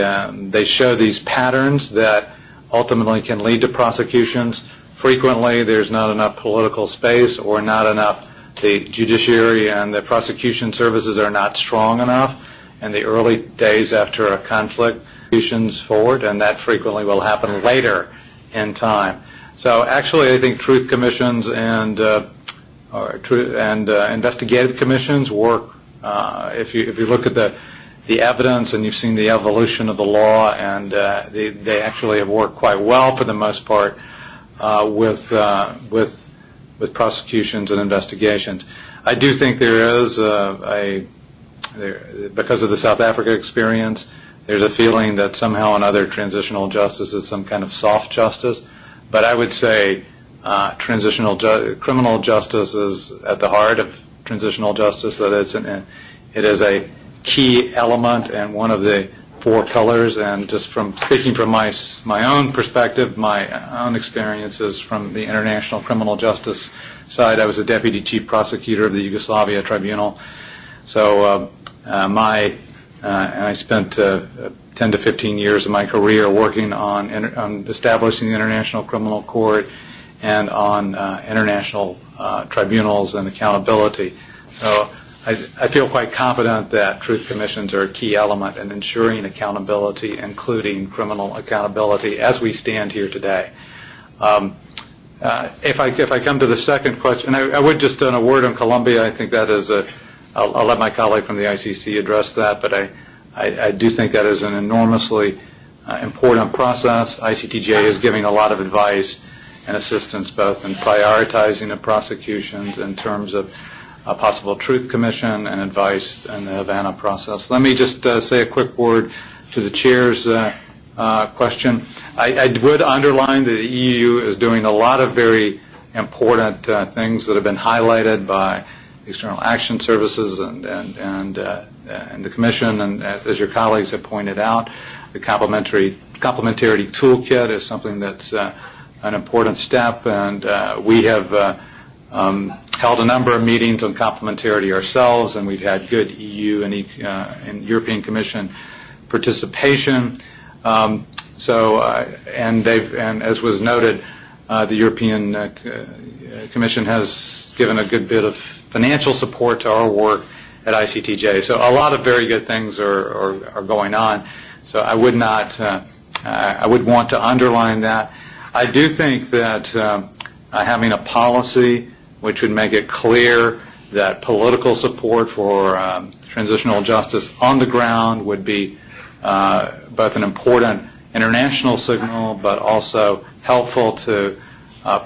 Speaker 5: they show these patterns that ultimately can lead to prosecutions. Frequently, there's not enough political space or not enough. The judiciary and the prosecution services are not strong enough in the early days after a conflict prosecutions forward, and that frequently will happen later in time. So actually, I think truth commissions and or and investigative commissions work. If you if you look at the the evidence and you've seen the evolution of the law and they they actually have worked quite well for the most part with with with prosecutions and investigations. I do think there is a there because of the South Africa experience there's a feeling that somehow another transitional justice is some kind of soft justice but I would say transitional criminal justice is at the heart of transitional justice that it's an it is a key element and one of the four pillars. And just from speaking from my my own perspective, my own experiences from the international criminal justice side, I was a deputy chief prosecutor of the Yugoslavia Tribunal. So my and I spent 10 to 15 years of my career working on on establishing the International Criminal Court and on international tribunals and accountability. So I feel quite confident that truth commissions are a key element in ensuring accountability, including criminal accountability, as we stand here today. If I if I come to the second question, I would just on a word on Colombia. I think that is a. I'll let my colleague from the ICC address that, but I I do think that is an enormously important process. ICTJ is giving a lot of advice and assistance, both in prioritizing the prosecutions in terms of a possible truth commission and advice in the Havana process. Let me just say a quick word to the chair's question. I would underline that the EU is doing a lot of very important things that have been highlighted by external action services and and and the commission and as your colleagues have pointed out the complementary complementarity toolkit is something that's an important step and we have um held a number of meetings on complementarity ourselves, and we've had good EU and European Commission participation. So, and they've, and as was noted, the European Commission has given a good bit of financial support to our work at ICTJ. So a lot of very good things are are going on. So I would not, I would want to underline that. I do think that having a policy which would make it clear that political support for transitional justice on the ground would be both an important international signal but also helpful to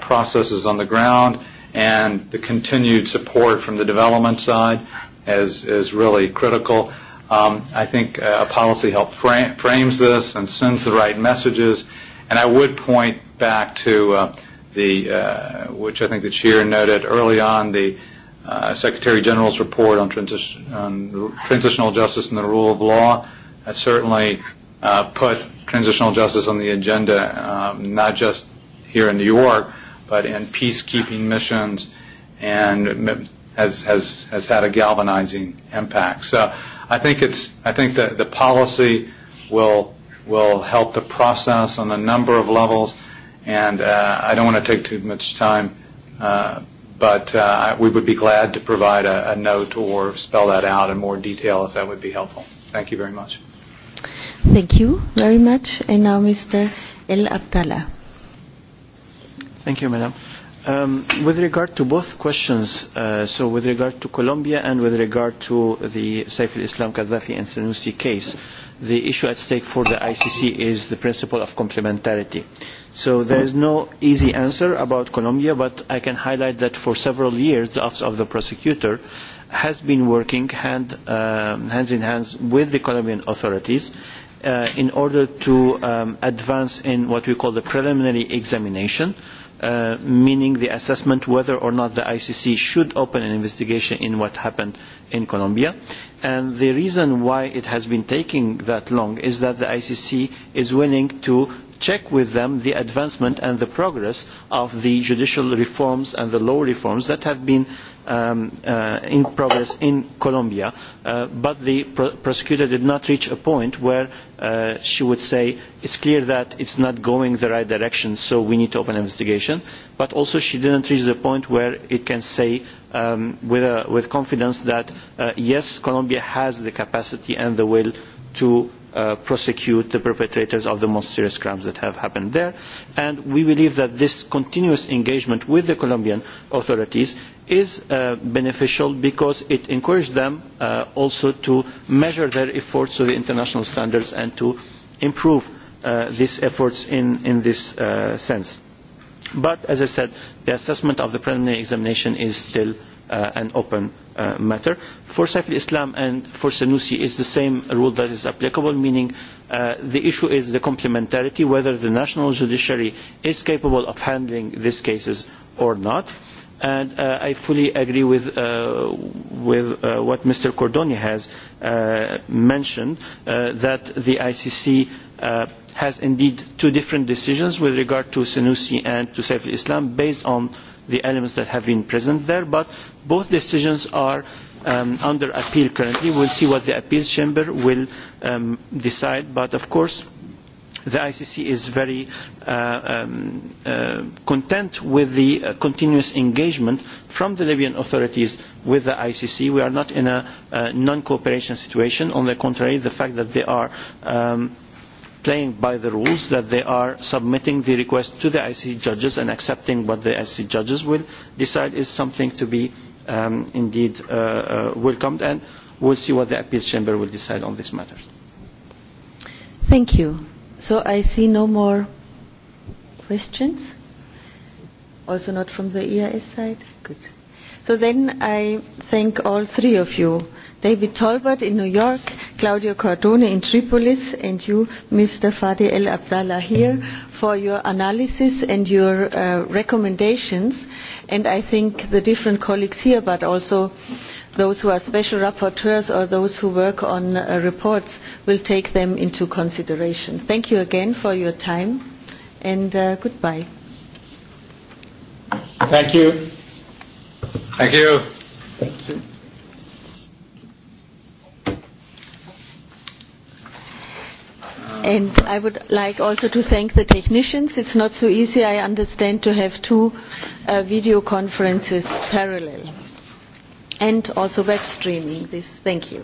Speaker 5: processes on the ground and the continued support from the development side is is really critical. I think a policy help frames this and sends the right messages and I would point back to the which I think the chair noted early on the Secretary General's report on transitional justice and the rule of law has certainly put transitional justice on the agenda, not just here in New York, but in peacekeeping missions, and has has has had a galvanizing impact. So I think it's I think that the policy will will help the process on a number of levels and I don't want to take too much time, but we would be glad to provide a note or spell that out in more detail if that would be helpful. Thank you very much.
Speaker 1: Thank you very much. And now Mr. El Abdallah.
Speaker 6: Thank you, Madam. With regard to both questions, so with regard to Colombia and with regard to the Saif al-Islam Gaddafi and Sanusi case, the issue at stake for the ICC is the principle of complementarity. So there is no easy answer about Colombia, but I can highlight that for several years the Office of the Prosecutor has been working hand in hands with the Colombian authorities in order to advance in what we call the preliminary examination, meaning the assessment whether or not the ICC should open an investigation in what happened in Colombia. And the reason why it has been taking that long is that the ICC is willing to check with them the advancement and the progress of the judicial reforms and the law reforms that have been in progress in Colombia. But the prosecutor did not reach a point where she would say it's clear that it's not going the right direction, so we need to open an investigation. But also she didn't reach the point where it can say with confidence that yes, Colombia has the capacity and the will to prosecute the perpetrators of the most serious crimes that have happened there. And we believe that this continuous engagement with the Colombian authorities is beneficial because it encourages them also to measure their efforts to the international standards and to improve these efforts in this sense. But, as I said, the assessment of the preliminary examination is still an open matter. For Saif al-Islam and for Senussi is the same rule that is applicable, meaning the issue is the complementarity, whether the national judiciary is capable of handling these cases or not. And I fully agree with what Mr. Cordoni has mentioned, that the ICC has indeed two different decisions with regard to Senussi and to Saif al-Islam based on the elements that have been present there, but both decisions are under appeal currently. We will see what the appeals chamber will decide, but of course the ICC is very content with the continuous engagement from the Libyan authorities with the ICC. We are not in a non-cooperation situation. On the contrary, the fact that they are playing by the rules that they are submitting the request to the IC judges and accepting what the IC judges will decide is something to be indeed welcomed and we'll see what the appeals chamber will decide on this matter.
Speaker 1: Thank you. So I see no more questions. Also not from the EIS side? Good. So then I thank all three of you David Tolbert in New York, Claudio Cardone in Tripolis, and you, Mr. Fadi El Abdallah, here for your analysis and your recommendations. And I think the different colleagues here, but also those who are special rapporteurs or those who work on reports, will take them into consideration. Thank you again for your time, and goodbye.
Speaker 8: Thank
Speaker 5: you. Thank you.
Speaker 1: And I would like also to thank the technicians. It's not so easy, I understand, to have two video conferences parallel and also web streaming this. Thank you.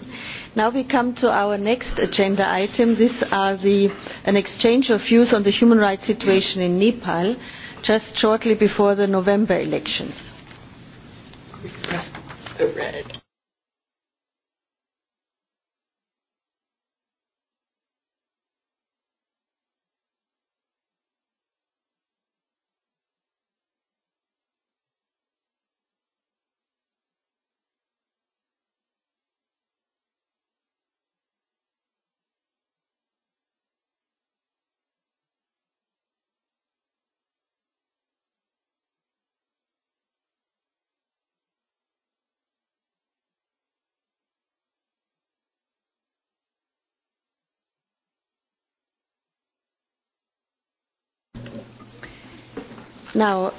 Speaker 1: Now we come to our next agenda item. This is an exchange of views on the human rights situation in Nepal just shortly before the November
Speaker 7: elections.
Speaker 10: Now,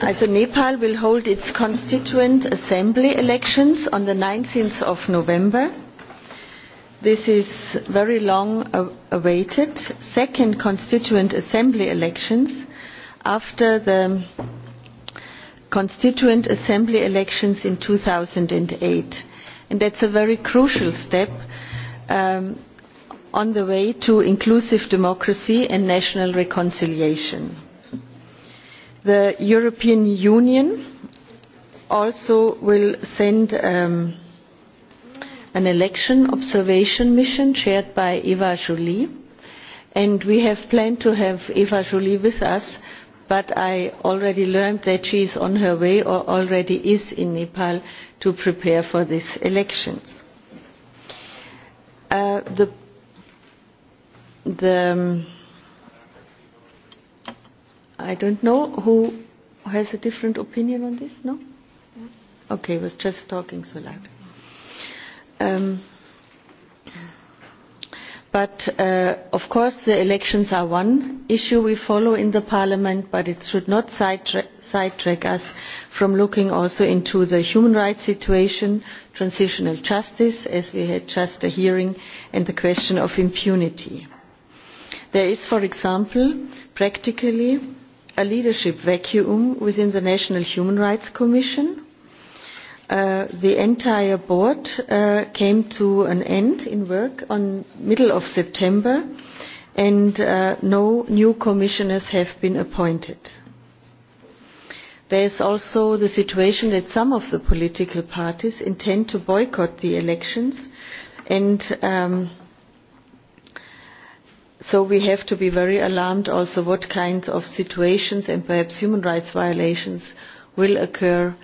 Speaker 1: also Nepal will hold its constituent assembly elections on the 19th of November. This is very long awaited. Second constituent assembly elections after the constituent assembly elections in 2008. And that's a very crucial step on the way to inclusive democracy and national reconciliation. The European Union also will send an election observation mission chaired by Eva Joly and we have planned to have Eva Joly with us but I already learned that she is on her way or already is in Nepal to prepare for these elections the I don't know who has a different opinion on this, no? Okay, I was just talking so loud. Um, but of course the elections are one issue we follow in the parliament but it should not sidetrack us from looking also into the human rights situation transitional justice as we had just a hearing and the question of impunity There is, for example, practically a leadership vacuum within the National Human Rights Commission. The entire board came to an end in work on middle of September and no new commissioners have been appointed. There is also the situation that some of the political parties intend to boycott the elections and So we have to be very alarmed also what kinds of situations and perhaps human rights violations will occur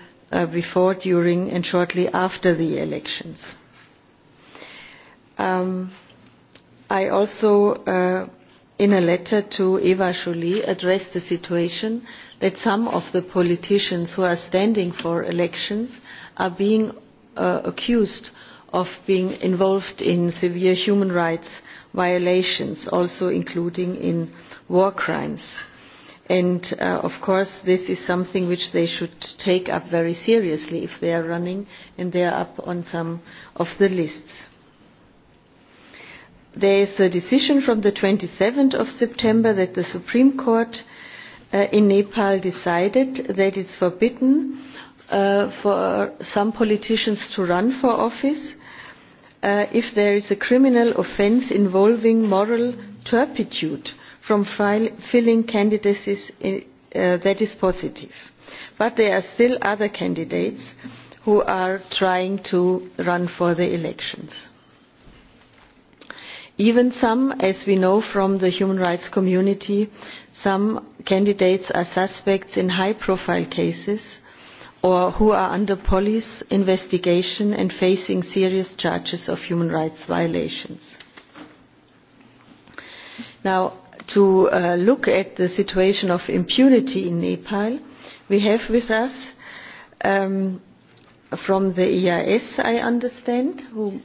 Speaker 1: before, during and shortly after the elections. I also, in a letter to Eva Joly, addressed the situation that some of the politicians who are standing for elections are being accused of being involved in severe human rights violations, also including in war crimes. And of course this is something which they should take up very seriously if they are running and they are up on some of the lists. There is a decision from the 27th of September that the Supreme Court in Nepal decided that it's forbidden for some politicians to run for office if there is a criminal offence involving moral turpitude from filling candidacies that is positive. But there are still other candidates who are trying to run for the elections. Even some, as we know from the human rights community, some candidates are suspects in high profile cases or who are under police investigation and facing serious charges of human rights violations. Now, to look at the situation of impunity in Nepal, we have with us from the EIS, I understand, who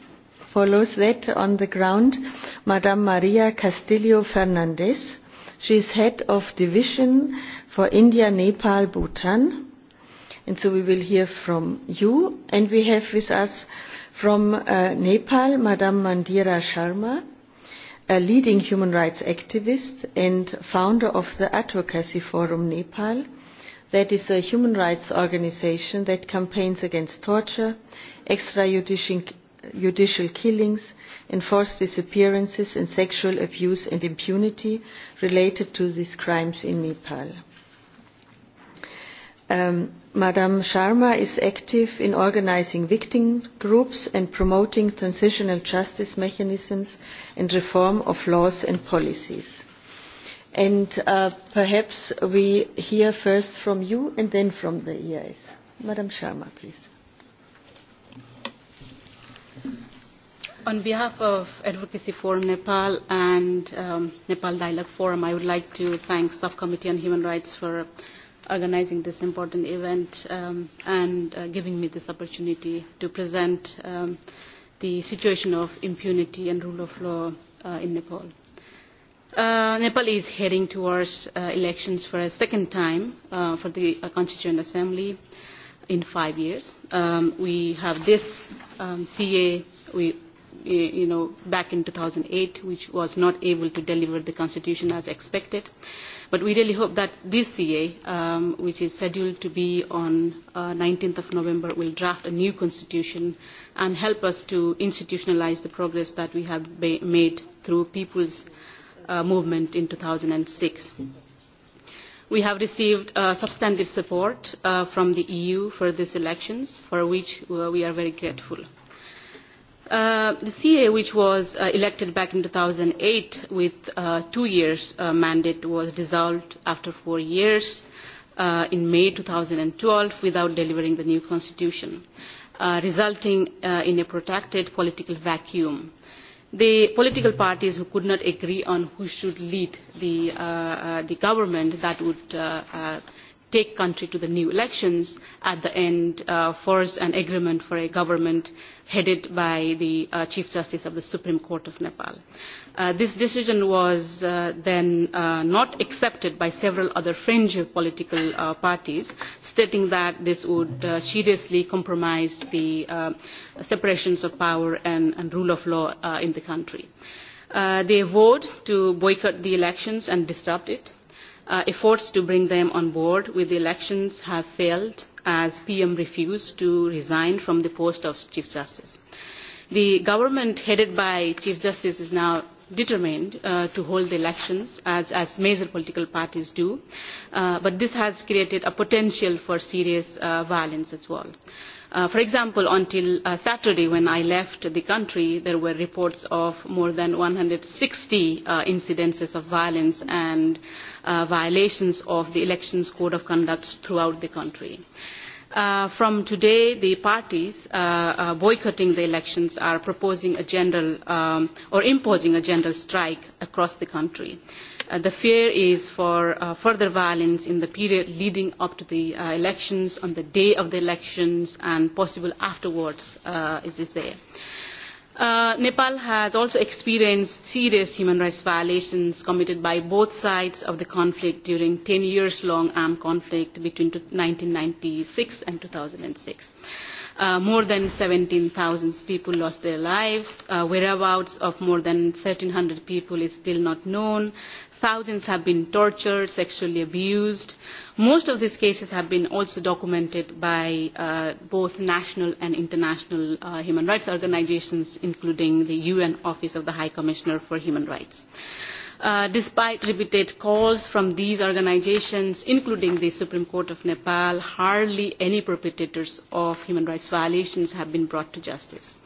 Speaker 1: follows that on the ground, Madam Maria Castillo Fernandez. She is head of division for India, Nepal, Bhutan and so we will hear from you. And we have with us from Nepal, Madam Mandira Sharma, a leading human rights activist and founder of the Advocacy Forum Nepal, that is a human rights organisation that campaigns against torture, extrajudicial killings, enforced disappearances and sexual abuse and impunity related to these crimes in Nepal. Madam Sharma is active in organising victim groups and promoting transitional justice mechanisms and reform of laws and policies. And perhaps we hear first from you and then from the EIS. Madam Sharma, please.
Speaker 4: On behalf of Advocacy Forum Nepal and Nepal Dialogue Forum, I would like to thank Subcommittee on Human Rights for organizing this important event and giving me this opportunity to present the situation of impunity and rule of law in Nepal. Nepal is heading towards elections for a second time for the Constituent Assembly in five years. We have this CA, we you know, back in 2008, which was not able to deliver the constitution as expected. But we really hope that this CA, which is scheduled to be on 19th of November, will draft a new constitution and help us to institutionalize the progress that we have made through people's movement in 2006. We have received substantive support from the EU for these elections, for which we are very grateful. The CA, which was elected back in 2008 with a two years mandate, was dissolved after four years in May 2012 without delivering the new constitution, resulting in a protracted political vacuum. The political parties who could not agree on who should lead the government that would take country to the new elections at the end forced an agreement for a government headed by the Chief Justice of the Supreme Court of Nepal. This decision was then not accepted by several other fringe political parties, stating that this would seriously compromise the separations of power and rule of law in the country. They vowed to boycott the elections and disrupt it efforts to bring them on board with the elections have failed as PM refused to resign from the post of Chief Justice. The government headed by Chief Justice is now determined to hold the elections as major political parties do, but this has created a potential for serious violence as well. For example, until Saturday when I left the country, there were reports of more than 160 incidences of violence and violations of the Elections Code of Conduct throughout the country. From today, the parties boycotting the elections are proposing a general or imposing a general strike across the country. The fear is for further violence in the period leading up to the elections, on the day of the elections and possible afterwards is there. Nepal has also experienced serious human rights violations committed by both sides of the conflict during 10 years long armed conflict between 1996 and 2006. More than 17,000 people lost their lives. Whereabouts of more than 1,300 people is still not known. Thousands have been tortured, sexually abused. Most of these cases have been also documented by both national and international human rights organizations, including the UN Office of the High Commissioner for Human Rights. Despite repeated calls from these organizations, including the Supreme Court of Nepal, hardly any perpetrators of human rights violations have been brought to justice.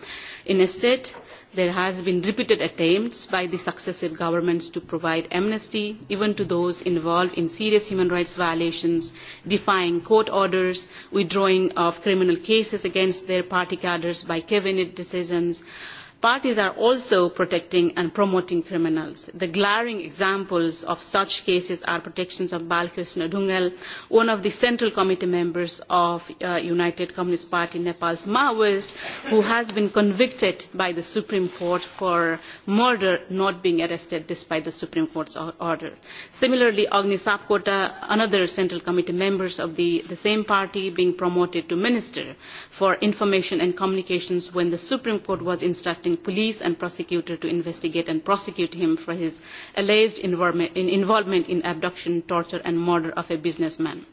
Speaker 4: Instead, There has been repeated attempts by the successive governments to provide amnesty, even to those involved in serious human rights violations, defying court orders, withdrawing of criminal cases against their party cadres by cabinet decisions parties are also protecting and promoting criminals. the glaring examples of such cases are protections of balkrishna dungal one of the central committee members of united communist party nepal's maoist who has been convicted by the supreme court for murder not being arrested despite the supreme court's order. similarly agni sapkota another central committee member of the same party being promoted to minister for information and communications when the supreme court was instructing police and prosecutor to investigate and prosecute him for his alleged involvement in abduction, torture and murder of a businessman.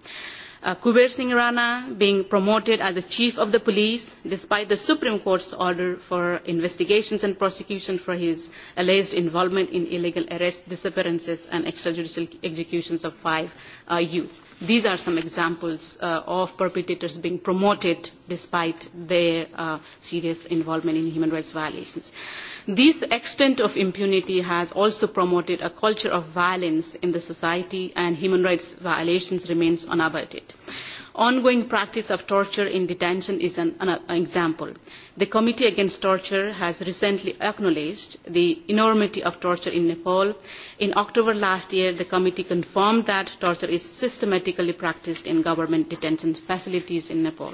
Speaker 4: Kuber Singh Rana being promoted as the chief of the police despite the Supreme Court's order for investigations and prosecution for his alleged involvement in illegal arrests, disappearances and extrajudicial executions of five youths. These are some examples of perpetrators being promoted despite their serious involvement in human rights violations. This extent of impunity has also promoted a culture of violence in the society and human rights violations remains unabated. Ongoing practice of torture in detention is an example. The Committee Against Torture has recently acknowledged the enormity of torture in Nepal. In October last year, the committee confirmed that torture is systematically practiced in government detention facilities in Nepal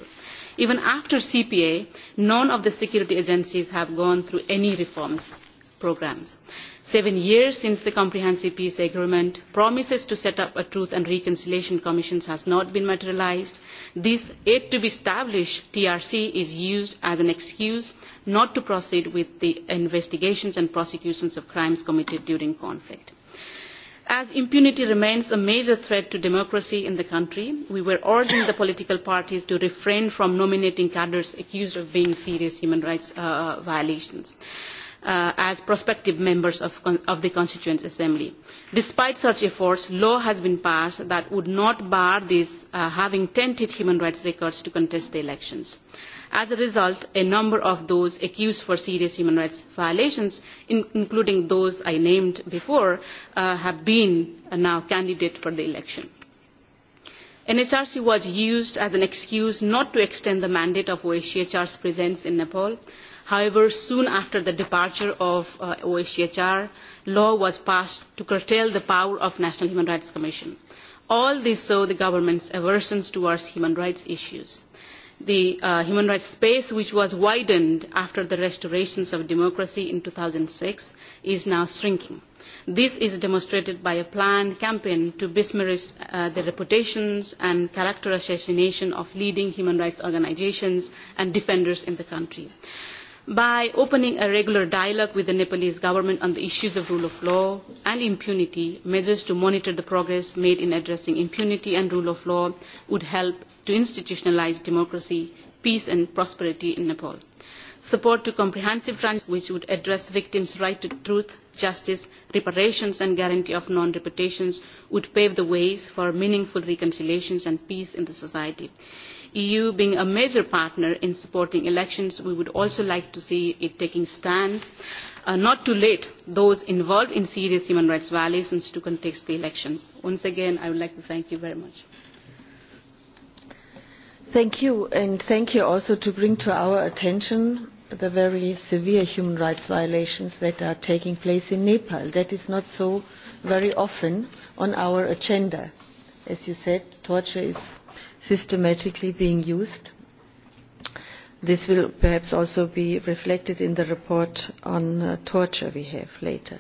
Speaker 4: even after cpa none of the security agencies have gone through any reforms programmes. seven years since the comprehensive peace agreement promises to set up a truth and reconciliation commission has not been materialised. this yet to be established trc is used as an excuse not to proceed with the investigations and prosecutions of crimes committed during conflict as impunity remains a major threat to democracy in the country we were urging the political parties to refrain from nominating cadres accused of being serious human rights violations as prospective members of the constituent assembly. despite such efforts law has been passed that would not bar these having tainted human rights records to contest the elections. As a result, a number of those accused for serious human rights violations, including those I named before, have been now candidate for the election. NHRC was used as an excuse not to extend the mandate of OHCHR's presence in Nepal. However, soon after the departure of OHCHR, law was passed to curtail the power of National Human Rights Commission. All this saw the government's aversions towards human rights issues the human rights space, which was widened after the restorations of democracy in 2006, is now shrinking. This is demonstrated by a planned campaign to besmirch the reputations and character assassination of leading human rights organisations and defenders in the country by opening a regular dialogue with the Nepalese government on the issues of rule of law and impunity, measures to monitor the progress made in addressing impunity and rule of law would help to institutionalise democracy, peace and prosperity in Nepal. Support to comprehensive transition which would address victims' right to truth, justice, reparations and guarantee of non-reputations would pave the ways for meaningful reconciliations and peace in the society eu being a major partner in supporting elections we would also like to see it taking stands not to let those involved in serious human rights violations to contest the elections. once again i would like to thank you very much.
Speaker 1: thank you and thank you also to bring to our attention the very severe human rights violations that are taking place in nepal. that is not so very often on our agenda. as you said torture is systematically being used. This will perhaps also be reflected in the report on torture we have later.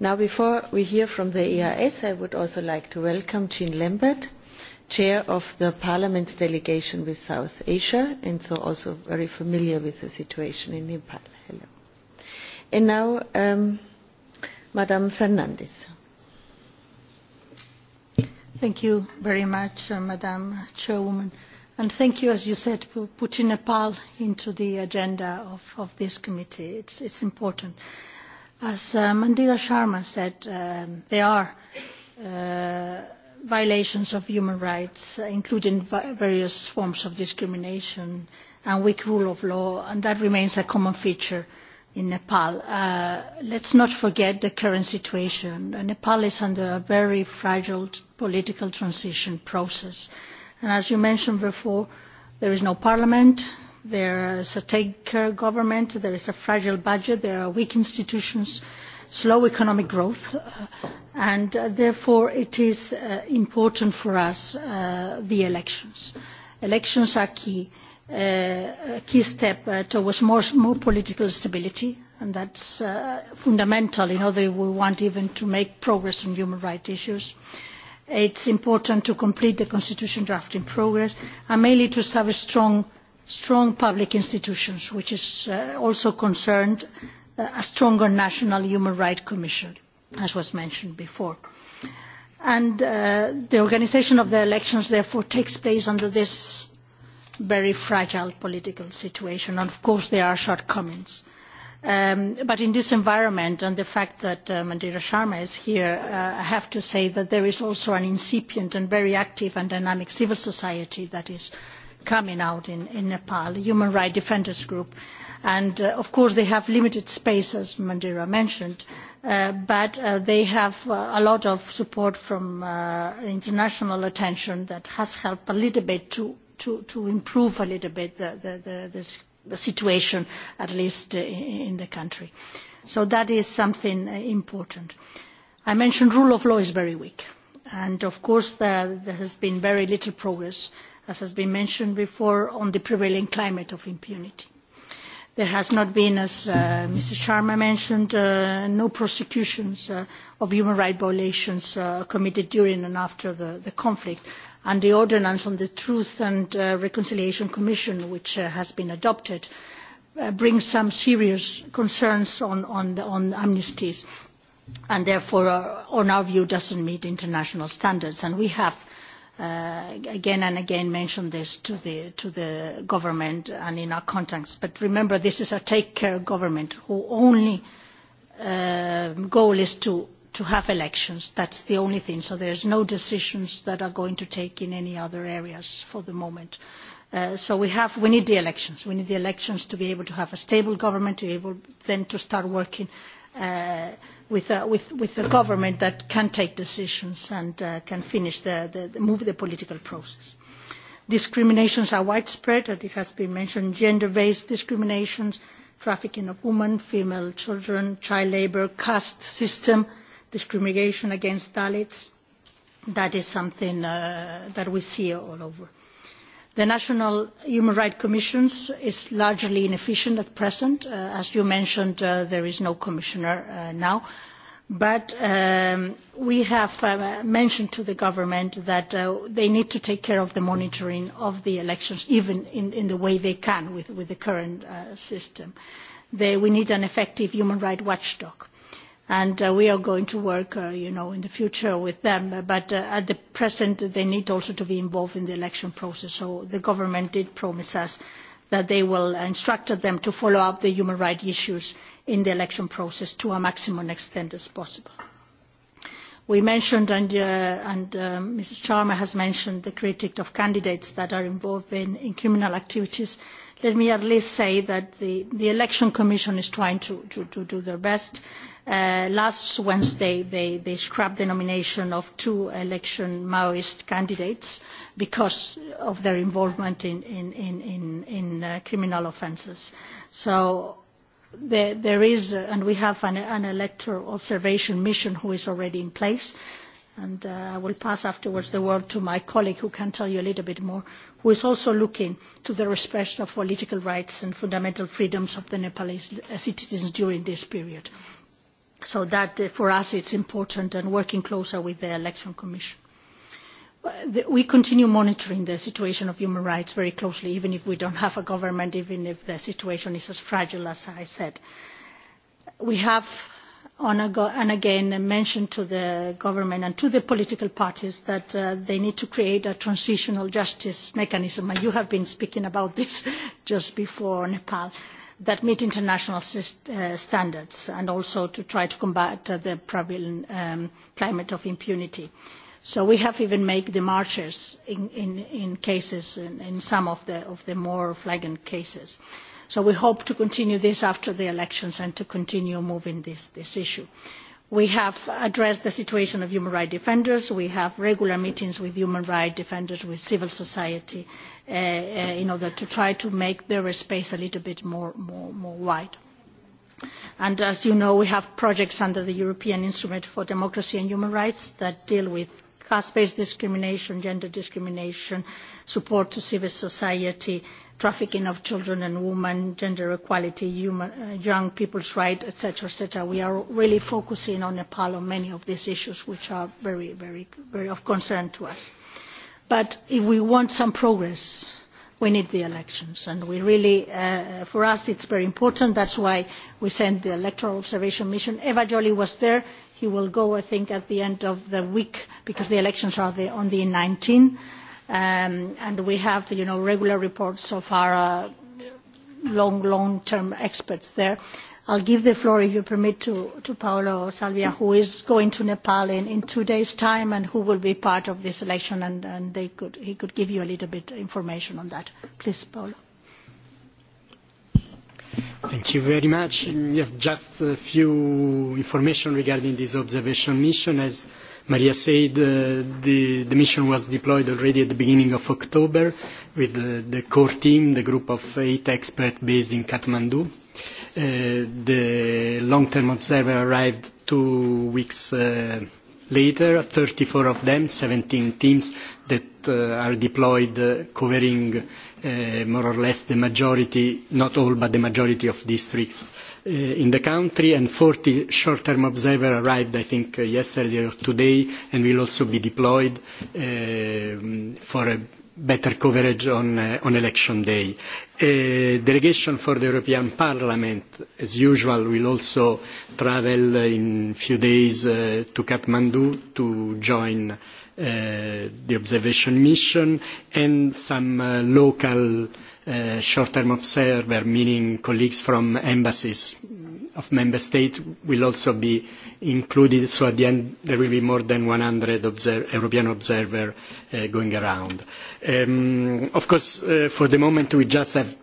Speaker 1: Now, before we hear from the EIS, I would also like to welcome Jean Lambert, Chair of the Parliament's delegation with South Asia, and so also very familiar with the situation in Nepal. Hello. And now, Madam Fernandes.
Speaker 12: Thank you very much, Madam Chairwoman. And thank you, as you said, for putting Nepal into the agenda of this committee. It's important. As Mandira Sharma said, there are violations of human rights, including various forms of discrimination and weak rule of law, and that remains a common feature in Nepal. Let's not forget the current situation. Nepal is under a very fragile political transition process. And as you mentioned before, there is no parliament, there is a take government, there is a fragile budget, there are weak institutions, slow economic growth, and therefore it is important for us, the elections. Elections are key a key step towards more political stability, and that's fundamental in order we want even to make progress on human rights issues. It's important to complete the constitution drafting progress, and mainly to establish strong public institutions, which is also concerned a stronger national human rights commission, as was mentioned before. And the organisation of the elections, therefore, takes place under this very fragile political situation and of course there are shortcomings. But in this environment and the fact that Mandira Sharma is here, I have to say that there is also an incipient and very active and dynamic civil society that is coming out in Nepal, the Human Rights Defenders Group. And of course they have limited space, as Mandira mentioned, but they have a lot of support from international attention that has helped a little bit to to improve a little bit the situation, at least in the country. So that is something important. I mentioned rule of law is very weak, and of course there has been very little progress, as has been mentioned before, on the prevailing climate of impunity. There has not been, as Mr. Sharma mentioned, no prosecutions of human rights violations committed during and after the conflict and the ordinance on the Truth and Reconciliation Commission, which has been adopted, brings some serious concerns on amnesties and therefore, on our view, doesn't meet international standards. And we have again and again mentioned this to the government and in our contacts. But remember, this is a take-care government whose only goal is to to have elections. That's the only thing. So there are no decisions that are going to take in any other areas for the moment. So we we need the elections. We need the elections to be able to have a stable government, to be able then to start working with a government that can take decisions and can finish the, move the political process. Discriminations are widespread, as it has been mentioned, gender-based discriminations, trafficking of women, female children, child labour, caste system discrimination against Dalits. That is something that we see all over. The National Human Rights Commission is largely inefficient at present. As you mentioned, there is no commissioner now. But we have mentioned to the government that they need to take care of the monitoring of the elections, even in the way they can with the current system. We need an effective human rights watchdog and we are going to work in the future with them but at the present they need also to be involved in the election process so the government did promise us that they will instruct them to follow up the human rights issues in the election process to a maximum extent as possible we mentioned and mrs Sharma has mentioned the critique of candidates that are involved in criminal activities let me at least say that the Election Commission is trying to do their best. Last Wednesday they scrapped the nomination of two election Maoist candidates because of their involvement in criminal offences. So there is, and we have an electoral observation mission which is already in place and I will pass afterwards the word to my colleague who can tell you a little bit more, who is also looking to the respect of political rights and fundamental freedoms of the Nepalese citizens during this period. So that for us it's important and working closer with the Election Commission. We continue monitoring the situation of human rights very closely, even if we don't have a government, even if the situation is as fragile as I said. We have and again mention to the government and to the political parties that they need to create a transitional justice mechanism and you have been speaking about this just before Nepal that meet international standards and also to try to combat the prevalent climate of impunity. So we have even made the marches in cases in some of the more flagrant cases. So we hope to continue this after the elections and to continue moving this issue. We have addressed the situation of human rights defenders. We have regular meetings with human rights defenders, with civil society, in order to try to make their space a little bit more wide. And as you know, we have projects under the European Instrument for Democracy and Human Rights that deal with caste based discrimination gender discrimination support to civil society trafficking of children and women gender equality human young people's rights etc etc we are really focusing on nepal on many of these issues which are very very very of concern to us but if we want some progress we need the elections and we really for us it's very important that's why we sent the electoral observation mission eva Jolie was there He will go, I think, at the end of the week because the elections are on the 19th. And we have, you know, regular reports of our long, long-term experts there. I'll give the floor, if you permit, to Paolo Salvia, who is going to Nepal in two days' time and who will be part of this election, and he could give you a little bit of information on that. Please, Paolo.
Speaker 7: Thank you very much. Yes, just a few information regarding this observation mission. As Maria said, the mission was deployed already at the beginning of October with the core team, the group of eight experts based in Kathmandu. The long-term observer arrived two weeks later, 34 of them, 17 teams that are deployed covering more or less the majority, not all, but the majority of districts in the country, and 40 short-term observers arrived, I think, yesterday or today, and will also be deployed for a better coverage on election day. A delegation for the European Parliament, as usual, will also travel in a few days to Kathmandu to join the observation mission and some local short-term observer, meaning colleagues from embassies of member states, will also be included. So at the end, there will be more than 100 European observers going around. Of course, for the moment, we just have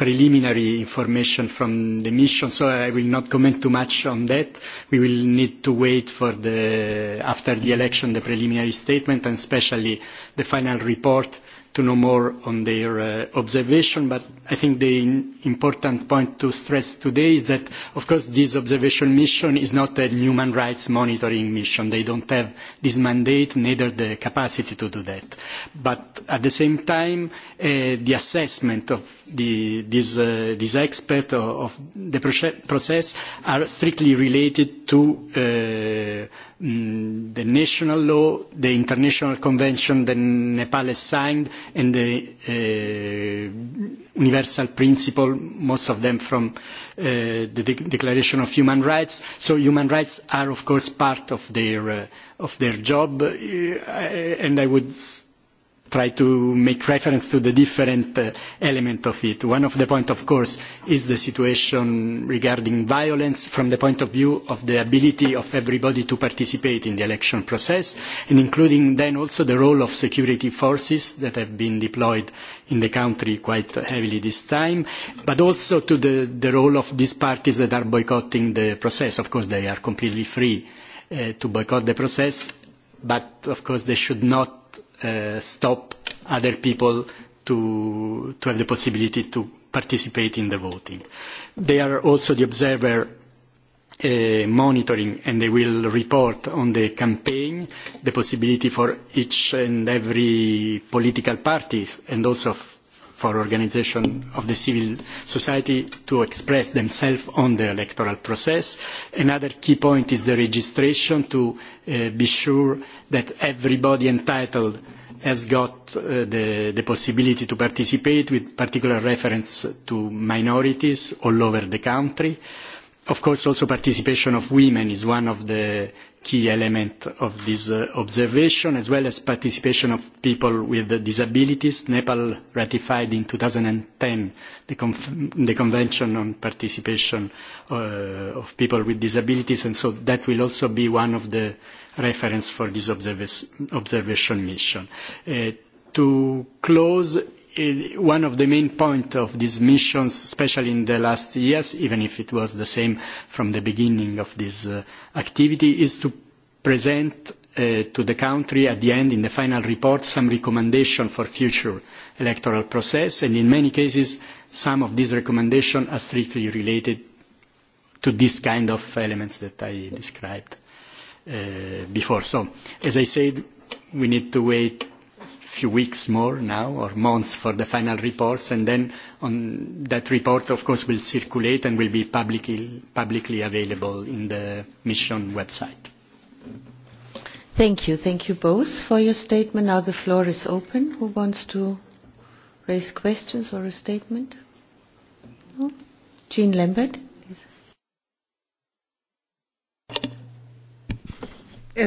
Speaker 7: preliminary information from the mission, so I will not comment too much on that. We will need to wait for the, after the election, the preliminary statement and especially the final report to know more on their observation. But I think the important point to stress today is that, of course, this observation mission is not a human rights monitoring mission. They don't have this mandate, neither the capacity to do that. But at the same time, the assessment of these experts of the process are strictly related to the national law, the international convention that Nepal has signed, and the universal principle, most of them from the Declaration of Human Rights. So human rights are, of course, part of their job, and I would try to make reference to the different elements of it. One of the points, of course, is the situation regarding violence from the point of view of the ability of everybody to participate in the election process, and including then also the role of security forces that have been deployed in the country quite heavily this time, but also to the role of these parties that are boycotting the process. Of course, they are completely free to boycott the process, but of course they should not stop other people to have the possibility to participate in the voting. They are also the observer monitoring and they will report on the campaign the possibility for each and every political party and also for organization of the civil society to express themselves on the electoral process. Another key point is the registration to be sure that everybody entitled has got the possibility to participate with particular reference to minorities all over the country. Of course also participation of women is one of the key element of this observation, as well as participation of people with disabilities. Nepal ratified in 2010 the Convention on Participation of People with Disabilities, and so that will also be one of the reference for this observation mission. To close one of the main points of these missions, especially in the last years, even if it was the same from the beginning of this activity, is to present to the country at the end, in the final report, some recommendation for future electoral process, and in many cases some of these recommendations are strictly related to this kind of elements that I described before. So, as I said, we need to wait few weeks more now or months for the final reports and then on that report of course will circulate and will be publicly publicly available in the mission website
Speaker 1: thank you thank you both for your statement now the floor is open who wants to raise questions or a statement
Speaker 3: jean lambert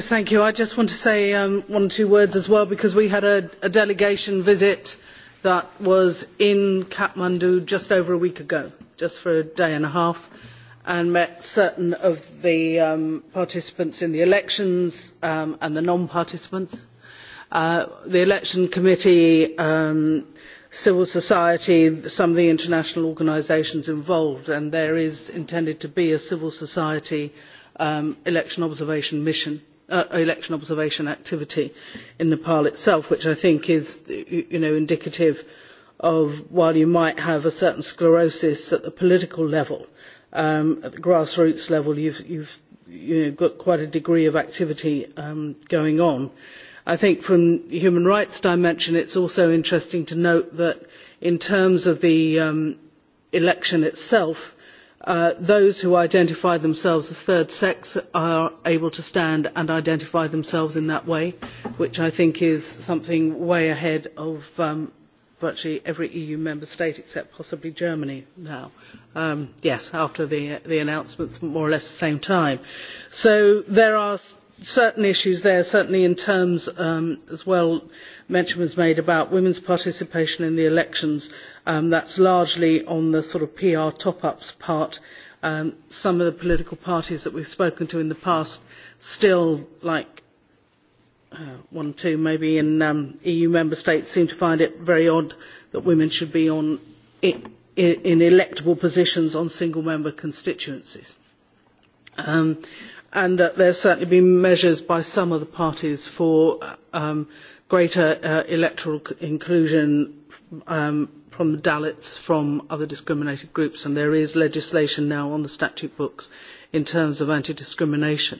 Speaker 3: Thank you. I just want to say one or two words as well because we had a delegation visit that was in Kathmandu just over a week ago, just for a day and a half, and met certain of the participants in the elections and the non-participants. The election committee, civil society, some of the international organisations involved, and there is intended to be a civil society election observation mission election observation activity in Nepal itself, which I think is indicative of while you might have a certain sclerosis at the political level, at the grassroots level, you've got quite a degree of activity going on. I think from the human rights dimension, it is also interesting to note that in terms of the election itself, those who identify themselves as third sex are able to stand and identify themselves in that way, which I think is something way ahead of virtually every EU member state except possibly Germany now. Yes, after the announcements, more or less the same time. So there are certain issues there, certainly in terms, as well, mention was made about women's participation in the elections That's largely on the sort of PR top-ups part. Some of the political parties that we've spoken to in the past still, like one, or two, maybe in EU member states, seem to find it very odd that women should be on in electable positions on single-member constituencies. And that there have certainly been measures by some of the parties for greater electoral inclusion from the Dalits, from other discriminated groups, and there is legislation now on the statute books in terms of anti-discrimination.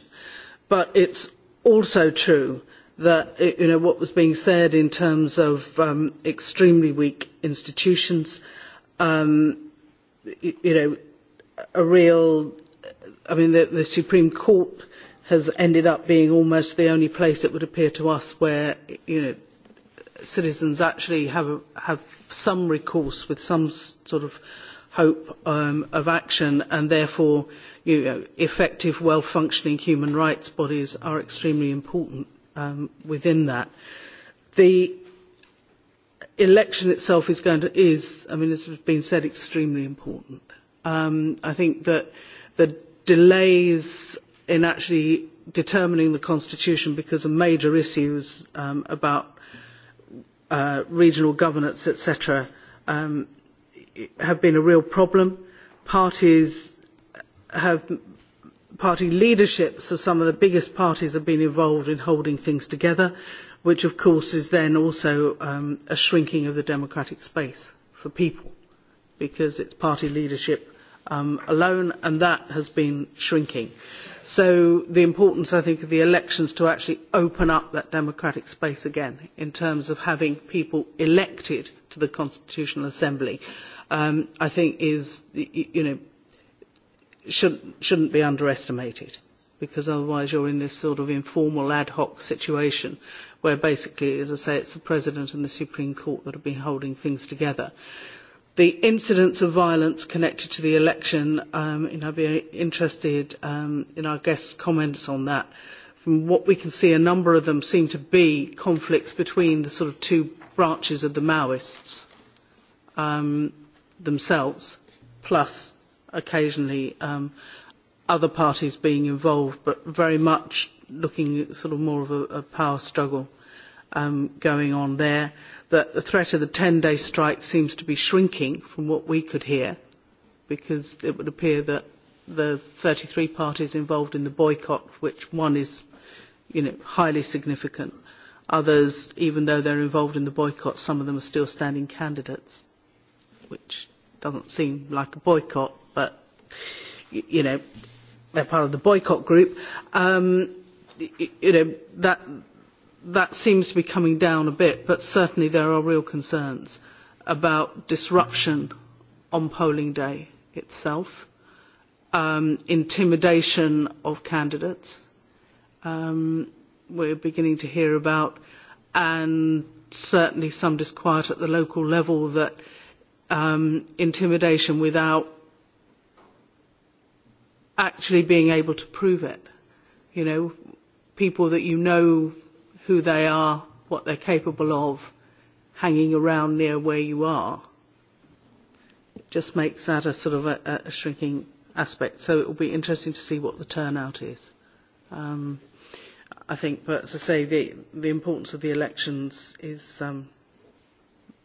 Speaker 3: But it's also true that what was being said in terms of extremely weak institutions, you know, a real, I mean, the Supreme Court has ended up being almost the only place it would appear to us where, you know, citizens actually have some recourse with some sort of hope of action and therefore effective well functioning human rights bodies are extremely important within that. the election itself is going to is i mean as has been said extremely important. i think that the delays in actually determining the constitution because of major issues about regional governance, etc., have been a real problem. Parties have party leaderships of some of the biggest parties have been involved in holding things together, which of course is then also a shrinking of the democratic space for people, because it's party leadership alone, and that has been shrinking. So the importance, I think, of the elections to actually open up that democratic space again in terms of having people elected to the Constitutional Assembly, I think, is, you know, shouldn't be underestimated because otherwise you're in this sort of informal ad hoc situation where basically, as I say, it's the President and the Supreme Court that have been holding things together the incidents of violence connected to the election, I'd be interested in our guests' comments on that. From what we can see, a number of them seem to be conflicts between the sort of two branches of the Maoists themselves, plus occasionally other parties being involved, but very much looking sort of more of a power struggle going on there, that the threat of the 10-day strike seems to be shrinking from what we could hear, because it would appear that the 33 parties involved in the boycott, which one is highly significant, others, even though they're involved in the boycott, some of them are still standing candidates, which doesn't seem like a boycott, but, you know, they're part of the boycott group. You know, that that seems to be coming down a bit, but certainly there are real concerns about disruption on polling day itself, intimidation of candidates, we're beginning to hear about, and certainly some disquiet at the local level that intimidation without actually being able to prove it. You know, people that you know who they are, what they're capable of, hanging around near where you are, just makes that a sort of a shrinking aspect. So it will be interesting to see what the turnout is. I think, but as I say, the the importance of the elections is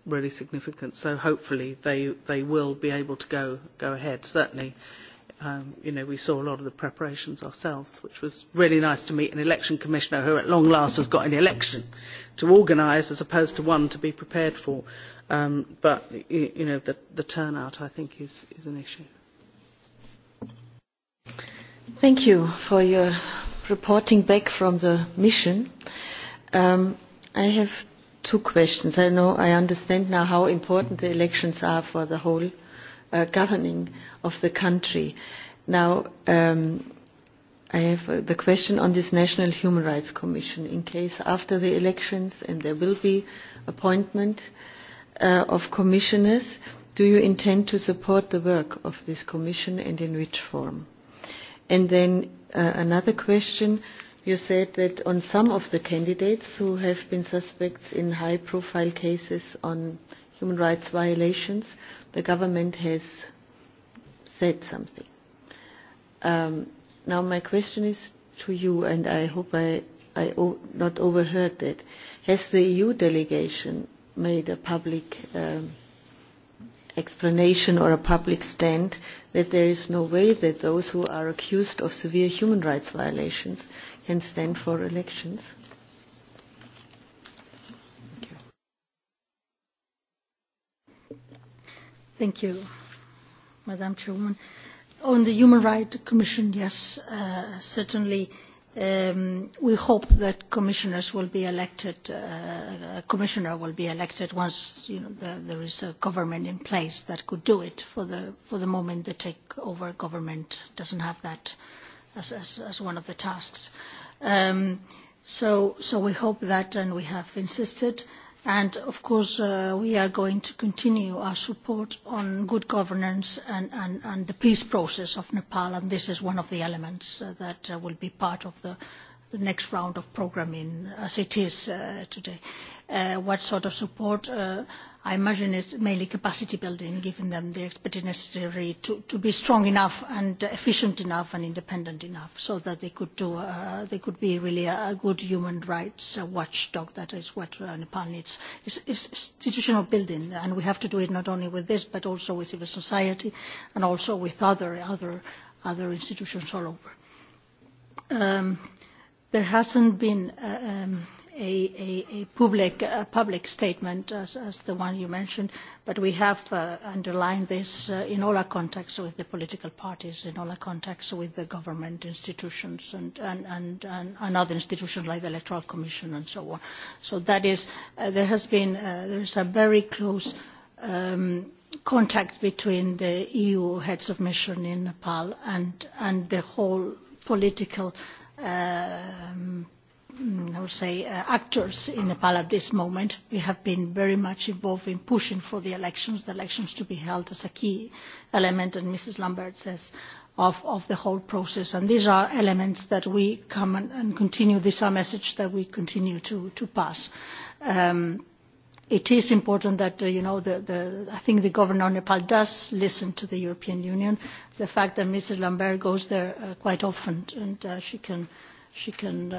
Speaker 3: really significant. So hopefully they they will be able to go go ahead. Certainly we saw a lot of the preparations ourselves, which was really nice to meet an election commissioner who at long last has got an election to organise as opposed to one to be prepared for. But, the turnout, I think, is an issue.
Speaker 1: Thank you for your reporting back from the mission. I have two questions. I know I understand now how important the elections are for the whole governing of the country. Now, I have the question on this National Human Rights Commission. In case after the elections, and there will be appointment of commissioners, do you intend to support the work of this commission and in which form? And then another question. You said that on some of the candidates who have been suspects in high-profile cases on human rights violations, the government has said something. Now my question is to you, and I hope I not overheard that. Has the EU delegation made a public explanation or a public stand that there is no way that those who are accused of severe human rights violations can stand for elections?
Speaker 12: Thank you, Madam Chairwoman. On the Human Rights Commission, yes, certainly we hope that commissioners will be elected, a commissioner will be elected once there is a government in place that could do it. For the for the moment, the takeover government doesn't have that as one of the tasks. So we hope that, and we have insisted and of course we are going to continue our support on good governance and the peace process of nepal and this is one of the elements that will be part of the next round of programming as it is today. what sort of support I imagine it's mainly capacity building, giving them the expertise necessary to be strong enough and efficient enough and independent enough so that they could do they could be really a good human rights watchdog. That is what Nepal needs. It's institutional building and we have to do it not only with this but also with civil society and also with other other other institutions all over. There hasn't been a public statement as the one you mentioned, but we have underlined this in all our contacts with the political parties, in all our contacts with the government institutions and other institutions like the Electoral Commission and so on. So that is, there has been, there is a very close contact between the EU heads of mission in Nepal and the whole political I would say, actors in Nepal at this moment. We have been very much involved in pushing for the elections, the elections to be held as a key element, and Mrs. Lambert says, of the whole process. And these are elements that we come and continue. These are messages that we continue to pass. It is important that, you know, I think the governor of Nepal does listen to the European Union. The fact that Mrs. Lambert goes there quite often and she can she can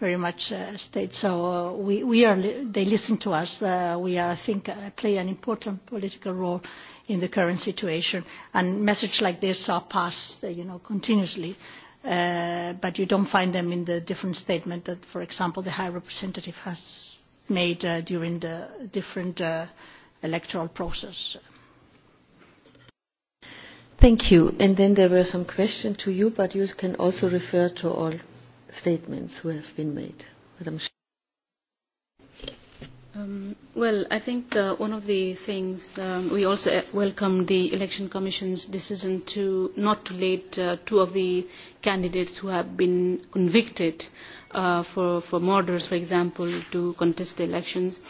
Speaker 12: very much state. So we are they listen to us. We are I think play an important political role in the current situation. And messages like this are passed, you know, continuously. But you don't find them in the different statement that, for example, the High Representative has made during the different electoral process.
Speaker 1: Thank you. And then there were some questions to you, but you can also refer to all statements who have been made.
Speaker 4: Well, I think one of the things we also welcome the Election Commission's decision to not to let two of the candidates who have been convicted for for murders, for example, to contest the elections.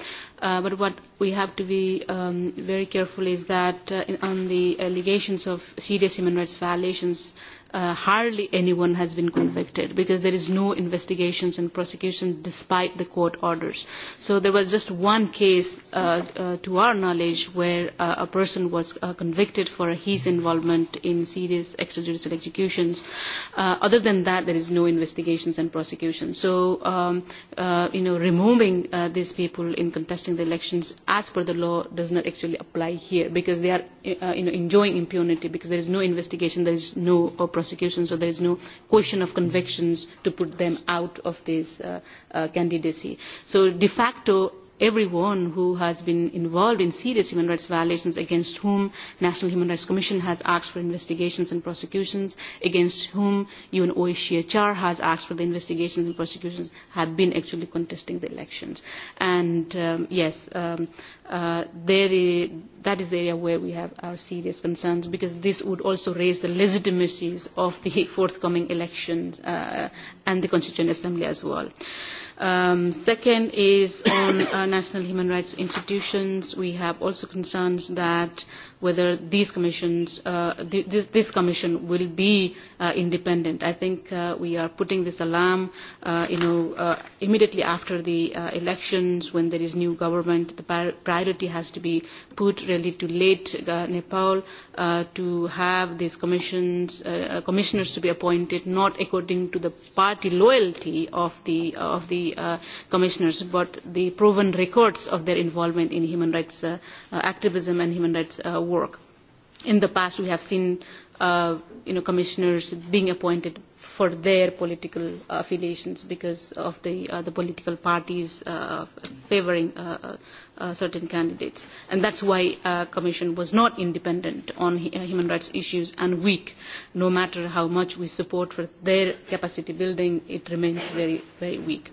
Speaker 4: But what we have to be very careful is that on the allegations of serious human rights violations hardly anyone has been convicted because there is no investigations and prosecution despite the court orders. So there was just one case to our knowledge where a person was convicted for his involvement in serious extrajudicial executions. Other than that, there is no investigations and prosecution. So, you know, removing these people in contesting the elections as per the law does not actually apply here because they are, you know, enjoying impunity because there is no investigation, there is no prosecution prosecution so there is no question of convictions to put them out of this candidacy. so de facto everyone who has been involved in serious human rights violations against whom National Human Rights Commission has asked for investigations and prosecutions, against whom UN OHCHR has asked for the investigations and prosecutions, have been actually contesting the elections. And yes, that is the area where we have our serious concerns because this would also raise the legitimacies of the forthcoming elections and the Constituent Assembly as well. Second is on national human rights institutions. We have also concerns that whether these commissions, this commission will be independent. I think we are putting this alarm, immediately after the elections, when there is new government, the priority has to be put really to late Nepal to have these commissions, commissioners to be appointed not according to the party loyalty of the of the the commissioners, but the proven records of their involvement in human rights activism and human rights work. In the past, we have seen you know, commissioners being appointed for their political affiliations because of the the political parties favouring certain candidates. And that's why the Commission was not independent on human rights issues and weak. No matter how much we support for their capacity building, it remains very, very weak.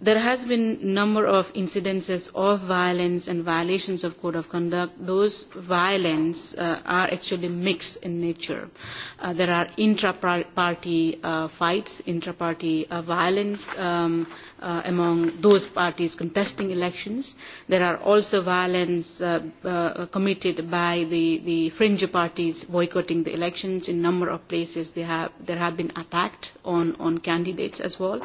Speaker 4: There has been a number of incidences of violence and violations of code of conduct. Those violence are actually mixed in nature. There are intra-party fights, intra-party violence among those parties contesting elections. There are also violence committed by the fringe parties boycotting the elections. In a number of places there have been attacked on candidates as well.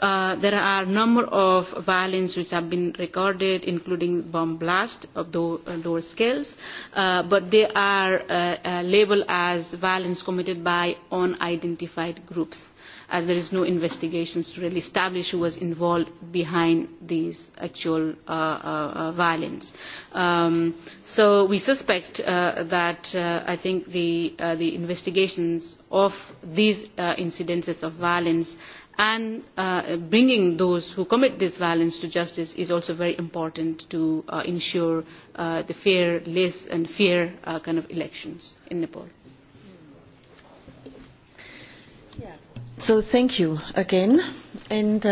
Speaker 4: There are a number of violence which have been recorded, including bomb blast of lower scales, but they are labeled as violence committed by unidentified groups as there is no investigations to really establish who was involved behind these actual violence. So we suspect that I think the investigations of these incidences of violence and bringing those who commit this violence to justice is also very important to ensure the fair, less and fair kind of elections in Nepal.
Speaker 1: So thank you again. And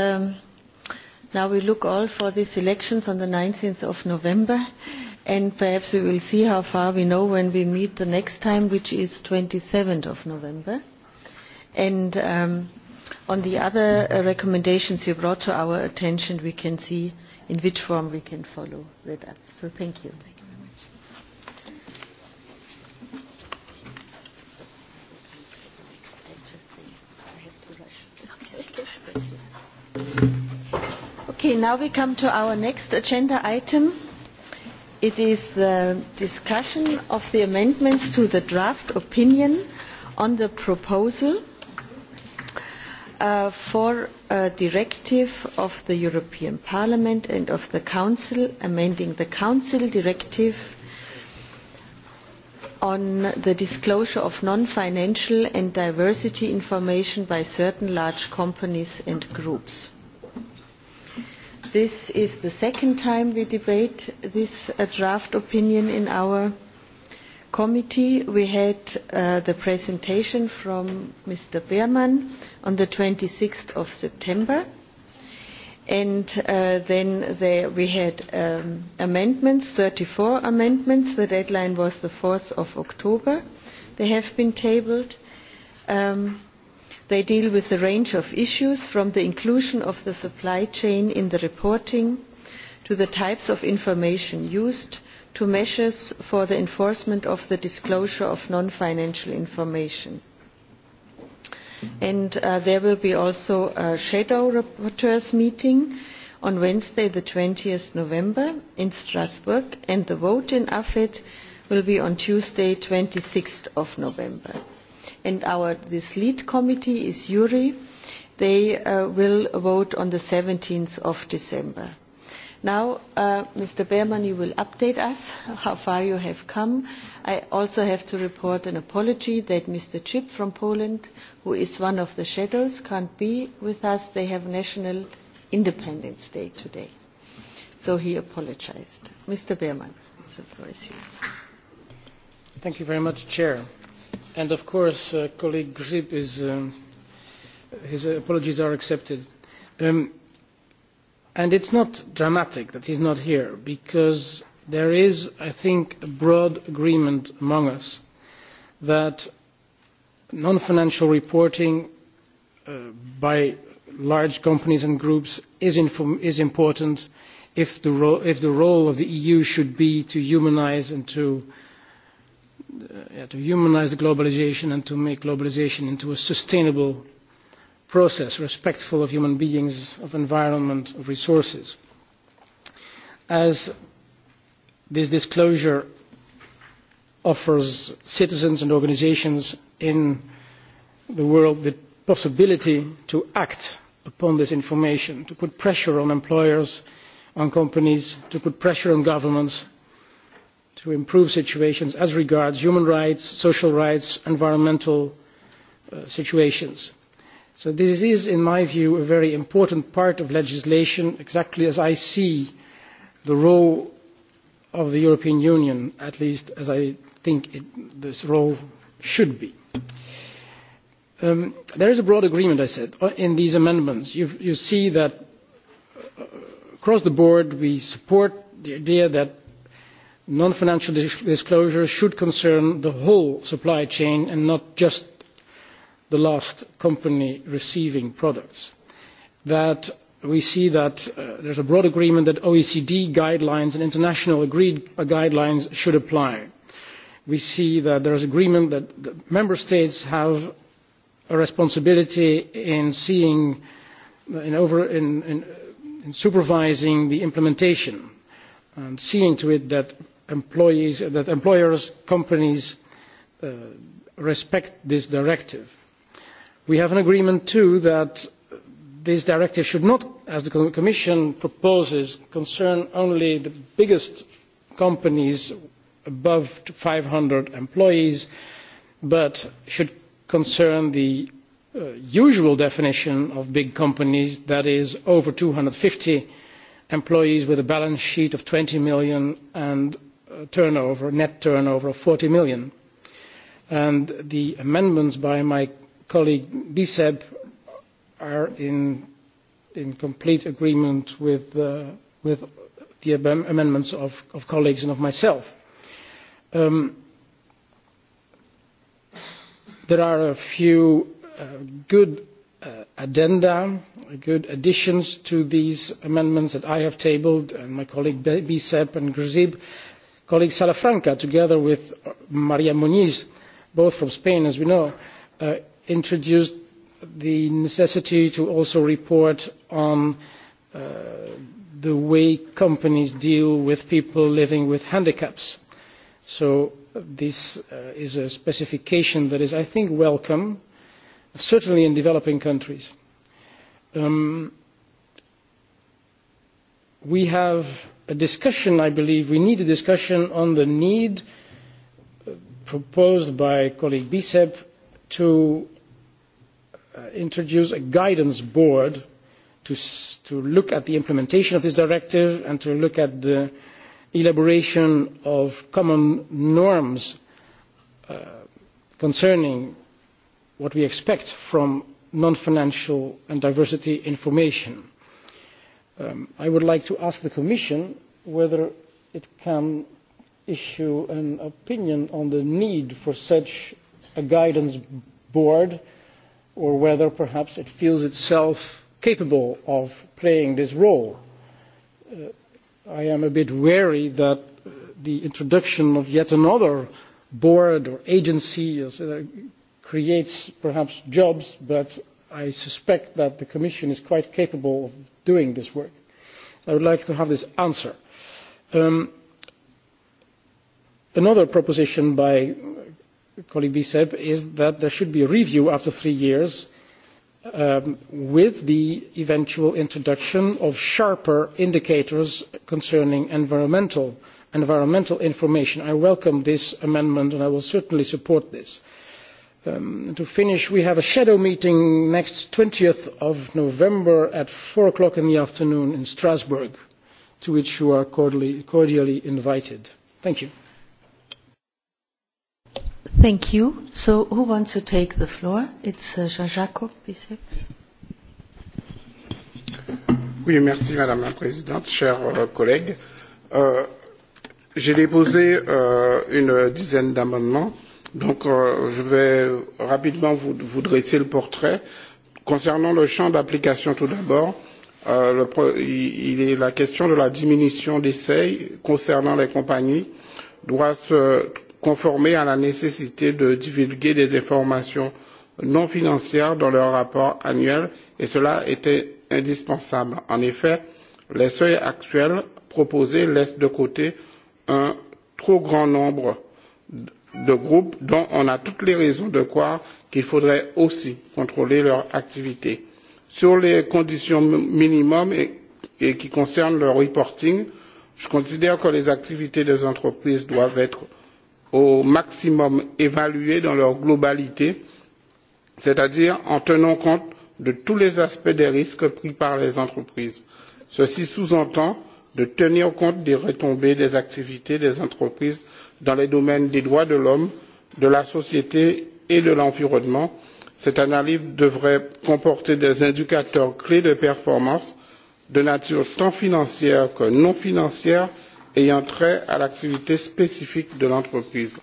Speaker 1: now we look all for these elections on the 19th of November. And perhaps we will see how far we know when we meet the next time, which is 27th of November. And on the other recommendations you brought to our attention, we can see in which form we can follow that up. So thank you. Okay, now we come to our next agenda item. It is the discussion of the amendments to the draft opinion on the proposal for a directive of the European Parliament and of the Council amending the Council directive on the disclosure of non-financial and diversity information by certain large companies and groups. This is the second time we debate this draft opinion in our committee. We had the presentation from Mr. Beermann on the 26th of September. And then we had amendments, 34 amendments. The deadline was the 4th of October. They have been tabled. They deal with a range of issues from the inclusion of the supply chain in the reporting to the types of information used to measures for the enforcement of the disclosure of non-financial information. And there will be also a shadow rapporteurs meeting on Wednesday the 20th November in Strasbourg and the vote in AFET will be on Tuesday 26th of November and our this lead committee is juri they will vote on the 17th of december now mr Behrmann you will update us how far you have come i also have to report an apology that mr chip from poland who is one of the shadows can't be with us they have national independence day today so he apologized mr Behrmann, the floor is yours
Speaker 13: thank you very much chair And of course, colleague Grzyb his apologies are accepted. And it's not dramatic that he is not here, because there is, I think, a broad agreement among us that non-financial reporting by large companies and groups is important if the role of the EU should be to humanise and to to humanize the globalization and to make globalization into a sustainable process, respectful of human beings, of environment, of resources. As this disclosure offers citizens and organizations in the world the possibility to act upon this information, to put pressure on employers, on companies, to put pressure on governments, to improve situations as regards human rights, social rights, environmental situations. So this is, in my view, a very important part of legislation, exactly as I see the role of the European Union, at least as I think this role should be. There is a broad agreement, I said, in these amendments. You see that across the board we support the idea that non financial disclosure should concern the whole supply chain and not just the last company receiving products. That we see that there is a broad agreement that OECD guidelines and international agreed guidelines should apply. We see that there is agreement that member states have a responsibility in seeing, in supervising the implementation and seeing to it that that employers companies respect this directive we have an agreement too that this directive should not as the commission proposes concern only the biggest companies above 500 employees but should concern the usual definition of big companies that is over 250 employees with a balance sheet of 20 million and turnover, net turnover of 40 million. And the amendments by my colleague Biseb are in complete agreement with the amendments of colleagues and of myself. There are a few good addenda, good additions to these amendments that I have tabled and my colleague Biseb and Grzyb colleague Salafranca, together with Maria Muniz, both from Spain, as we know, introduced the necessity to also report on the way companies deal with people living with handicaps. So this is a specification that is, I think, welcome, certainly in developing countries. We have a discussion, I believe, we need a discussion on the need proposed by colleague Bisep to introduce a guidance board to look at the implementation of this directive and to look at the elaboration of common norms concerning what we expect from non-financial and diversity information. I would like to ask the Commission whether it can issue an opinion on the need for such a guidance board or whether perhaps it feels itself capable of playing this role. I am a bit wary that the introduction of yet another board or agency creates perhaps jobs but I suspect that the Commission is quite capable of doing this work. I would like to have this answer. Another proposition by colleague Biseb is that there should be a review after three years with the eventual introduction of sharper indicators concerning environmental information. I welcome this amendment and I will certainly support this. To finish, we have a shadow meeting next 20th of November at 4 o'clock in the afternoon in Strasbourg, to which you are cordially invited. Thank you.
Speaker 1: Thank you. So who wants to take the floor? It's Jean-Jacques Bisset.
Speaker 14: Oui, merci Madame la Présidente, chers collègues. J'ai déposé une dizaine d'amendements Donc je vais rapidement vous dresser le portrait. Concernant le champ d'application tout d'abord, la question de la diminution des seuils concernant les compagnies doit se conformer à la nécessité de divulguer des informations non financières dans leur rapport annuel et cela était indispensable. En effet, les seuils actuels proposés laissent de côté un trop grand nombre de groupes dont on a toutes les raisons de croire qu'il faudrait aussi contrôler leur activité. Sur les conditions minimum et qui concernent le reporting, je considère que les activités des entreprises doivent être au maximum évaluées dans leur globalité, c'est-à-dire en tenant compte de tous les aspects des risques pris par les entreprises. Ceci sous-entend de tenir compte des retombées des activités des entreprises dans les domaines des droits de l'homme, de la société et de l'environnement. Cette analyse devrait comporter des indicateurs clés de performance de nature tant financière que non financière ayant trait à l'activité spécifique de l'entreprise.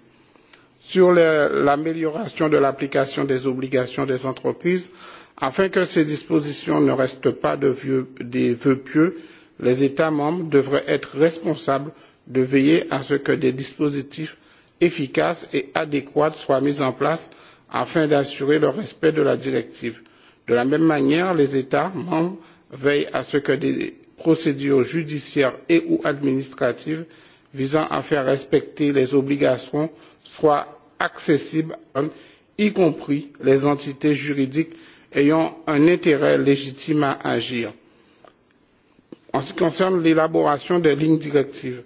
Speaker 14: Sur l'amélioration de l'application des obligations des entreprises, afin que ces dispositions ne restent pas des vœux pieux, les États membres devraient être responsables de veiller à ce que des dispositifs efficaces et adéquats soient mis en place afin d'assurer le respect de la directive. de la même manière les états membres veillent à ce que des procédures judiciaires et ou administratives visant à faire respecter les obligations soient accessibles y compris les entités juridiques ayant un intérêt légitime à agir. en ce qui concerne l'élaboration des lignes directives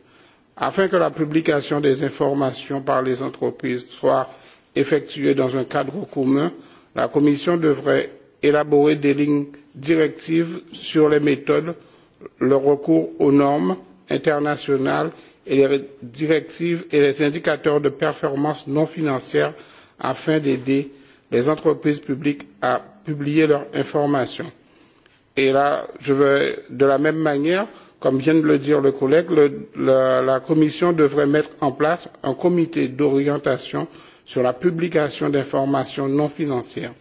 Speaker 14: afin que la publication des informations par les entreprises soit effectuée dans un cadre commun la commission devrait élaborer des lignes directives sur les méthodes le recours aux normes internationales et les directives et les indicateurs de performance non financière afin d'aider les entreprises publiques à publier leurs informations. Je de la même manière comme vient de le dire le collègue la commission devrait mettre en place un comité d'orientation sur la publication d'informations non financières.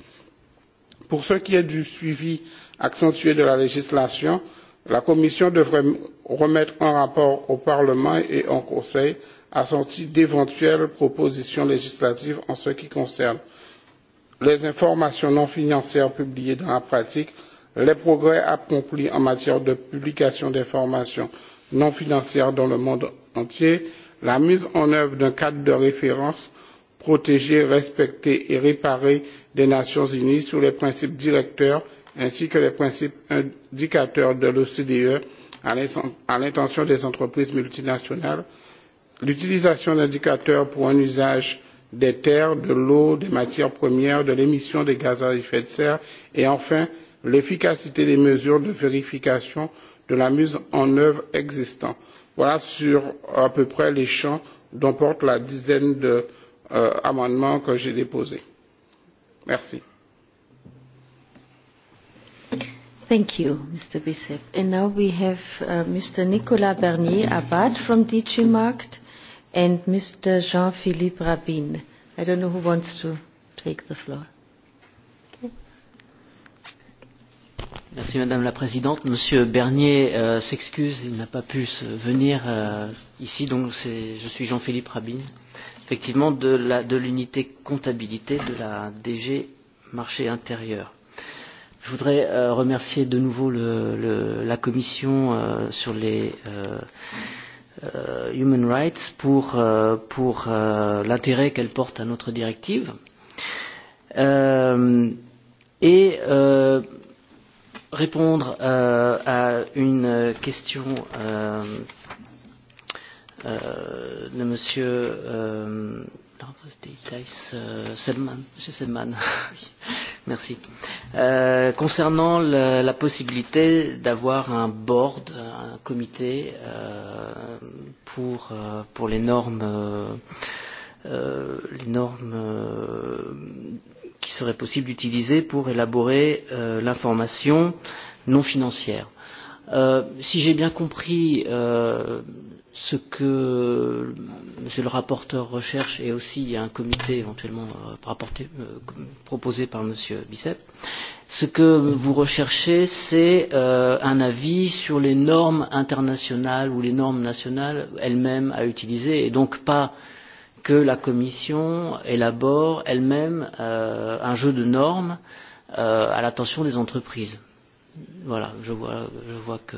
Speaker 14: pour ce qui est du suivi accentué de la législation la commission devrait remettre un rapport au parlement et au conseil assorti d'éventuelles propositions législatives en ce qui concerne les informations non financières publiées dans la pratique les progrès accomplis en matière de publication d'informations non financières dans le monde entier, la mise en œuvre d'un cadre de référence protégé, respecté et réparé des Nations unies sur les principes directeurs ainsi que les principes indicateurs de l'OCDE à l'intention des entreprises multinationales, l'utilisation d'indicateurs pour un usage des terres, de l'eau, des matières premières, de l'émission des gaz à effet de serre et enfin l'efficacité des mesures de vérification de la mise en œuvre existant. Voilà sur à peu près les champs dont porte la dizaine d'amendements que j'ai déposés. Merci.
Speaker 1: Thank you, Mr. Bishop. And now we have Mr. Nicolas Bernier Abad from DG Markt and Mr. Jean-Philippe Rabin. I don't know who wants to take the floor.
Speaker 15: Merci Madame la Présidente. Monsieur Bernier s'excuse, il n'a pas pu venir ici, donc je suis Jean-Philippe Rabin, effectivement de l'unité comptabilité de la DG Marché Intérieur. Je voudrais remercier de nouveau la Commission sur les Human Rights pour l'intérêt qu'elle porte à notre directive. Et répondre à une question de Monsieur Selman. Merci. Concernant la possibilité d'avoir un board, un comité pour pour les normes les normes qui serait possible d'utiliser pour élaborer l'information non financière. Si j'ai bien compris ce que Monsieur le rapporteur recherche et aussi un comité éventuellement proposé par Monsieur Bicep, ce que vous recherchez, c'est un avis sur les normes internationales ou les normes nationales elles-mêmes à utiliser et donc pas que la Commission élabore elle-même un jeu de normes à l'attention des entreprises. Voilà, je vois, que,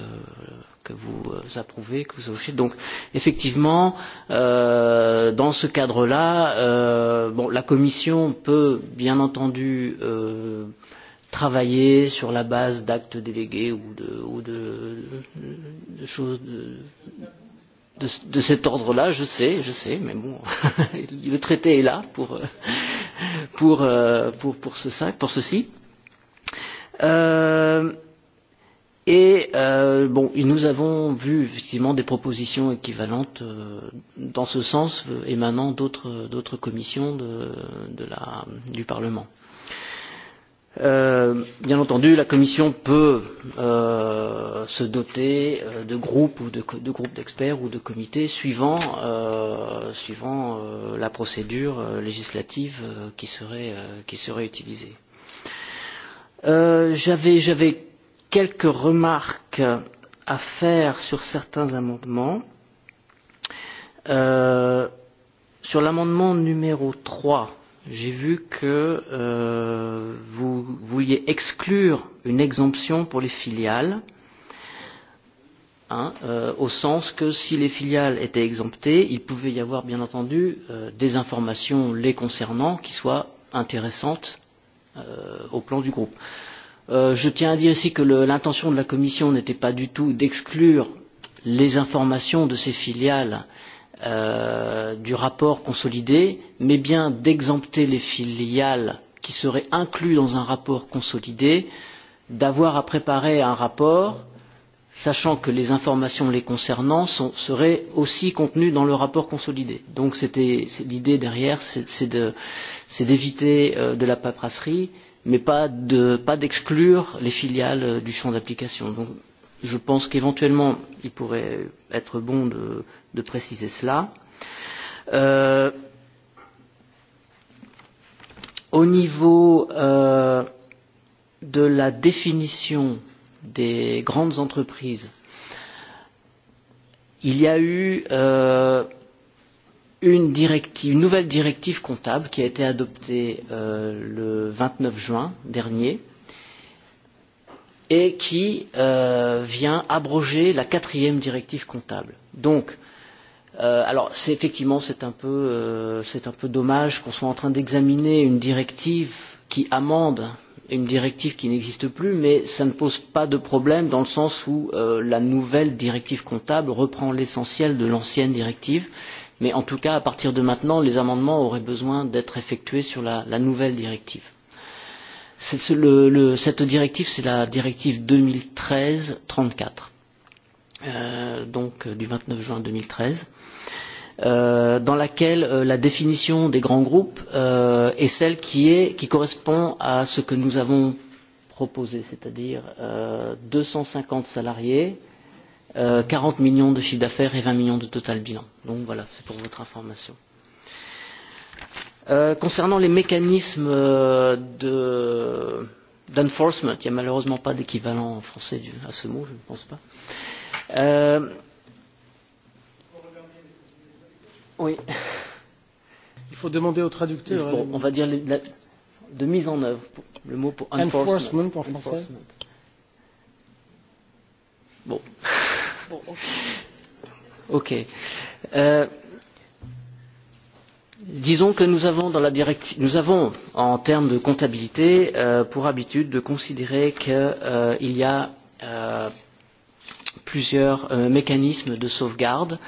Speaker 15: vous approuvez, que vous hochez. Donc, effectivement, dans ce cadre-là, la Commission peut, bien entendu, travailler sur la base d'actes délégués ou de, ou de, de choses de, de cet ordre là je sais je sais mais bon le traité est là pour pour pour pour ce pour ceci euh et bon nous avons vu effectivement des propositions équivalentes dans ce sens émanant d'autres d'autres commissions de de la du parlement Bien entendu, la Commission peut se doter de groupes ou de groupes d'experts ou de comités suivant la procédure législative qui serait utilisée. J'avais quelques remarques à faire sur certains amendements. Sur l'amendement numéro 3 j'ai vu que vous vouliez exclure une exemption pour les filiales, au sens que si les filiales étaient exemptées, il pouvait y avoir, bien entendu, des informations les concernant qui soient intéressantes au plan du groupe. Je tiens à dire ici que l'intention de la Commission n'était pas du tout d'exclure les informations de ces filiales du rapport consolidé, mais bien d'exempter les filiales qui seraient incluses dans un rapport consolidé, d'avoir à préparer un rapport, sachant que les informations les concernant seraient aussi contenues dans le rapport consolidé. Donc l'idée derrière, c'est d'éviter de la paperasserie, mais pas d'exclure les filiales du champ d'application. Je pense qu'éventuellement, il pourrait être bon de préciser cela. Au niveau de la définition des grandes entreprises, il y a eu une nouvelle directive comptable qui a été adoptée le 29 juin dernier et qui vient abroger la quatrième directive comptable. Donc, c'est effectivement c'est un peu dommage qu'on soit en train d'examiner une directive qui amende une directive qui n'existe plus, mais cela ne pose pas de problème dans le sens où la nouvelle directive comptable reprend l'essentiel de l'ancienne directive. Mais en tout cas, à partir de maintenant, les amendements auraient besoin d'être effectués sur la nouvelle directive. Cette directive, c'est la directive 2013-34, donc du 29 juin 2013, dans laquelle la définition des grands groupes est celle qui correspond à ce que nous avons proposé, c'est-à-dire 250 salariés, 40 millions de chiffre d'affaires et 20 millions de total bilan. Donc voilà, c'est pour votre information. Concernant les mécanismes d'enforcement, il n'y a malheureusement pas d'équivalent en français à ce mot, je ne pense pas. Oui. Il faut demander au traducteur. On va dire de mise en œuvre, le mot pour enforcement en français. Bon. Ok disons que nous avons dans la nous avons en termes de comptabilité pour habitude de considérer qu'il y a plusieurs mécanismes de sauvegarde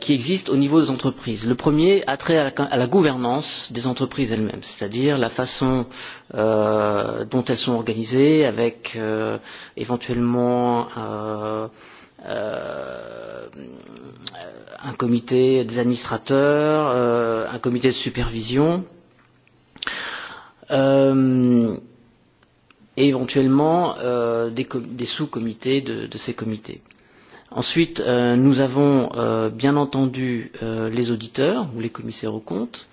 Speaker 15: qui existent au niveau des entreprises. Le premier a trait à la gouvernance des entreprises elles-mêmes, c'est-à-dire la façon dont elles sont organisées avec éventuellement un comité des administrateurs, un comité de supervision et éventuellement des sous-comités de ces comités. Ensuite, nous avons bien entendu les auditeurs ou les commissaires aux comptes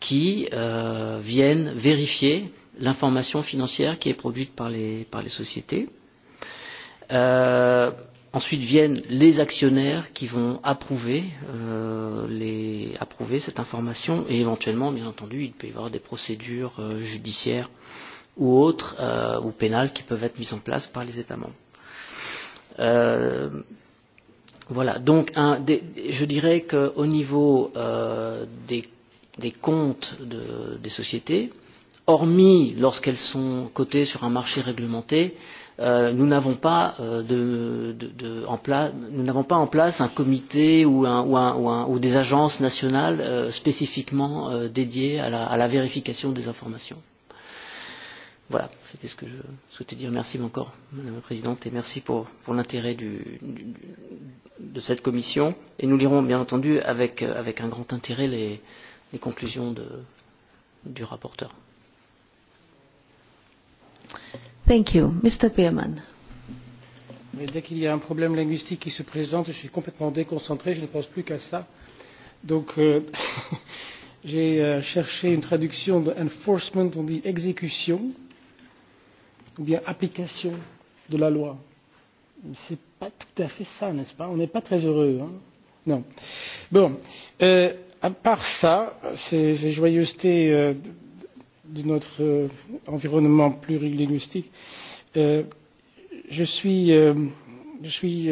Speaker 15: qui viennent vérifier l'information financière qui est produite par les sociétés. Ensuite viennent les actionnaires qui vont approuver, les, approuver cette information et éventuellement, bien entendu, il peut y avoir des procédures judiciaires ou autres ou pénales qui peuvent être mises en place par les États membres. Euh, voilà, donc un, des, je dirais qu'au niveau euh, des, des comptes de, des sociétés, hormis lorsqu'elles sont cotées sur un marché réglementé, nous n'avons pas en place un comité ou des agences nationales spécifiquement dédiées à la vérification des informations. Voilà, c'était ce que je souhaitais dire. Merci encore, Madame la Présidente, et merci pour l'intérêt de cette commission. Et nous lirons, bien entendu, avec un grand intérêt les conclusions du rapporteur.
Speaker 1: Thank you. Mr.
Speaker 13: Dès qu'il y a un
Speaker 15: problème linguistique
Speaker 13: qui se présente, je suis complètement déconcentré, je ne pense plus qu'à ça. Donc, j'ai cherché une traduction de enforcement, on dit exécution, ou bien application de la loi. Ce n'est pas tout à fait ça, n'est-ce pas On n'est pas très heureux. Hein non. Bon, à part ça, ces joyeusetés de notre environnement plurilinguistique. Je suis je suis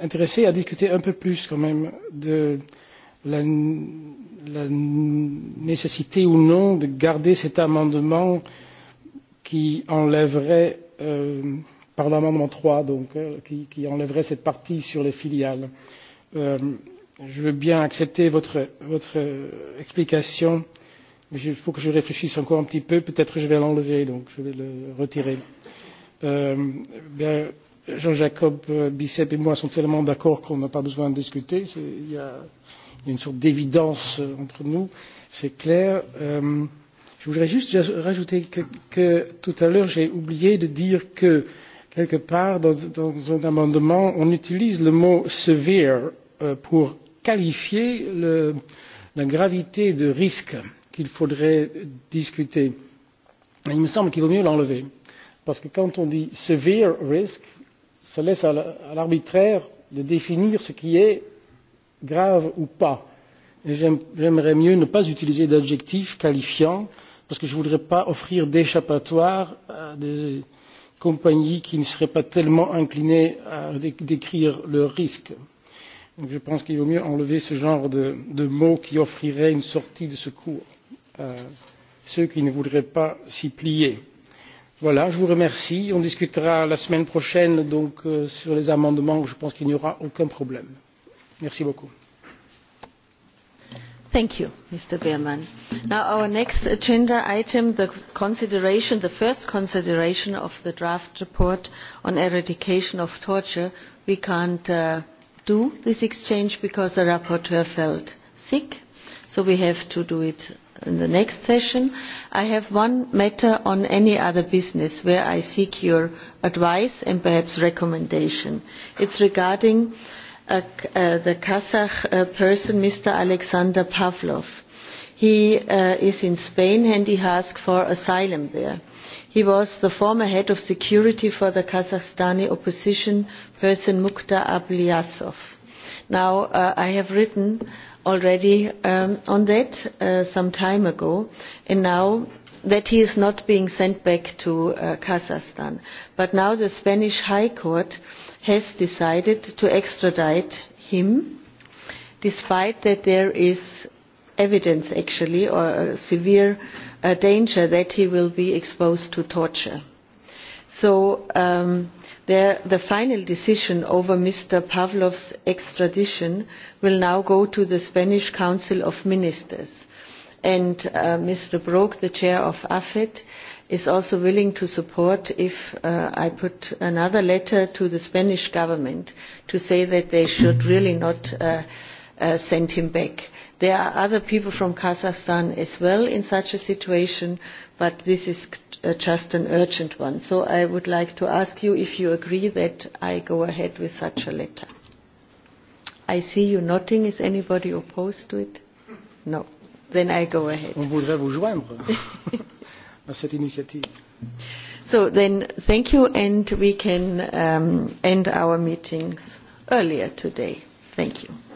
Speaker 13: intéressé à discuter un peu plus quand même de la nécessité ou non de garder cet amendement qui enlèverait, par l'amendement 3 donc, qui enlèverait cette partie sur les filiales. Je veux bien accepter votre explication il faut que je réfléchisse encore un petit peu peut être que je vais l'enlever donc je vais le retirer. jean jacob Bicep et moi sommes tellement d'accord qu'on n'a pas besoin de discuter il y a une sorte d'évidence entre nous c'est clair. je voudrais juste rajouter que tout à l'heure j'ai oublié de dire que quelque part dans un amendement on utilise le mot severe pour qualifier la gravité de risque qu'il faudrait discuter. Il me semble qu'il vaut mieux l'enlever, parce que quand on dit severe risk, ça laisse à l'arbitraire de définir ce qui est grave ou pas. J'aimerais mieux ne pas utiliser d'adjectifs qualifiants, parce que je ne voudrais pas offrir d'échappatoire à des compagnies qui ne seraient pas tellement inclinées à décrire leurs risques. Je pense qu'il vaut mieux enlever ce genre de mots qui offrirait une sortie de secours ceux qui ne voudraient pas s'y plier. Voilà, je vous remercie. On discutera la semaine prochaine donc sur les amendements. Je pense qu'il n'y aura aucun problème. Merci beaucoup.
Speaker 1: Thank you, Mr. Beerman. Now our next agenda item, the consideration, the first consideration of the draft report on eradication of torture. We can't do this exchange because the rapporteur felt sick, so we have to do it in the next session. I have one matter on any other business where I seek your advice and perhaps recommendation. It's regarding the Kazakh person, Mr. Alexander Pavlov. He is in Spain and he asked for asylum there. He was the former head of security for the Kazakhstani opposition person Mukhtar Ablyasov. Now, I have written already on that some time ago and now that he is not being sent back to Kazakhstan. But now the Spanish High Court has decided to extradite him despite that there is evidence actually or a severe danger that he will be exposed to torture. So The final decision over Mr. Pavlov's extradition will now go to the Spanish Council of Ministers. And Mr. Brok, the chair of AFET, is also willing to support if I put another letter to the Spanish government to say that they should really not send him back. There are other people from Kazakhstan as well in such a situation, but this is just an urgent one. So I would like to ask you if you agree that I go ahead with such a letter. I see you nodding. Is anybody opposed to it? No. Then I go ahead. So then, thank you, and we can end our meetings earlier today. Thank you.